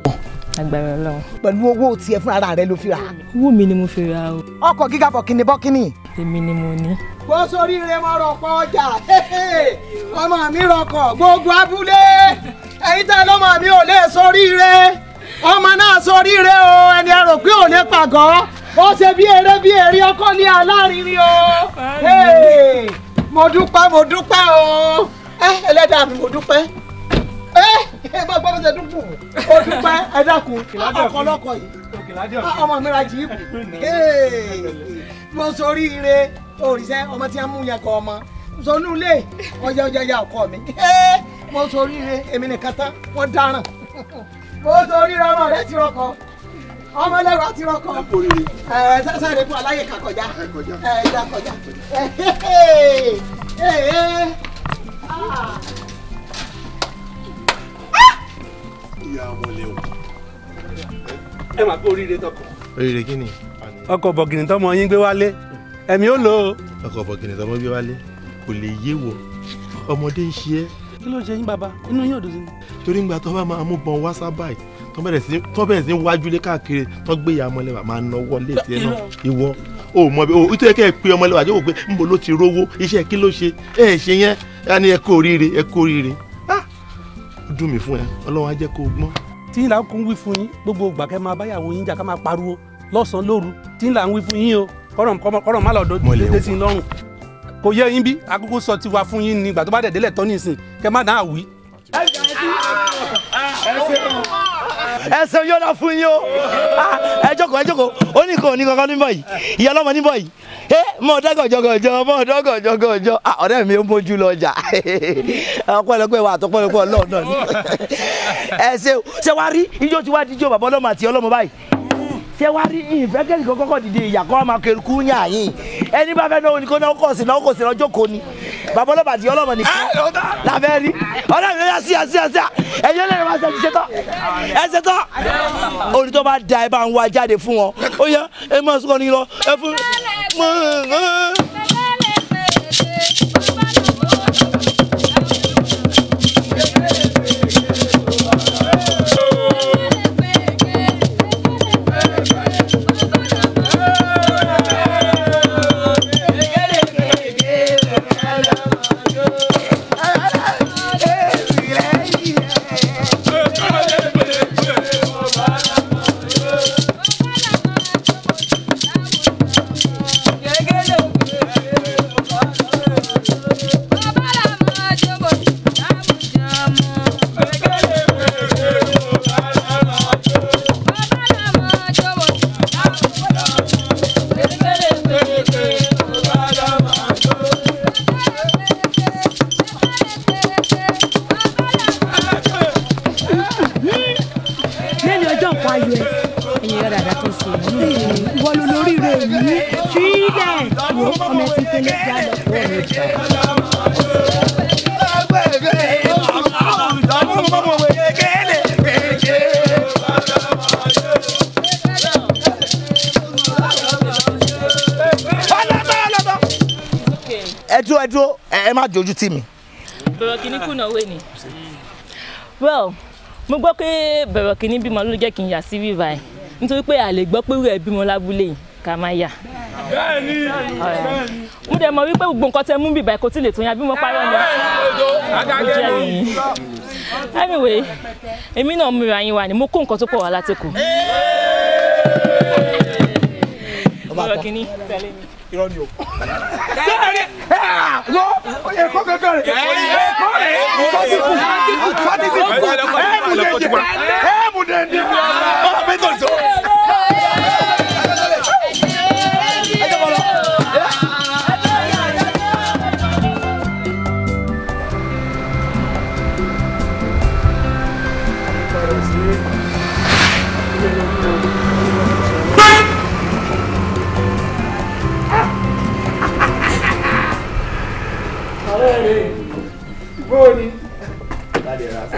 S1: agbára Ọlọ́run. pẹ̀lú owó tiẹ̀ fúnra rẹ ló fi rà. owó mi ni mo fi ra o. ọkọ̀ gíga bọ̀kìnì bọ́kìnì. èmi ni mo ní. bó sórí rẹ mọ rọpò ọjà ọmọ mi rọkọ̀ gbogbo abúlé ẹ̀yin tẹ́ lọ́mọ mi ò lè sórí rẹ ọmọ náà sórí rẹ o ẹni ẹ rò pé ò lè pàgọ́ ó ṣe bí eré bí eré ọkọ ní alárinrin o mo dúpẹ́ mo dúpẹ́ o ẹlẹ́dàá mi mo dúpẹ́ ẹ bá gbọ́dọ̀ ṣe dúpọ̀ o dúpẹ́ ẹ dákun ọ̀pọ̀lọpọ̀ yìí
S2: ah, ọmọ mi ra
S1: jíìpù mo sórí ire òrìṣẹ́ ọmọ tí a mú yẹn kọ ọmọ sọnù ilé ọjà ọjà ya ọkọ mi mo sórí ire èmi nìkan tán wọ́n dáràn
S3: mo sórí ire ọmọ rẹ ti
S1: rọkọ ọmọ ẹlẹ́rọ àti rọkọ ẹ sáré fún aláyè ká kọjá
S2: ẹ
S1: já kọjá
S4: ah!
S2: ìyá ọmọlẹ o ẹ máa kó oríire tọkọ. oríire kí ni. ọkọ̀ bọ̀gìnì tọmọ yín gbé wálé ẹ̀mí ó lò ó. ọkọ̀ bọ̀gìnì tọmọ gbé wálé kò lè yé wọ ọmọdé ń ṣe é. kí ló ń ṣe yín bàbá inú yín ò dùn sí ni. torí ń gbà tó bá máa mú bọ́n wá sábà yìí tó bẹ̀rẹ̀
S1: sí wájú lé káàkiri tó gbé ìyá ọmọlẹ́wà máa ń náwó létí ẹ̀ náà ìwọ o mọ bí o
S2: tó yẹ kẹ́ ẹ pé ọmọlẹ́wà yóò pé nbọ ló ti rówó iṣẹ́ kí ló ṣe ẹ ṣe yẹn ẹ ní ẹ kó oríire ẹ kó oríire ah dùn mí fún ẹ ọlọ́run á jẹ́ kó gbọ́n. tí ń là ń kún wí fún yín gbogbo ìgbà kẹ́ máa báyàwó yín jà ká máa pariwo lọ́sàn-án lóru tí ń là ń wí fún yín o kọ́rọ̀ má lọ́ọ́ dédé ẹsẹ̀
S1: yóò dá fún yín o ah, ẹ jókòó ẹ jókòó ó ní kò ní kankan níbọ̀ yìí ìyá ọlọ́mọ níbọ̀ yìí ẹ mọ dọ́gọ̀jọ́gọ̀jọ́ mọ dọ́gọ̀jọ́gọ̀jọ́ ah, ọ̀rẹ́ mi ó mójú lọ ọjà ọpọlọpọ ìwà àtọpọlọpọ ọlọ́ọ̀ náà ni ẹ ṣe ṣe wá rí ijó ti wá díjó bàbá ọlọ́mọ àti ọlọ́mọ báyìí ṣé wá rí ìfẹ́ kẹ́sì kan kọ́kọ́ dìde ìyà kọ́ máa kẹrù kú yàn yín ẹni bá fẹ́ náà ní kó náà kọ̀ sí náà kò sí náà jókòó ni bàbá ọlọ́pàá di ọlọ́mọ nìkan làbẹ́ rí ọ̀dọ́ mi yà síyà síyà síyà ẹ̀yin lẹ́nu wá ṣe tọ́ ẹ ṣe tó bá da ẹ bá ń wá jáde fún wọn ó yẹ ẹ máa sọ̀rọ̀ ní lọ ẹ fún. má dojú tì mí. bọ̀rọ̀ kìíní kùnà wé ni well mo gbọ́ pé bọ̀rọ̀ kìíní bímọ ló jẹ́ kí n yà sí bíbá ẹ̀ nítorí pé a lè gbọ́ pé rẹ̀ bímọ lábúlé yìí ká má yà. bẹ́ẹ̀ni bẹ́ẹ̀ni. mo dẹ̀ mọ̀ wípé gbogbo nǹkan tẹ mú bíbá ẹ̀ kò tí lè tó yan bí mo parọ́ ni. ó jẹ́ yìí anyway èmi náà múra yín wá ni mo kó nǹkan tó pọ̀ wá látẹ̀kù. bọ̀rọ̀ kìíní tẹ̀lé mi irọ́ ni o. sẹ́ẹ̀rì wọ èkó kankan rẹ̀ èkó rẹ̀ sọ́tìkù sọ́tìkù ẹ̀ẹ́mù dẹ̀ndẹ̀ ẹ̀ẹ́mù dẹ̀ndẹ̀ ọ̀bẹ tó sọ.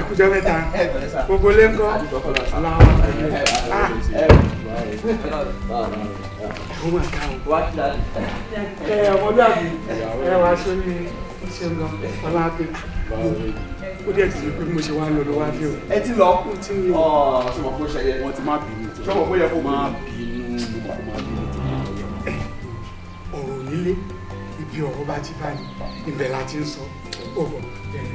S1: ẹkùjọ mẹ́ta gbogbo lé ńkọ́ làwọn
S5: ọmọ àtàwọn ẹ ọmọdé àbí ẹ wá
S2: sórí ṣe ń lọ ọlá pé
S1: ó díẹ̀ ti pé mo ṣe wá lọ lọ wá dé o. ẹ ti lọ kú tí ń lọ. ọ sọmọ kó ṣe yẹ wọn
S2: ti má bínú. sọmọ kó yẹ kó má bínú kó má bínú. ọ̀rọ̀ nílé ibi ọ̀rọ̀ bá ti bá ní ibẹ̀ ti ń sọ ọ̀rọ̀ ẹ̀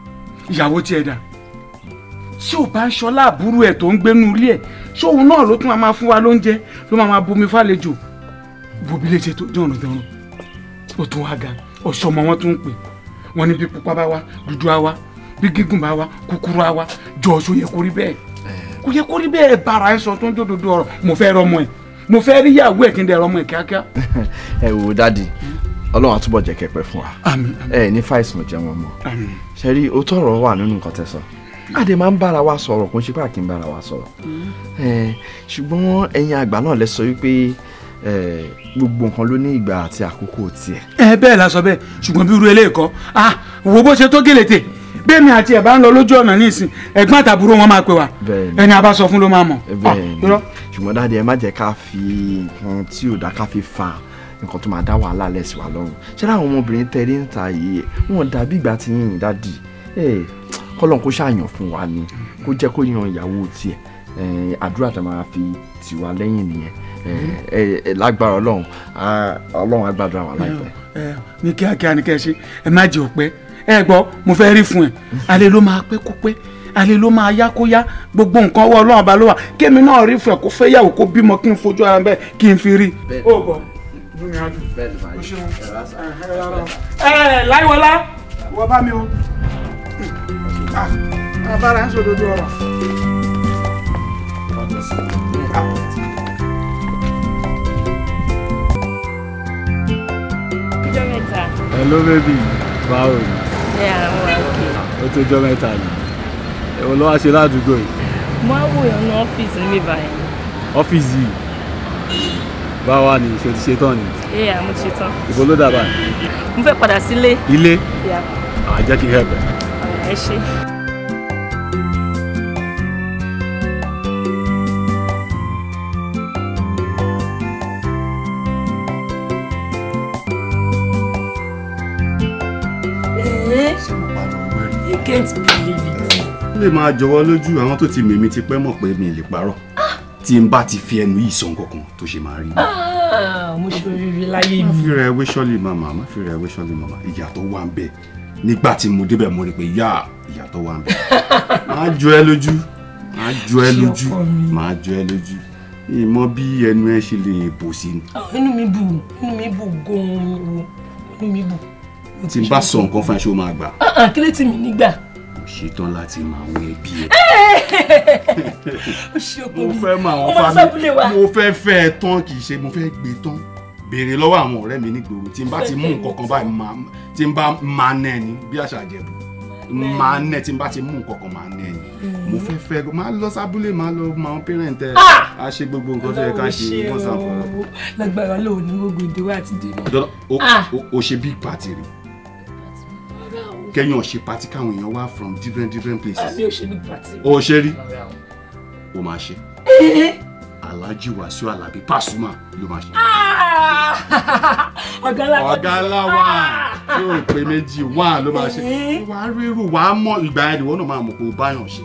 S1: ìyàwó tiẹ̀ dà ṣé ò bá ń ṣọlá àbúrò ẹ̀ tó ń gbénu ilé ẹ̀ ṣé òun náà ló tún máa fún wa lóúnjẹ ló máa bomi fàlejò bobi lè ṣe tó dọ̀rùn dọ̀rùn ó tún wá ga ọ̀ṣọ́mọ wọn tún ń pè wọn ní bí pupa bá wá dúdú á wá bí gígùn bá wá kúkúrú á wá jọ ọṣọ yẹ kó rí bẹ́ẹ̀ kò yẹ kó rí bẹ́ẹ̀ bára ẹ sọ tó ń dòdòdò ọ̀rọ̀ mo fẹ́ rọmọ ẹ̀ mo fẹ́ rí ìyàwó ẹ̀ kí n dẹ̀ rọmọ ẹ̀ kíákíá. ẹ wo dádì ọlọ́run àtúbọ̀ jẹ́ fún wa ẹ ní fàìsàn jẹun ọmọ ṣẹ́rí òótọ́ ọ̀rọ̀ wà nínú nǹkan tẹ́ sọ àdè máa ń bára wa sọ̀rọ̀ kò ń ṣe pé àkì ń bára wa sọ̀rọ̀ mm-hmm. ṣùgbọ́n ẹ̀yin àgbà náà lẹ sọ wípé gbogbo nǹkan ló ní ìgbà àti àkókò tiẹ̀.
S2: ẹ bẹ́ẹ̀ la sọ bẹ́ẹ̀ ṣùgbọ́n bí irú eléyìí kọ́ ah wo bó ṣe tó gèlètè bẹ́ẹ̀mi
S1: àti ẹ̀ bá ń lọ lójú ọ̀nà nísìn ẹ̀gbọ́n àtàbúrò wọn máa pè wá ẹni a bá sọ fún ló máa mọ̀. bẹ́ẹ̀ni ṣùgbọ́n dáadé ẹ má jẹ́ ká fi nǹkan tí ò dá ká fi fa nǹkan tó máa dá wàhálà lẹ́sìn wa lọ́rùn ṣé láwọn ọmọbìnrin tẹ̀lé ń ta yìí wọn dàbí ìgbà tí yìnyín dádì kọ́lọ́n kó ṣàyàn fún wa ni kó jẹ́ kó yan ìyàwó tiẹ̀ àdúrà tá a máa
S2: fi tì wá lẹ́yìn
S3: nìyẹn
S2: lágbára ọlọ́run ọlọ́run á gbàdúrà wa láìpẹ́.
S1: ní kíákíá ni kẹ́ ẹ má jẹ́ òpẹ́ ẹ gbọ́ mo fẹ́ rí fún ẹ alẹ́ ló máa pẹ́ kó pẹ́ alẹ́ ló máa yá kó yá gbogbo nǹkan ọwọ́ ọlọ́run ọba ló wà kémi náà rí fún ẹ kó fẹ́ yàwó kó bímọ kí n fojú ara bẹ́ẹ̀ kí n fi rí ẹ láìwọlá wọ bá mi o abára ah, ń sòdodo ọ̀rọ̀.
S5: ọjọ́ mẹ́ta.
S3: hello baby báwo ni. ẹ àwọn àgbẹ̀. ó tó
S2: jọ́ mẹ́ta ni èwo ló wá ṣe ládùúgbò yìí.
S5: mo á wò yàn ní ọ́fíìsì níbí báyìí.
S2: ọ́fíìsì yìí báwa ni ṣe ti ṣe ni.
S5: ẹ à mo ti ṣe tán.
S2: ló dàbà.
S1: mo fẹ́ padà sílé.
S2: ilé. àjẹ́ ah, kí hẹ́pẹ̀.
S1: ẹ ṣe.
S4: Eh, I can't
S1: believe it.
S2: ó lè máa jọwọ́ lójú àwọn tó ti mímí ti mọ̀ pé mi lè parọ́ tí n bá ti fi ẹnu yìí sọ nǹkan kan tó ṣe máa rí mi.
S1: Ah, mo ṣe oríire láyé mi. má fi
S2: ra ẹwé ṣọ́lì màmá má fi ra ẹwé ṣọ́lì màmá ìyàtọ̀ wà ń bẹ nígbà tí mo débẹ̀ mo rí pé yá ìyàtọ̀ wà ń bẹ. máa jọ ẹ lójú máa jọ ẹ lójú máa jọ ẹ lójú ìmọ̀ bí ẹnu ẹ ṣe lè bò sí ni.
S1: Ah, inú mi bù inú mi bù gan-an inú mi bù.
S2: tí n bá sọ nǹkan fún ẹ ṣé o máa gbà.
S1: Ah, kílẹ̀ tí mi nígbà
S2: ṣetán láti máa wọ ẹbí ẹ. mo fẹ́ máa wọn fámi mo fẹ́ fẹ́ ẹ tán kì í ṣe mo fẹ́ gbé e tán béèrè lọ́wọ́ àwọn ọ̀rẹ́ mi nígboro tí n bá ti mú nǹkan kan báyìí tí n bá máa nẹ́ ni bí àṣà àjẹbù máa nẹ́ tí n bá ti mú nǹkan máa nẹ́ ni mm. mo fẹ́ fẹ́ máa lọ sábúlé máa lọ máa ń a ṣe gbogbo nǹkan tó yẹ ká ṣe wọ́n sàfọ̀rọ̀. lágbára lòun ní gbogbo ìdíwọ́ àti dènà. o ṣe big party kẹ́yàn ṣe pati káwọn èèyàn wá from different different places. àbí
S4: òṣèlú pati. o
S2: ṣe rí o máa ṣe. Eh, eh. Alhaji Wasiu Alabi Pasuma ló máa ṣe. Ah! ọ̀gá ńlá wà ah! yóò pé méjì wà ló máa ṣe. Eh. wàá rírù wàá mọ ìgbà ẹni wọn náà máa mọ̀ pé o báyàn ṣe.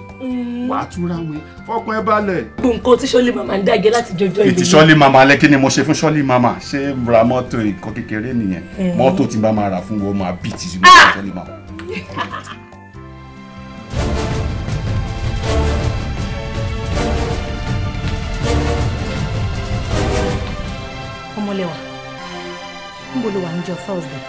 S2: wàá tún ráwọn fọkàn ẹ balẹ̀. nǹkan tí sọ́lé
S1: màmá ń dágẹ́ láti jọjọ́ ìlú. ètí sọ́lé màmá
S2: alẹ́ kí ni mo ṣe fún sọ́lé màmá ṣé ra mọ́tò nǹkan kékeré nìyẹn mọ́tò tí bá máa rà fún wọn máa bì tì sínú màmá.
S1: ọmọlẹ́wà níbo ló wà níjọ thursday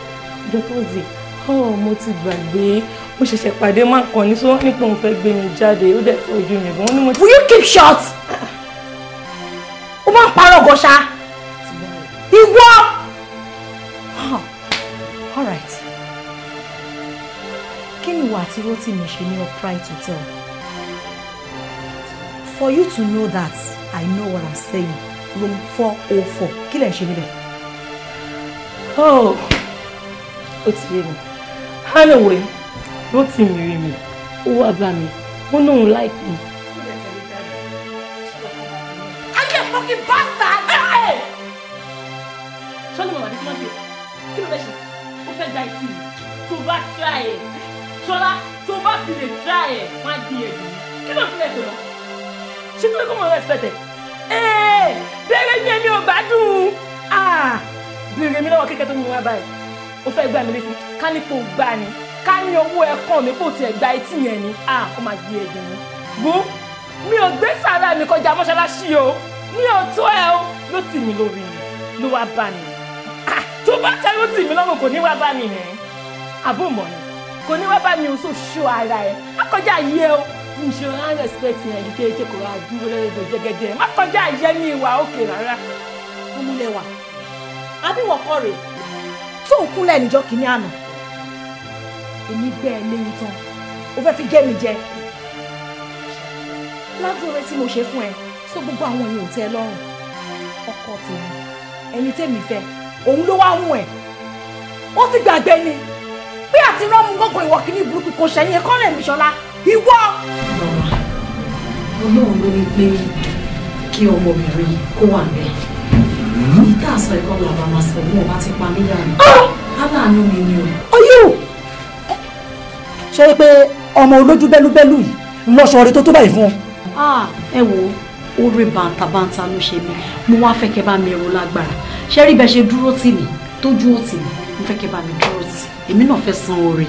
S1: níjọ thursday oh mo ti gbàgbé mo ṣẹ̀ṣẹ̀ pàdé má kàn ní sọ nípa òun fẹ́ gbé mi jáde ó dẹ̀ tó mi gan-an ni mo ti. will you keep short? Ah. ó máa ń parọ́ ọ̀gọ́ àti Rotimi ṣe ní to tell. For you to know that I know what I'm saying room four oh four kí lẹ̀ ń ṣe níbẹ̀. Oh, ó ti yé mi Halloween Rotimi rí mi ó wá bá mi ó lóun láìpẹ́ mi. fucking bastard! Hey! Show me what I'm doing. Kí ló fẹ́ ṣe? Ó fẹ́ gba ìtì. Kò bá try it ṣọlá tó bá fi lè tra ẹ̀ má di ẹ̀ dùn kí ló fi lè tó lọ ṣé tó lè kó mọ̀ rẹ́sipẹ̀tẹ̀ Ah, bẹ̀rẹ̀ mi èmi ò bá dùn bẹ̀rẹ̀ mi lọ́wọ́ kékeré tó mú wá báyìí ó fẹ́ gbà mí létí ká ní kó gbà ni ká ní owó ẹ̀kan mi kò tiẹ̀ gba etí yẹn ni ó má di ẹ̀ dùn bú mi ò gbé sàrà mi kọjá mọ́ṣáláṣí o mi ò tó ẹ o ló tì mí lórí mi ló wá bá mi tó bá tẹ́ ló tì mí lọ́rùn kò ní wá bá mi yẹn àbó kò ní wá bá mi ò so ṣó ara ẹ̀ má kọjá yẹ o mi ṣe rán respect yẹn ju kéèké kò rà dúró lẹ́gbẹ̀ẹ́ jẹ́gẹ́dẹ́ má kọjá yẹ mi ìwà òkè rárá ọmọlẹ́wà abíwọ̀kọ́ rèé tó kúnlẹ̀ níjọ́ kìíní àná èmi gbẹ́ ẹ léyìn tán o fẹ́ fi gé mi jẹ lágbóore tí mo ṣe fún ẹ tó gbogbo àwọn èèyàn tẹ́ lọ́rùn ọkọ tèmi ẹni tèmi fẹ́ òun ló wá mú ẹ ó ti gbàgbé ni bí àti rọ́ọ̀mù gbogbo ìwọ kìíní burúkú kò ṣẹ̀yìn ẹ̀kọ́ rẹ̀ mìṣọ́lá ìwọ. ọlọ́run ló ní pé kí ọmọbìnrin kó wà ń bẹ̀. ìta àṣọ ẹ̀kọ́ làbá máa sọ bí wọ́n bá ti pa níyà ni. Ah! aláàánú mi ni o. ọyọ ṣe é pé ọmọ olójú bẹ́lúbẹ́lú yìí lọ́sọ̀ọ́ rí tó tó báyìí fún ọ.
S5: Ah, ẹ wo
S1: orí bàǹtàbàǹtà ló ṣe mí mo wá fẹ́ kẹ́ bá mi ẹ̀rọ lágbára ṣẹ́rí bẹ́ẹ̀ ṣe dúró tì mí tójú ó tì mí mo fẹ́ kí ẹ bá mi dúró tì èmi náà fẹ́ san oore.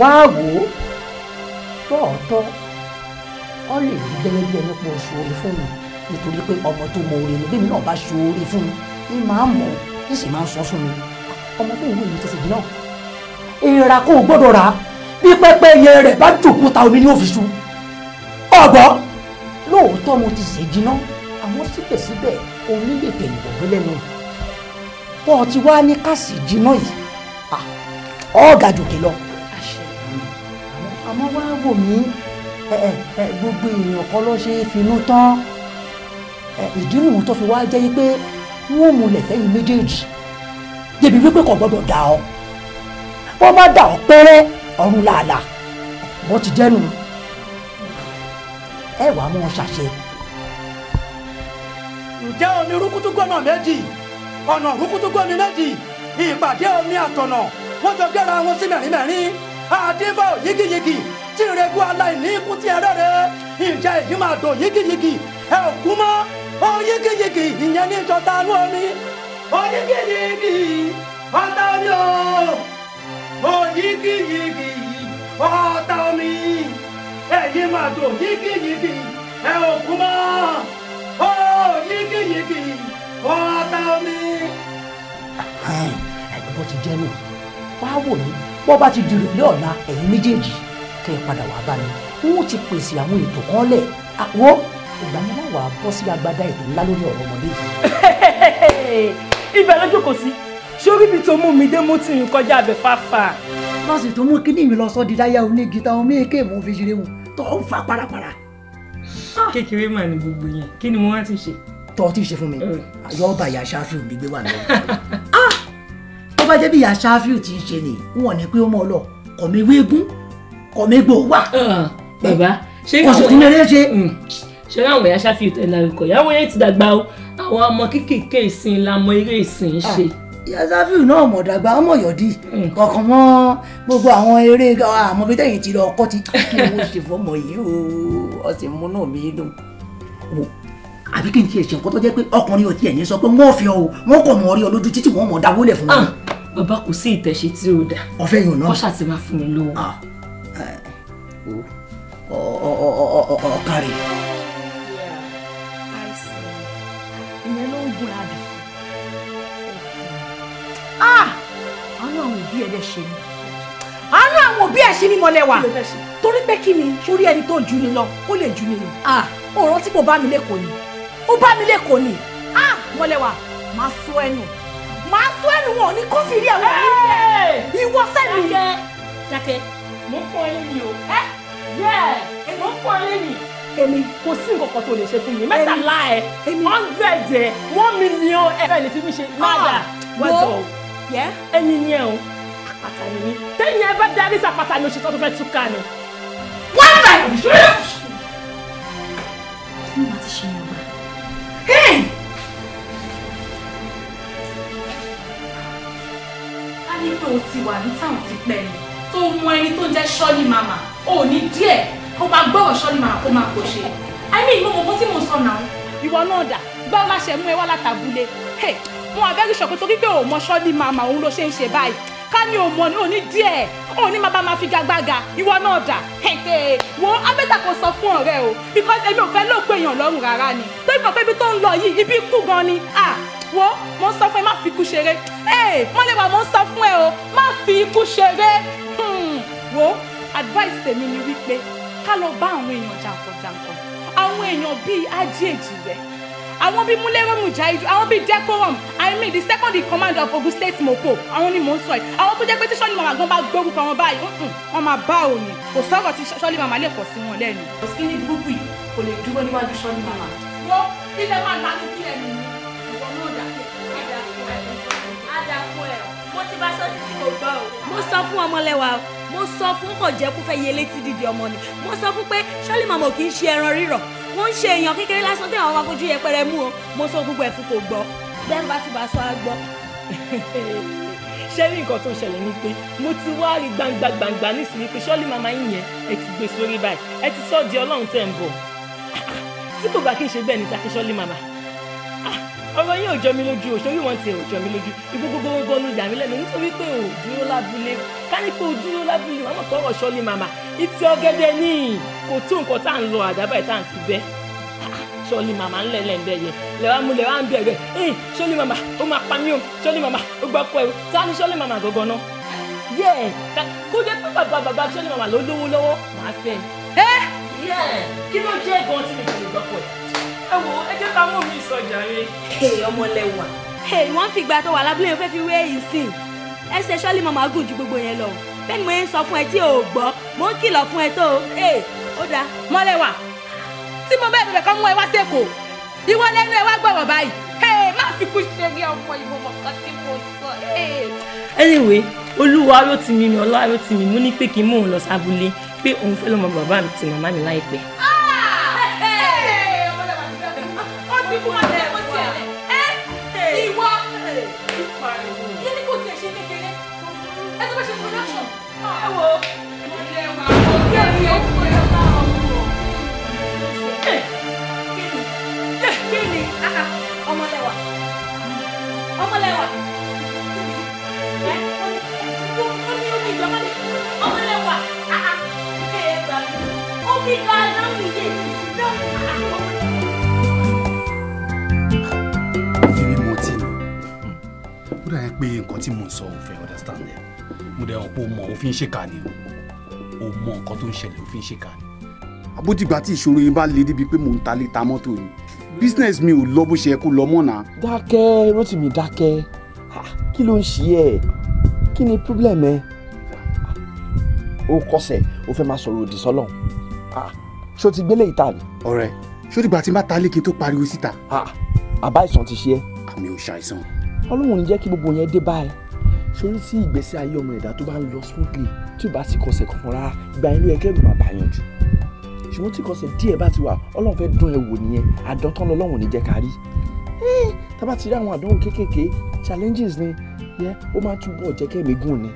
S1: wá wò ó tọ́ọ̀tọ́ ọ lè rí gẹ́gẹ́ bí ẹni pọ̀ ṣoore fún mi nítorí pé ọmọ tó mọ oore ni bí mi náà bá ṣoore fún mi ni màá mọ̀ ní sì máa ń sọ fún mi ọmọ tó ìwé mi ti sèdí náà èèrà kò gbọ́dọ̀ rà á bí pẹ́pẹ́yẹ rẹ̀ bá jòkúta omi ní òfìsù ọ̀gbọ́ lóòótọ́ mo ti sèdí náà àmọ́ síbẹ̀síbẹ̀ omi lè tẹ̀yìn bọ̀ lẹ́nu ọ ti wá ní káàsì jiná yìí ọ̀ọ́gà jòkè lọ. àmọ́ wá wò mí gbogbo èèyàn kan ló ṣe é finú tán ìdí nìyí tó fi wá jẹ́ pé wọ́n múlẹ̀ fẹ́yìn méjèèjì débi wípé kò gbọ́dọ̀ dà ọ́ wọ́n bá dà ọ́ pẹ́rẹ́ ọ̀run làálà wọ́n ti jẹ́nu ẹ wàá mọ́ ṣàṣe. ǹjẹ́ omi rúkútú gbọ́nà méjì ọ̀nà òrùkútúgbò ni méjì ìpàdé omi àtọ̀nà wọ́n jọ gẹ́ra wọn sí mẹ́rin mẹ́rin àdébọ̀ yígiyígi tí ìrẹ́gùn aláìní ikú ti ẹ̀rẹ́rẹ́ ìjà èyí máa dò yígiyígi ẹ ò kú mọ́ ó yígiyígi ìyẹn ní ìjọta anú omi ó yígiyígi
S2: ọ̀tá omi o ó yígiyígi ọ̀tá omi èyí máa dò yígiyígi ẹ ò kú mọ́ ó yígiyígi ọ̀tá mi.
S1: bó ti jẹ́ nù wá wò ní bó bá ti dìrò lé ọ̀la ẹ̀yin méjèèjì kẹ́ ẹ padà wàá bá mi wọ́n ti pèsè àwọn ètò kan lẹ̀ àwọ̀ ìgbà mi láwàá bọ́ sí agbada ètò ńlá lórí ọ̀rọ̀ ọmọdé yìí. ibẹ̀ ló jókòó sí sórí ibi tó mú mi dé mo ti rìn kọjá abẹ fáfá. lọ́sìn tó mú kíní mi lọ sọ di dáyà onígi táwọn méèké mò ń fi ṣeré wọn tó ń fa parapara. kékeré mà ní gbogbo yẹn kí ni mo wá ti ṣe tọ́ tí ì ṣe fún mi mm. yọ ọba ìyá ṣáfíù mi gbé wà lọ. Ah! tó bá jẹ́ bí ìyá ṣáfíù ti ṣe ni wọ́n ní pé ó mọ̀ lọ kọ̀mí wégún kọ̀mí gbò wà. Mm. bàbá ṣé kò sì tún eré ṣe. Mm.
S5: ṣé àwọn ìyá ṣáfíù tẹ̀lé àrùkọ ìyàwó yẹn
S1: ti dàgbà o àwọn ọmọ kéékèèké ìsìn la mọ eré ìsìn ah, ṣe ìyá sáfíù náà mọ̀ dàgbà ọmọ yọ̀dí kọ̀ọ̀kan mọ́ gbogbo àwọn eré àmọ́ bí tẹ̀yìn ti lọ ọkọ ti kí owó ṣe fọmọ yìí o ọtí múnú mi dùn àbí kí n tiẹ̀ ṣe nǹkan tó jẹ́ pé ọkùnrin ò tiẹ̀ ní sọ pé wọ́n fi ọ o wọ́n kọ̀ mọ́ orí ọ lójú títí wọ́n mọ̀ dáwọ́lẹ̀ fún mi. Ah, bàbá kò sí ìtẹ̀sí tí ó dà ọ̀fẹ́ yìí ò náà kọ́ṣà ti máa fún mi lówó. Ah, eh,
S4: ọ̀kàrẹ̀.
S1: ìyẹn ló ń gun àbí. Ah! àánú àwọn òbí ẹ̀ dẹ̀ ṣe ni àánú àwọn òbí ẹ̀ ṣe ni mọ̀lẹ́wà torí pé kí ni sórí ẹni tó jù ni lọ ó lè jù ni lọ òòrùn tí kò bá mi lẹ́kọ̀ọ́ ni ó bá mi lẹ́kọ̀ọ́ ni ah mọ́lẹ́wà máa sọ ẹnu máa sọ ẹnu wọn ní kófìrí ẹ̀ wọ́n ní ìwọ sẹ́nu. dákẹ́ dákẹ́ mo ń pọ́n ẹni o ẹ yẹ mo ń pọ́n ẹni èmi kò sí nǹkan kan tó lè ṣe fún mi mẹ́tàlá ẹ hundred ẹ one million ẹ fẹ́ lè fi mi ṣe nada wẹ́dọ̀ ẹni ni ẹ o àpáta mi tẹ́yìn bá darí sí oṣù tó fẹ́ túká ni. wọ́n bẹ̀rẹ̀ kí ló máa ti ṣe yẹn o. Hey! A ní pé o ti wà ní táwọn ti pẹ́ ni tó mú ẹni tó jẹ́ ṣọ́ọ́lì màmá ò ní díẹ̀ kó máa gbọ́rọ̀ ṣọ́ọ́lì màmá kó máa kò ṣe. Àìmí ìmọ̀ mọ̀ tí mo sọ náà. Ìwọ náà dà báwo la ṣe mú ẹ wá látàbúlé. Mo àgẹ́rù ṣọ̀kọ́ torí pé òun mọ ṣọ́ọ́lì màmá òun ló ṣe ń ṣe báyìí ká ní òmò náà ní díẹ̀ òun ní máa bá máa fi gagbága ìwọ náà dà ẹ̀ẹ́dẹ̀ wo abẹ́tà kò sọ fún ọ̀rẹ́ o because èmi ò fẹ́ ló gbé èèyàn lọ́rùn rárá ni tó ìgbà pé ibi tó ń lọ yìí ibi kú gan ni ah wo mo ń sọ fún ẹ má fi ikú ṣeré ee mọ́lẹ́wà mo ń sọ fún ẹ o má fi ikú ṣeré hmm. wo advice tèmi ni wípé ká lọ bá àwọn èèyàn jàǹkànjàǹkàn àwọn èèyàn bíi ajé èjì rẹ̀ àwọn bíi múlẹ́rọ̀mù jaidu àwọn bíi decorum i mean the second in command of Ogun State mopo àwọn ni mò ń sọ yìí àwọn tó jẹ́ pé tí sọ́ọ́lì màmá gan bá gbórúkọ wọn báyìí wọ́n máa bá òní kò sọ̀rọ̀ tí sọ́ọ́lì màmá lè pọ̀ sí wọn lẹ́nu. òsínì burúkú yìí kò lè dúró níwájú sọ́ọ́lì màmá. wọ́n ilẹ̀
S5: máa ta ní kílẹ̀ mi ní ìwọ náà dà mo ti bá sọ títí kò gbọ́ o. mo sọ fún ọmọlẹ́wà o mo sọ fún kò jẹ́ kó fẹ́ yẹ létí dídì ọmọ ni mo sọ fún pé sọ́ọ́lì màmá ò kì í ṣe ẹran rírọ̀ wọ́n ń ṣe èèyàn kékeré lásán tí àwọn máa fojú yẹpẹrẹ mú o mo sọ gbogbo ẹ̀fún kò gbọ́ bẹ́ẹ̀ bá ti bá sọ á gbọ́.
S1: ṣé ní nǹkan tó ń ṣẹlẹ̀ ni pé mo ti wá rí gbangba gbangba nísìnyí pé ṣọ́ọ́lì màmá yín yẹn ẹ ti gbé sórí báyìí ẹ ti sọ́ọ́ di ọlọ́run tẹ̀ ń bọ̀ tí kò bá kí n ṣe bẹ́ẹ̀ ni takí ṣọ́ọ́lì màmá ọ̀rọ̀ yìí ò jọ mi lójú òṣèré wọn ti ò jọ mi lójú ikú gbogbogbò ló yà mí lẹ́nu nítorí pé ò dúró lábúlé ká ní pé ò dúró lábúlé wọn kọ́ ọ̀rọ̀ ṣọ́lé màmá ìtì ọ̀gẹ̀dẹ̀ ní kò tó nǹkan tá à ń lọ àdábà ẹ̀ tá à ń fi bẹ́ ah, ah, ṣọ́lé màmá ń lẹ̀lẹ̀ ń bẹ̀yẹ lẹ́wà mú lẹ́wà ń bẹ̀rẹ̀ ee eh, ṣọ́lé màmá ó máa pa mí o ṣọ́lé màmá ó gbà pọ̀ ẹ̀rọ tá ní ṣọ́lé màmá gangan náà yẹ kó jẹ́ pé bàbá bàbá ṣọ́lé màmá ló lówó lọ́wọ́ máa fẹ́ ẹ eh! kí ló jẹ́ gan-an tí mi kò lè gbà pọ̀ ẹ̀ ẹ wo ẹ jẹ́ ká mọ̀ mi ìsọjà rẹ. ọmọ lẹwà.
S5: wọ́n fi ìgbà tó wà lábúlé yẹn fẹ́ fi wé ìsìn ẹ ṣe ṣọ́lí màmá gùn ju gbogbo yẹn lọ bẹ́ẹ̀ ni mo ń sọ fún ẹ tí ò gbọ́ mo ń kìlọ̀ fún ẹ tó ó dáa. mọ́lẹ́wà tí mo bẹ́ẹ̀ bẹ̀rẹ̀ kọ́ mú ẹ wá sẹ́kọ̀ọ́ ìwọ lẹ́nu ẹ wá gbọ̀wọ̀ báyìí má fi kú ṣe rí ọmọ ìbò mọ̀kàn tí mo sọ.
S1: anyway olúwa ló ti mímí ọlọ́wà ló ti mímú ní pé kí n mú òun lọ sábúlé pé òun fẹ́ lọ́mọ bàbá mi ti màmá mi láìpẹ́.
S4: Ah!
S2: pé nǹkan tí mò sọ òun understand ẹ̀ mo dẹ̀ hàn pé o mọ̀ òfin ṣèkà ni o mọ nǹkan tó ń ṣẹlẹ̀ òfin ṣèkà ni. àbódìgbà tí ìṣòro yẹn bá le débi pé mò ń ta lè ta mọ́tò ni business mi ò lọ bó ṣe yẹ kó lọ mọ́ náà.
S1: dákẹ́ Rotimi dákẹ́ kí ló ń ṣe ẹ́ kí ni problem ẹ
S2: o kọsẹ̀ o fẹ́ máa sọ̀rọ̀ òdì sọ́lọ̀ ṣé ti gbélé ìta mi. ọ̀rẹ́ ṣó dìgbà tí n bá ta lé kí n tó pariwo síta.
S1: àbá ìsàn ti ṣe é. àmì ò ṣàìsàn ọlọ́run ò ní jẹ́ kí gbogbo yẹn dé báyìí sórí sí ìgbésí ayé ọmọ ẹ̀dá tó bá ń lọ smoothly tí ò bá sì kọsẹ̀ kankan rárá gba inú ẹkẹ́ ló máa bá yàn jù ṣùgbọ́n tí kọsẹ̀ díẹ̀ bá ti wà ọlọ́run fẹ́ dán ẹ wò nìyẹn àdántán lọ́lọ́run ò ní jẹ́ ká rí tá bá ti rí àwọn àdánwò kéékèèké challenges ni yẹ ó máa túbọ̀ jẹ́ kẹ́mi gùn ni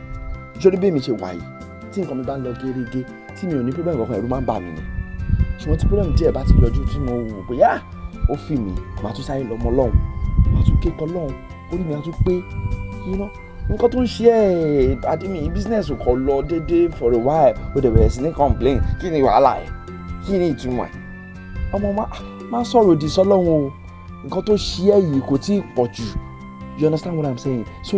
S1: sórí bí èmi ṣe wà yìí tí nǹkan mi bá ń lọ gérégé tí mi ò ní problem kankan ẹ̀rù máa ń bà mí ni ṣùgbọ́n tí problem díẹ̀ bá ti yọjú tí mo wò pé yá ó fi mi màá tún sáré lọ́mọ orí mi á tún pé yíná nǹkan tó ń ṣe ẹ business kò lọ déédéé for a while ó dẹ̀ bẹ̀rẹ̀ sí ní complain kí ni wàhálà ẹ̀ kí ni ìtumọ̀ ẹ̀ ọmọ má sọ̀rọ̀ òdì sọ́lọ́run o nǹkan tó ṣe ẹ yìí kò tí ì pọ̀ jù you understand what i'm saying so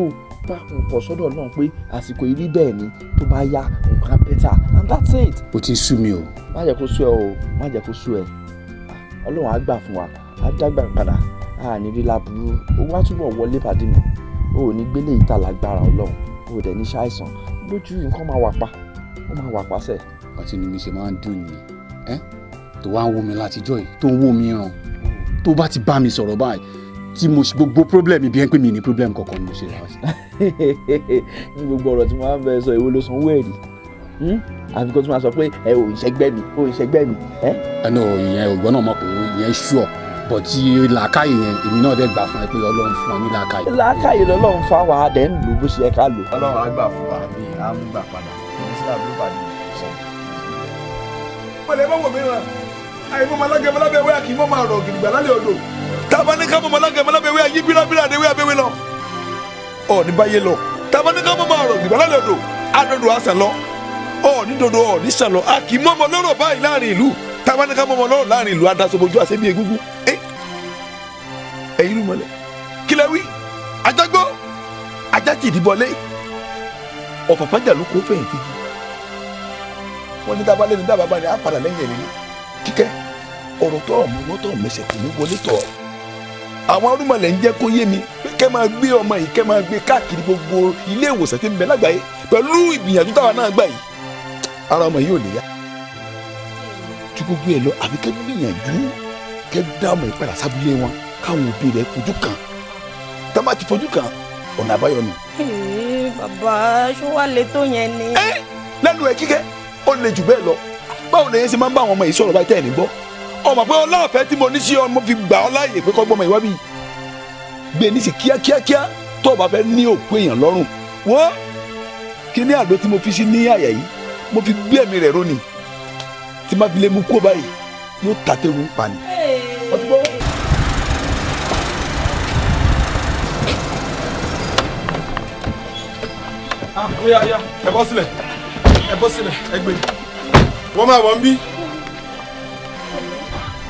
S1: bá kò pọ̀ sọ́dọ̀ náà pé àsìkò yìí rí bẹ́ẹ̀ ni tó bá yá nǹkan bẹ́tà and that's it. o ti sú mi o. má jẹ́ kó sú ẹ o má jẹ́ kó sú ẹ ọlọ́run á gbà fún wa á dágbà padà a ní rí láburú ó wá túbọ̀ wọlé pàdé mi ó ò ní gbélé ìta lágbára ọlọ́run ó dẹ̀ ní ṣàìsàn lójú nǹkan máa wà pa ó máa wà pa sẹ̀. àti ni mi ṣe máa ń
S2: dùn ni ẹ tó wá ń wo mi látijọ́ yìí tó ń wo mi ràn tó bá ti bá mi sọ̀rọ̀ báyìí tí mo gbogbo problem ibi ẹ pé mi ní problem kankan mo ṣe ra ọ sí.
S1: ní gbogbo ọ̀rọ̀ tí mo máa ń bẹ sọ èwo ló sanwó ẹ̀rí hmm? àfi kó tún máa sọ pé ẹ ò ìṣẹ́gbẹ́
S2: mi ò ìṣẹ́gbẹ́ mi. ẹ náà ìyẹn ògbọ́n náà mọ̀ pé ìyẹn ṣùọ́ bọ̀ tí làákàyè yẹn èmi náà dẹ̀ gbà fún ẹ pé ọlọ́run fún ọ ní làákàyè. làákàyè lọ́lọ́run fún àwa adẹ́ ń lò bó ṣe yẹ ká
S1: lò. ọlọ́run á gbà fún wa mi á mú gbà padà sí àbúrò bàdé sọ. pẹ̀lẹ́ bá wò mí ràn àìmọ malage malabe wẹ́ẹ́ kì í mọ́ máa rọ̀ gidigba lálẹ́ odò tabaníkà mọ́ malage malabe wẹ́ẹ́ yí bírabíra de wẹ́ẹ́ abẹ́wẹ́ lọ. ọ̀ ní báyé lọ tabaníkà mọ́ máa rọ̀ gidigba lálẹ́ odò adodo àṣà lọ ọ̀ ní dodo ọ̀ a kì í mọ́ ọmọ lọ́rọ̀ báyìí láàrin ìlú tabaníkà mọ́ ẹ̀yin ìmọ́lẹ̀ kílẹ̀ ajagbó ajájì ìdìbọlé ọ̀fọ̀fájà ló kó fẹ̀yìntì wọn ní dábàá lẹ́nu dábàá bá ní apàdà lẹ́yìn ẹ̀ nínú kíkẹ́ ọ̀rọ̀ tó ọ̀mú lọ́tọ̀ mẹsẹ̀ kò ní wọlé tọ̀ àwọn arúmọlẹ̀ ń jẹ́ kó yé mi pé máa gbé ọmọ yìí kẹ́ máa gbé káàkiri gbogbo ilé ìwòsàn tí ń bẹ lágbàáyé pẹ̀lú ìgbìyànjú táwa náà gbà yìí ara ọmọ yìí ò lè yá tí ẹ lọ àbí kẹ́ gbìyànjú kẹ́ dá ọmọ ìpadà sábúlé wọn káwọn òbí rẹ̀ fojú kan tá a bá ti fojú kan ọ̀nà àbáyọ nù.
S5: bàbá ṣó wàá lè tó yẹn ni. ẹ
S1: lẹ́nu ẹ kíkẹ́ ó lè jù bẹ́ẹ̀ lọ báwo lèyẹn ṣe máa ń bá àwọn ọmọ yìí sọ̀rọ̀ báyìí tẹ̀ ní gbọ́ ọmọ pé ọlọ́ọ̀fẹ́ tí mo ní sí ọmọ fi gbà ọ láàyè pé kọ́gbọ́n ọmọ ìwá bíi gbé ní sí kíákíákíá tó o bá fẹ́ ní òkú èèyàn lọ́rùn wọ́n kí ní àdó tí mo fi sí ní àyà yìí mo fi gbé ẹ̀mí rẹ̀ rónì tí má fi lè mú kó báyìí yóò tàtẹ́wọ́ pani ọtí bọ́. ó yá yá ẹ bọ́ sílẹ̀ ẹ bọ́ sílẹ̀ ẹ gbé wọ́n máa wọ̀ ń bí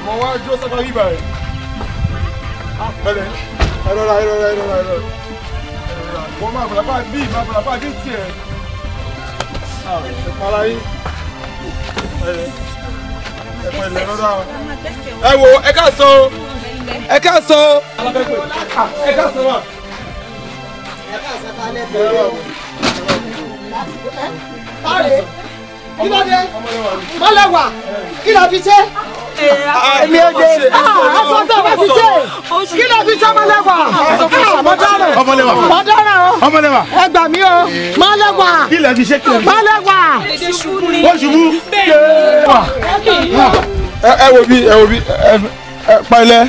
S1: mọ̀ wá jó sábà rí bàrẹ̀ bẹ̀rẹ̀ ẹ rọra ẹ rọra ẹ rọra ẹ rọra wọ́n máa bàrà bá bí máa bàrà bá dé tiẹ̀ ẹ para yín ẹ
S3: pẹ̀lẹ́ rọra ẹ wo ẹ ká sọ ẹ ká
S1: sọ ẹ ká
S3: sọ wa. ẹ ká sọ ta lẹ́bẹ̀ẹ́ rẹ̀ Táre, kí ló dé? Mọ́lẹ́wà, kí ló fi ṣe? Èmi ò dé. Ẹ̀sọ́ tó bá fi ṣe.
S1: Kí ló fi ṣe Mọ́lẹ́wà? Mọ́dọ́rẹ̀. Ọmọlẹ́wà. Mọ́dọ́rẹ̀ o. Ọmọlẹ́wà. Ẹ gbà mí o. Mọ́lẹ́wà. Kí ló Ẹ wo bí ẹ wo bí ẹ pa ilẹ̀.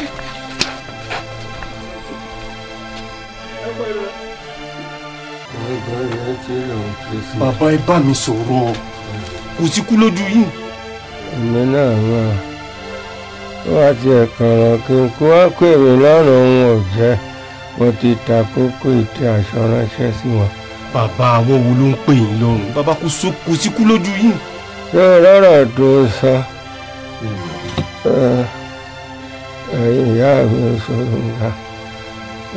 S3: bàbá ẹ bá mi sọ̀rọ̀ kò sí kú lójú yìí. èmi náà mọ̀ wọ́n ti ẹ̀kànràn kí n kó àpèrè lọ́rùn òun ò jẹ́ mo ti ta kókó ìtẹ aṣọ ránṣẹ́ sí wọn.
S2: bàbá àwọn wo
S3: ló ń pè yín lọ́rùn
S2: bàbá kò sí kú lójú yìí.
S3: ṣé ọlọ́rọ̀ tó sọ hmm. ẹ̀yin ìyá mi sọ̀rọ̀ nga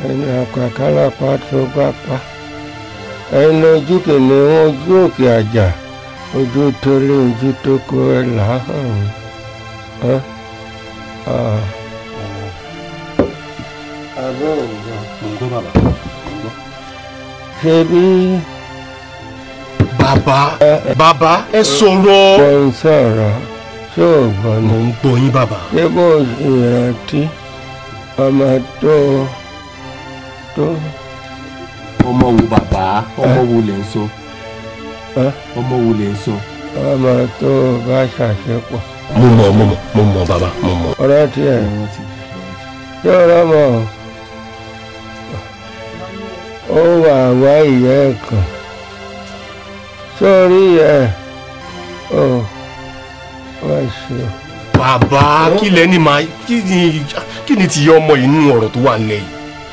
S3: ẹni àpàkálàpá tó bá pa ẹnu ojú kìnìún ojú òkè àjà ojú tó lé ojú tó kó ẹ làáhàn ṣebí. bàbá bàbá ẹ sọ̀rọ̀. ẹ ń sọ̀rọ̀ ṣé ò gbọ́ ni. mo ń gbọ́ yín bàbá. ṣé bó ìrántí ọmọ tó tó
S2: ọmọ wo bàbá ọmọ wo lè ń sọ
S3: ọmọ wo lè ń sọ. ọmọ tó o bá ṣàṣepọ̀. mo mọ mo
S2: mọ mo mọ bàbá mo mọ. ọ̀rọ̀
S3: tiẹ̀ ṣé ọ̀rọ̀ mọ̀ ó wà wá ìyá ẹ̀ kan sórí ẹ̀ ọ̀
S2: wá ṣe bàbá kí lẹ máa kí ni tìyẹ ọmọ yìí nínú
S3: ọ̀rọ̀ tó wà nílẹ̀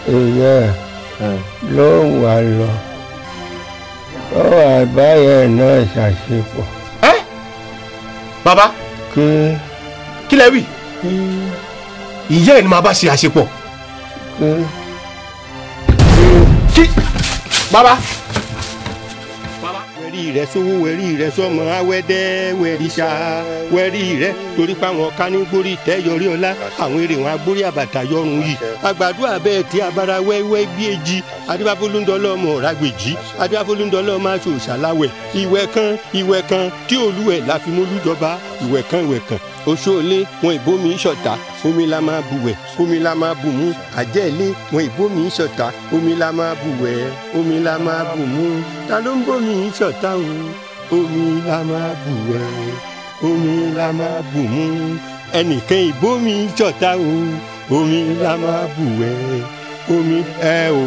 S3: yìí ló wà lọ ó wà báyẹn náà ṣàṣepọ̀. ẹ bàbá
S2: kí kí lẹ wí ìyá ẹ ni màá bá ṣe àṣepọ̀. kí bàbá wẹ́rí rẹ sówó wẹ́rí rẹ sọmọ awẹ́dẹ́ wẹ́rí ṣá wẹ́rí rẹ torí pa àwọn kánígbórí tẹ́ yọrí ọlá àwọn èrè wọn agbórí àbàtà yọrùn yìí àgbàdo àbẹ́ tí abara wẹ́wẹ́ bí èjì adébáfólúndọ́lọ́ ọmọ ọ̀rágbèjì adébáfólúndọ́lọ́ ọmọ aṣọ òṣàláwẹ̀ ìwẹ̀ kan ìwẹ̀ kan tí olúwẹ̀ láfimúlújọba ìwẹ̀ kan ìwẹ̀ kan oṣoolé wọn ìbomi ìṣọ̀tá omi la máa bùwẹ̀ omi la máa bùmú àjẹ́lé wọn ìbomi ìṣọ̀tá omi la máa bùwẹ̀ omi la máa bù mú ta ló ń bómi ìṣọ̀tá o omi la máa bù ẹ omi la máa bù mú ẹnìkan ìbómi ìṣọ̀tá o omi la máa bù ẹ omi ẹ o.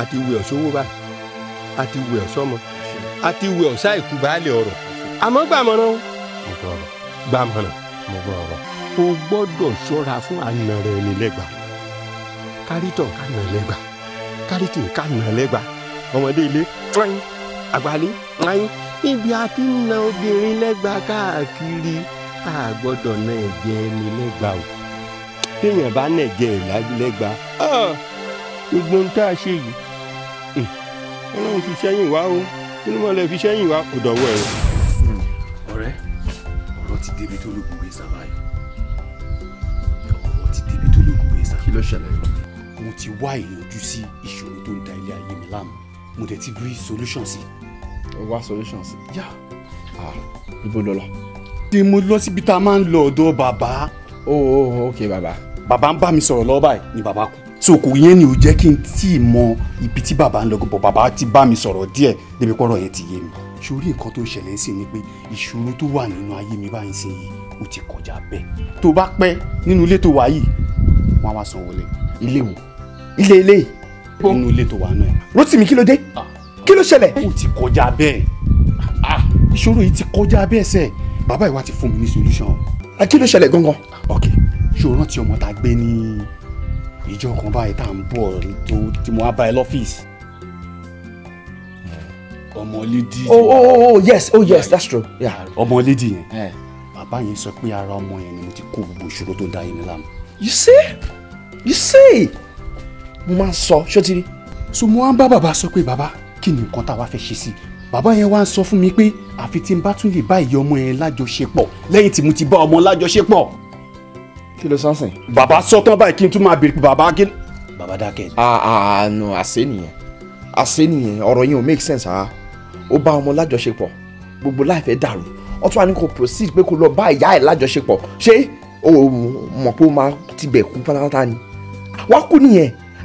S2: a ti wẹ̀ ọ̀ṣọ́wó báyìí a ti wẹ̀ ọ̀ṣọ́mọ a ti wẹ̀ ọ̀ṣá ìkú baálé ọ̀rọ̀ àmọ́ gbàmọ̀ràn gbàmọ̀ràn o gbọ́dọ̀ ṣọ́ra fún àna rẹ̀ nílẹ̀gbà kárítọ̀ kánà lẹ́gbàá káríkì ká nà lẹ́gba ọmọdé ilé tírín àgbálẹ̀ tírín níbi a ti obìnrin lẹ́gba káàkiri a gbọ́dọ̀ ẹ̀jẹ̀ ẹni lẹ́gba o téèyàn bá nà ẹ̀jẹ̀ ẹ̀ lẹ́gba ah! gbogbo tá a ṣe yìí ọlọ́run fi sẹ́yìn wá o nínú mọ́lẹ̀ fi sẹ́yìn wá kò dọ̀wọ́ ẹ̀. ọ̀rẹ́ ọ̀rọ̀ ti débi tó lóògùn gbèsè báyìí ọ̀rọ̀ ti débi tó lóògùn gbèsè. kí ló ṣẹlẹ̀ yìí mo ti wá ìyanjú sí ìṣòro tó ń da ilé ayé mi láàmú mo dẹ̀ ti rí solution sí. o wá solution sí. yá ah ibo lọ lọ. ṣé mo lọ síbi tá a máa ń lọ ọ̀dọ̀ bàbá. o oh, o oh, oh, ok bàbá. bàbá ń bá mi sọ̀rọ̀ lọ́wọ́ báyìí ni bàbá kú. so kò yẹn ni ò jẹ́ kí n tí ì mọ ibi tí bàbá ń lọ gbọ́ bàbá ti bá mi sọ̀rọ̀ díẹ̀ débi pọ́rọ̀ yẹn ti yé mi. sórí nǹkan tó ṣẹlẹ̀ sí ni pé ìṣòro tó wà nínú ayé mi báyìí sí yìí ó ti kọjá bẹ́ẹ̀. tó bá pẹ́ nínú ilé tó wà wọ́n á wá sanwó lẹ̀ ilé wò ilé ilé. nínú ilé tó wà nù ẹ. Rotimi kí ló dé ah. kí ló ṣẹlẹ̀. ó ti kọjá bẹ́ẹ̀ ah. ìṣòro yìí ti kọjá bẹ́ẹ̀ sẹ́ẹ̀ bàbá ìwà ti fún mi ní solution. Ah, kí ló ṣẹlẹ̀ gangan. ok ṣòro rántí ọmọ tá a gbé ní ìjọ kan báyìí tá à ń bọ̀ tó tí mo wá bá ẹ lọ́fíìsì. ọmọlédì. Oh, oh oh oh yes oh yes that's true. ọmọlédì yẹn eh. bàbá yẹn sọ pé ara ọmọ yẹn ni mo ti kó gbogbo ìṣòro tó dá yẹn nílànà. you see you see mo máa ń sọ ṣọtiri so mo wá ń bá bàbá sọ pé bàbá kí ni nǹkan táwa fẹ́ ṣe sí i bàbá yẹn wá ń sọ fún mi pé àfi tí n bá tún lè bá ìyá ọmọ yẹn lájọṣepọ̀ lẹ́yìn tí mo ti bá ọmọ lájọṣepọ̀. kí ló sánsìn. bàbá sọ tán báyìí kí n tún máa bèrè bàbá kí.
S1: bàbá dákẹ́. àà nù àṣé nìyẹn àṣé nìyẹn ọ̀rọ̀ yẹn ò make sense ah ó bá ọmọ lájọṣepọ̀ gbogbo láìfẹ́ dàrú ọtún wa ní kò proceed pé kó lọ bá ìyá ẹ̀ lájọṣepọ̀ ṣé o mọ̀ pé o máa ni wàá kú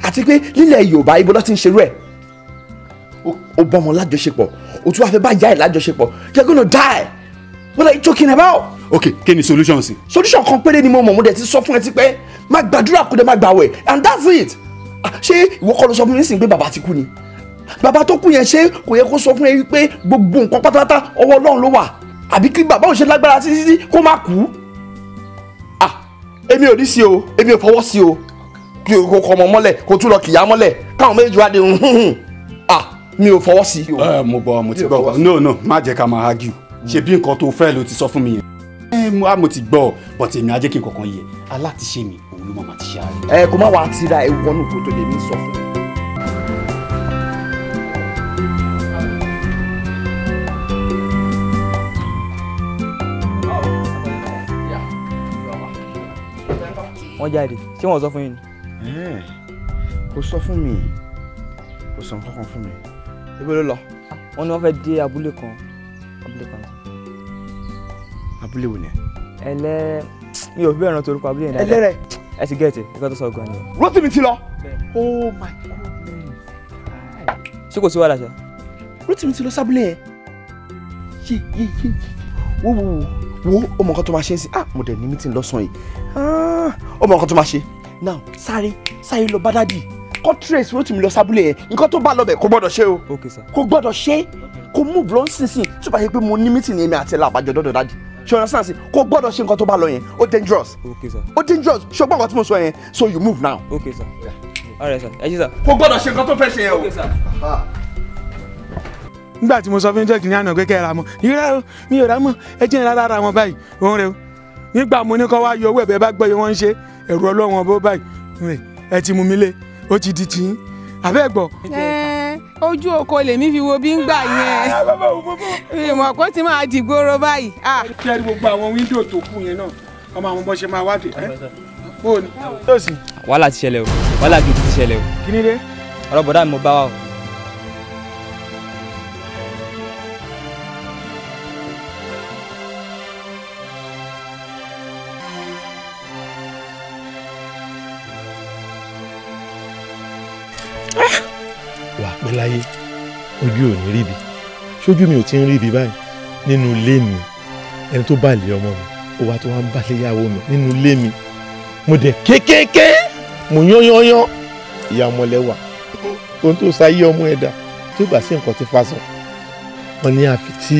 S1: àti pé nílẹ̀ Yorùbá ibo ló ti ń ṣerú ẹ̀ o bọ́ ọmọ lájọṣepọ̀ o tún wá fẹ́ bá ìyá ẹ̀ lájọṣepọ̀ you're gonna die what are you talking about.
S2: ok kí ni solution sí.
S1: solution kan péré ni mo mọ̀ mo dẹ̀ ti sọ fún ẹ ti pẹ́ má gbàdúrà kó dẹ̀ má gbàwẹ̀ and that's it ah, ṣé ìwọ kọ́ ló sọ fún mi nísìnyí pé bàbá ti kú ni bàbá tó kú yẹn ṣé kò yẹ kó sọ fún ẹ pé gbogbo nǹkan pátápátá ọwọ́ Ọlọ́run ló wà àbí kí bàbá òun ṣe lágbára títí kó má kú. ah èmi ò ní sí o èmi ò fọwọ́ sí
S2: o kó kọ ọmọ mọ́lẹ̀ kó tún lọ kìyà mọ́lẹ̀ káwọn méjì wá dé hùhùn à ah, mi ò fọwọ́ sí ẹ mo gbọ́ mo ti gbọ́ no no má jẹ́ ká máa argue ṣe bí nǹkan tó fẹ́ ló ti sọ fún mi yẹn ẹ mo ti gbọ́ but èmi á kí nǹkan kan yẹ alátiṣe mi òun ló máa ti ṣe àárẹ̀.
S1: ẹ kò má wàá tira ẹ wọnú kó tó lè mí sọ fún mi. wọ́n jáde ṣé wọ́n sọ fún yín ni. Eh, kò sọ fún mi kò sọ nǹkan kan fún mi ibo ló lọ. wọ́n ní wọ́n fẹ́ẹ́ dé abúlé kan abúlé kan. abúlé wo ni. ẹlẹ mi ò fi bẹ́ẹ̀ rántí orúkọ abúlé yẹn dáadáa ẹlẹ́rẹ̀ ẹ ti gẹ̀ẹ́tì nǹkan tó sọ gan ni. Rotimi ti lọ. oh my god. ṣé kò sí wàhálà ṣá. Rotimi ti lọ sábúlé yẹn. yé yé yé wo wo wo ọmọ nǹkan tó máa ṣe é sí ah mo dẹ̀ ní mítìn lọ́sàn-án yìí ọmọ ah, nǹkan tó máa ṣe now sáré sáré lọ bá dádì kó trace Rotimi lọ sábúlé yẹn nǹkan tó bá lọ bẹ̀ kó gbọ́dọ̀ ṣe o kó gbọ́dọ̀ ṣe kó move lọ nísinsìnyí tó bá yẹ pé mo ní meeting èmi àti ẹlẹ́ àbájọ dọ́dọ̀ dádì ṣe ọ̀nà sáǹsì kó gbọ́dọ̀ ṣe nǹkan tó bá lọ yẹn ó dangerous ó dangerous ṣùgbọ́n nǹkan tí mo sọ yẹn so you move now. okay sir all right sir ẹ jí sir. kó gbọ́dọ̀ ṣe nǹkan tó fẹ́ ṣe yẹn o. okay sir nígbà tí mo sọ fún jọ́ọ̀kì ní àná pé ra mọ́ ìrẹ́ o mi ò ra mọ́ ẹ jẹ́ ìrara ara wọn báyìí òun rẹ o nígbà mo ní kọ́ wá yọ owó ẹ̀bẹ̀ bá gbọ́ yẹ wọ́n ń ṣe ẹ̀rù ọlọ́wọ́n bó báyìí ẹ ti mú mi lé ó ti di tiyín àbẹ́ gbọ́. ojú oko lèmi fi wo bí ń gbà yẹn ìmọ̀ ah, ah, kó ti máa dìgboro báyìí. kí ah. ẹni gbogbo àwọn wíńdò tó kù yẹn náà ọmọ àwọn bọ́ṣe máa wádìí ẹ́ bóòní. wàhálà ti ṣẹlẹ̀ o wàhálà gidi ti ṣẹlẹ̀ o. kí ni dé. ọ̀rọ̀ mi mo bá wa o.
S2: láyé ojú ò ní ríbi ṣojú mi ò ti ń ríbi báyìí nínú ilé mi ẹni tó bá lé ọmọ mi ó wá tó wá ń bá léyàwó mi nínú ilé mi mo dẹ̀ kékéké mo yányányán ìyá ọmọlẹ́wà ohun tó sáyé ọmọ ẹ̀dá tí ó gbà sí nǹkan ti fa sọ wọn ní àfi tí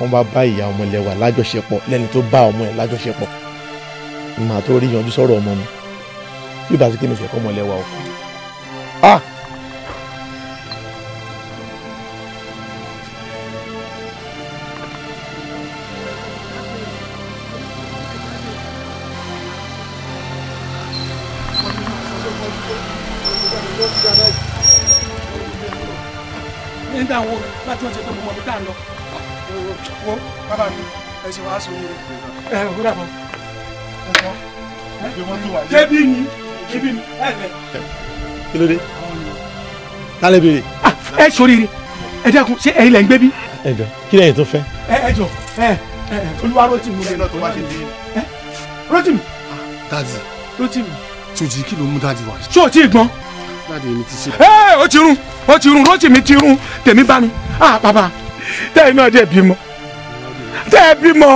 S2: wọn bá bá ìyá ọmọlẹ́wà lájọṣepọ̀ lẹ́ni tó bá ọmọ ẹ̀ lájọṣepọ̀ màá tó rí yanjú sọ̀rọ̀ ọmọ mi bí ìbá ti kí mi fẹ́ kọ́ ọmọlẹ́wà o. ah
S1: nígbà àwọn láti wọ́n ṣe pé mo mọ̀ bí tá à ń lọ. wo bàbá mi ẹ ṣe wàá sóyè. ẹ ò gbọ́dọ̀ bọ̀. ẹ sọ débi ni
S2: débi ni ẹ lẹ. kí ló dé ta lè béèrè. ẹ ṣoríire ẹ dẹ́kun ṣé ẹ̀yin lẹ ń gbé bí. ẹ jọ kí lẹ́yìn tó fẹ́. ẹ ẹ jọ ẹ ẹ
S1: olúwa rotimi. ṣé náà tó wá ṣe dé. rotimi.
S2: dadi rotimi. tòjì kí ló mú dadi wá. ṣé ti gbọ́n dáàdi mi ti ṣe.
S1: ẹ ó ti rún ó ti rún rọ́ọ̀tì mi ti rún tèmi bá ní à ah, bàbá tẹ́ ẹ náà dẹ̀ bímọ tẹ́ ẹ bímọ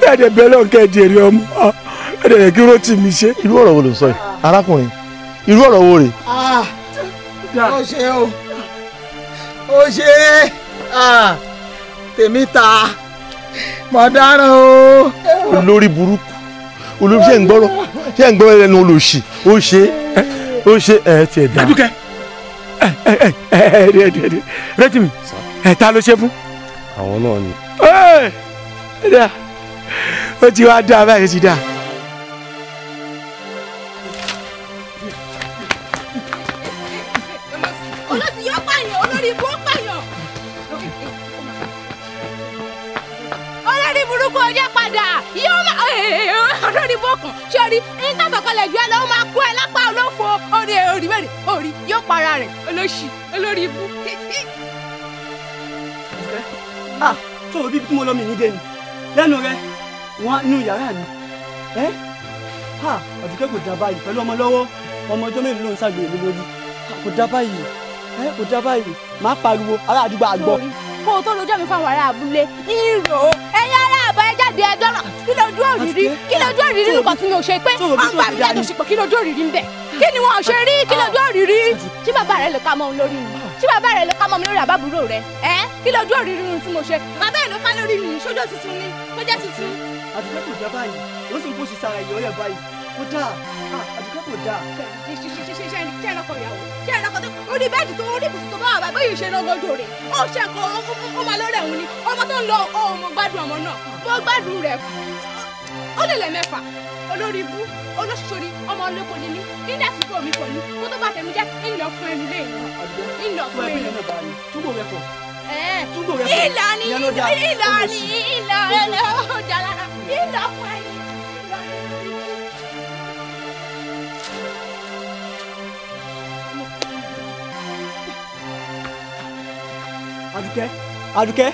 S1: tẹ́ ẹ dẹ̀ bẹ́ẹ̀ lọ́n kẹ́ ọmọ ah, ẹ kí rọ́ọ̀tì mi ṣe. irú ọ̀rọ̀ wo ló ń sọ yìí
S2: arákùnrin irú ọ̀rọ̀ wo rè.
S3: Ah, ó ṣe o
S1: ó ṣe tèmi ta mọ̀ dáràn
S2: o. olórí burúkú olórí ṣe ń gbọ́rọ̀ ṣe ń gbọ́rọ̀ ẹnu olóṣì ó ṣe ó ṣe ẹ ti ẹ dá. adúkẹ́ ẹ ẹ ẹ ẹ
S1: rẹ́tí mi ẹ ta ló ṣe fún. àwọn náà ni. ó ti wá dá báyìí ti dá.
S5: olórí bókun ṣé orí níta tọkọlẹ̀ ju máa kú ẹ lápá olófo orí orí mẹ́rin orí yóò para rẹ̀ olóṣì olórí ibú.
S3: ah
S1: tó o bí tí mo lọ mi ní dé ni lẹ́nu rẹ wọn nú yàrá mi ẹ́ ah kò dábàá yìí pẹ̀lú ọmọ lọ́wọ́ ọmọ ọjọ́ mélòó ló ń ṣàgbèrè mi lórí ah, kò dábàá yìí kò dábàá yìí máa pariwo ará àdúgbò àgbọ̀.
S5: kó o tó lójú mi fún ará abúlé
S1: ìrò ẹ̀yà ará pàdé ẹjọ́ náà kí lójú òrìrí kí lójú òrìrí nìkan tí mi ò ṣe pé wọ́n gbà mí àjọṣepọ̀ kí lójú òrìrí ń bẹ̀ kí ni wọn ṣe rí kí lójú òrìrí tí bàbá rẹ lè ká mọ́ òun lórí mi tí bàbá rẹ lè ká mọ́ mi lórí àbábúrò rẹ ẹ kí lójú òrìrí nìkan tí mo ṣe bàbá ẹ ló ká lórí mi sójú tuntun ni tó jẹ́ tuntun. àdùgbò kò dá báyìí ó sì
S5: ń ó ní bẹ́ẹ̀dì tó rí ibùsùn tó bá wà báyìí bóyá ìṣe rọgọdọ rẹ̀ ó ṣe nǹkan ó máa lórí ẹ̀hún ni ọmọ tó ń lọ ọmọ gbádùn ọmọ náà mo
S1: gbádùn rẹ̀ ó lè lẹ̀ mẹ́fà olórí ibú olóṣòṣòrí ọmọ olóko níní nígbà tí kò mí pẹ̀lú kó tó bá tẹnu jẹ́ ńlọ fún ẹni lé ńlọ fún ẹni ìlà ni ìlà ni ìlà
S4: ọjà
S5: lára ìlà fún ẹni.
S1: adúkẹ́ adúkẹ́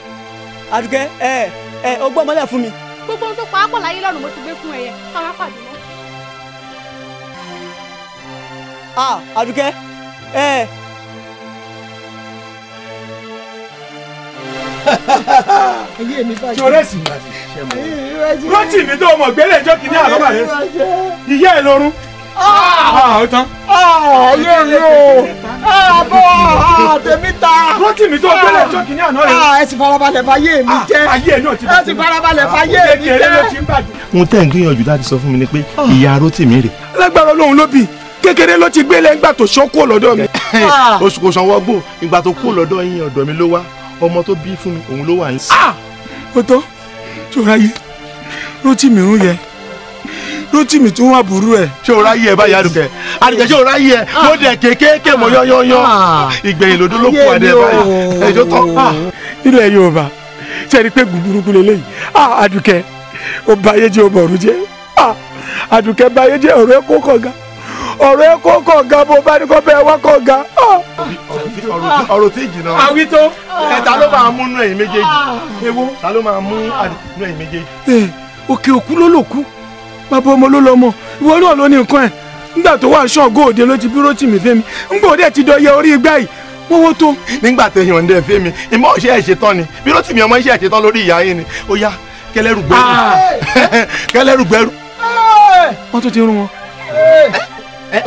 S1: adúkẹ́ ẹ ẹ o gbọ́ mọ́lẹ̀ fún mi. gbogbo ohun tó pa á pọ̀ láyé lọ́rùn mo ti gbé fún ẹyẹ káwá pàdé mọ́. a adúkẹ́ ẹ. tí ọ̀rẹ́ sì ń bá ti ṣiṣẹ́ mọ́. rántí mi tó o mọ̀ gbẹ́lẹ̀ ìjọ kìíní àlọ́ bàrẹ́ ìyá ẹ̀ lọ́rùn. Ah, tán. ayé mi o àbọ̀ tèmi ta. rántí mi tó gbélé jọ́kì ní àná rẹ̀. ẹ sì farabalẹ̀ fàyè mi jẹ́. ti bàjẹ́. ẹ sì farabalẹ̀ fàyè
S2: mi jẹ́. mo tẹ́ ń gbìyànjú láti sọ fún mi ni pé ìyá aró tèmi rè. lágbára Ọlọ́run ló bì í kékeré ló ti gbélé ńgbà tó sọ kó lọ́dọ̀ mi. oṣù kò sanwó gbò ìgbà tó kó lọ́dọ̀ yín ọ̀dọ̀ mi ló wá ọmọ tó bí fún mi òun ló wà ń sìn. Ah! ó tó ráyé
S1: rántí mi rún rotimi tún wà burú ẹ. ṣé o ráyè ẹ báyìí àdùkẹ́ àdùkẹ́ ṣé o ráyè ẹ mo ah. dẹ̀
S2: kéékèèké mọ yányányán ah. ìgbẹ̀yìn lòdó ló kù adé báyìí ẹjọ́ tán. ilẹ̀ ah. yorùbá ṣe é rí i pé gbùgbùrúkú lélẹ́yìn àdùkẹ́
S1: ó bà ayé jẹ́ ó bọ̀rù jẹ́ àdùkẹ́ bà ayé jẹ́ ọ̀rọ̀ ẹ kó kọ̀ọ̀gá ọ̀rọ̀ ẹ kọ̀ọ̀gá bó bá ní kó bẹ́ẹ̀ wá kọ̀ọ̀gá
S2: ọ̀rọ̀ tí jìnnà. àwí tó. ẹ ló máa mú nú ẹ̀yin méjèèjì. ewo ta ló máa mú nú ẹ̀yin méjèèjì.
S1: Eh, òkè òkú ló lòkú bàbá ọmọ ló lọmọ ìwọ náà ló ní nǹkan ẹ nígbà tó
S2: wà ṣán góòdè ló ti dúró tì mí fẹmi ńgbò dẹ ti dọyẹ orí igbá yìí wọ́wọ́ tó. nígbà tó yàn dé fẹmi ìmọ̀ ọ̀ṣẹ́ ẹ̀ ni bí ló tì mí ọmọ iṣẹ́ ẹ̀ lórí ìyá yín ni ó yá kẹlẹ́rù gbẹrù ah. kẹlẹ́rù gbẹrù.
S1: wọ́n tún ti rún wọn. Eh, eh,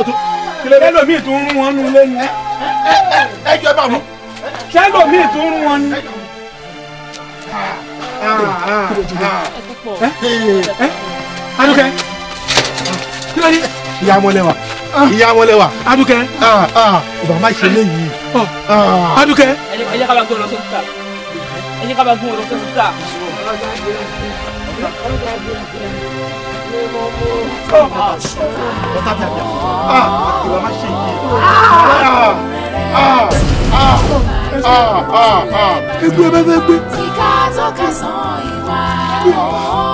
S1: ẹlòmíì tún rún wọn nù lẹ́nu. Eh, ẹ jọ bá wọn. ṣẹlòmíì tún rún wọn nù ẹ
S2: Adúkẹ́ kí ló dé. ìyá mọ́lẹ́wà ah. ìyá mọ́lẹ́wà. Adúkẹ́. Ah, ah. ìbá má ṣe léyìí. Adúkẹ́. ẹ
S1: jẹ́ ká bá gún ọlọ́sọ̀ síta ẹ jẹ́ ká bá gún ọlọ́sọ̀ síta. ọ̀tá bí àjà ìbá má ṣe yìí.
S4: egbé bẹ́ẹ̀ bẹ́ẹ̀ gbé. kíkà tó kẹsàn-án ìwà ẹ̀wọ̀n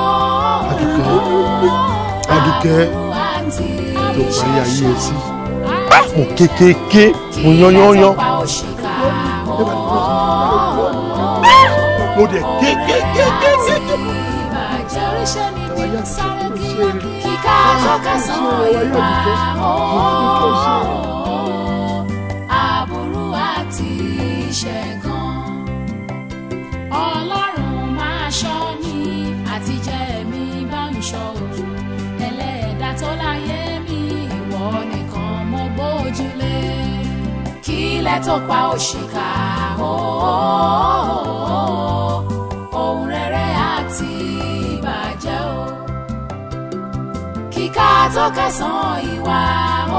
S2: adúkẹ́ tó parí ayé ẹ sí mo kékeré mo yan yan yan
S4: mo dẹ̀ kékeré kíkà tó kásán ìgbà ó. nìkan mo bójúlé kílẹ̀ tó pa òṣìkà ooo ohun rere àti ìbàjẹ́ o kíkà tó kẹsàn-án ìwà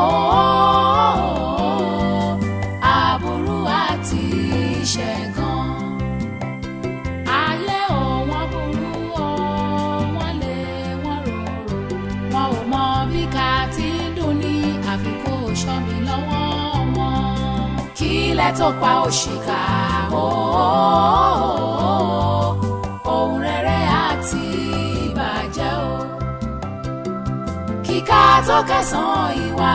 S4: ooo. ìmọ́lẹ̀ tó pa òṣìkà ohun rere àti ìbàjẹ́ o kíkà tó kẹsàn-án ìwà.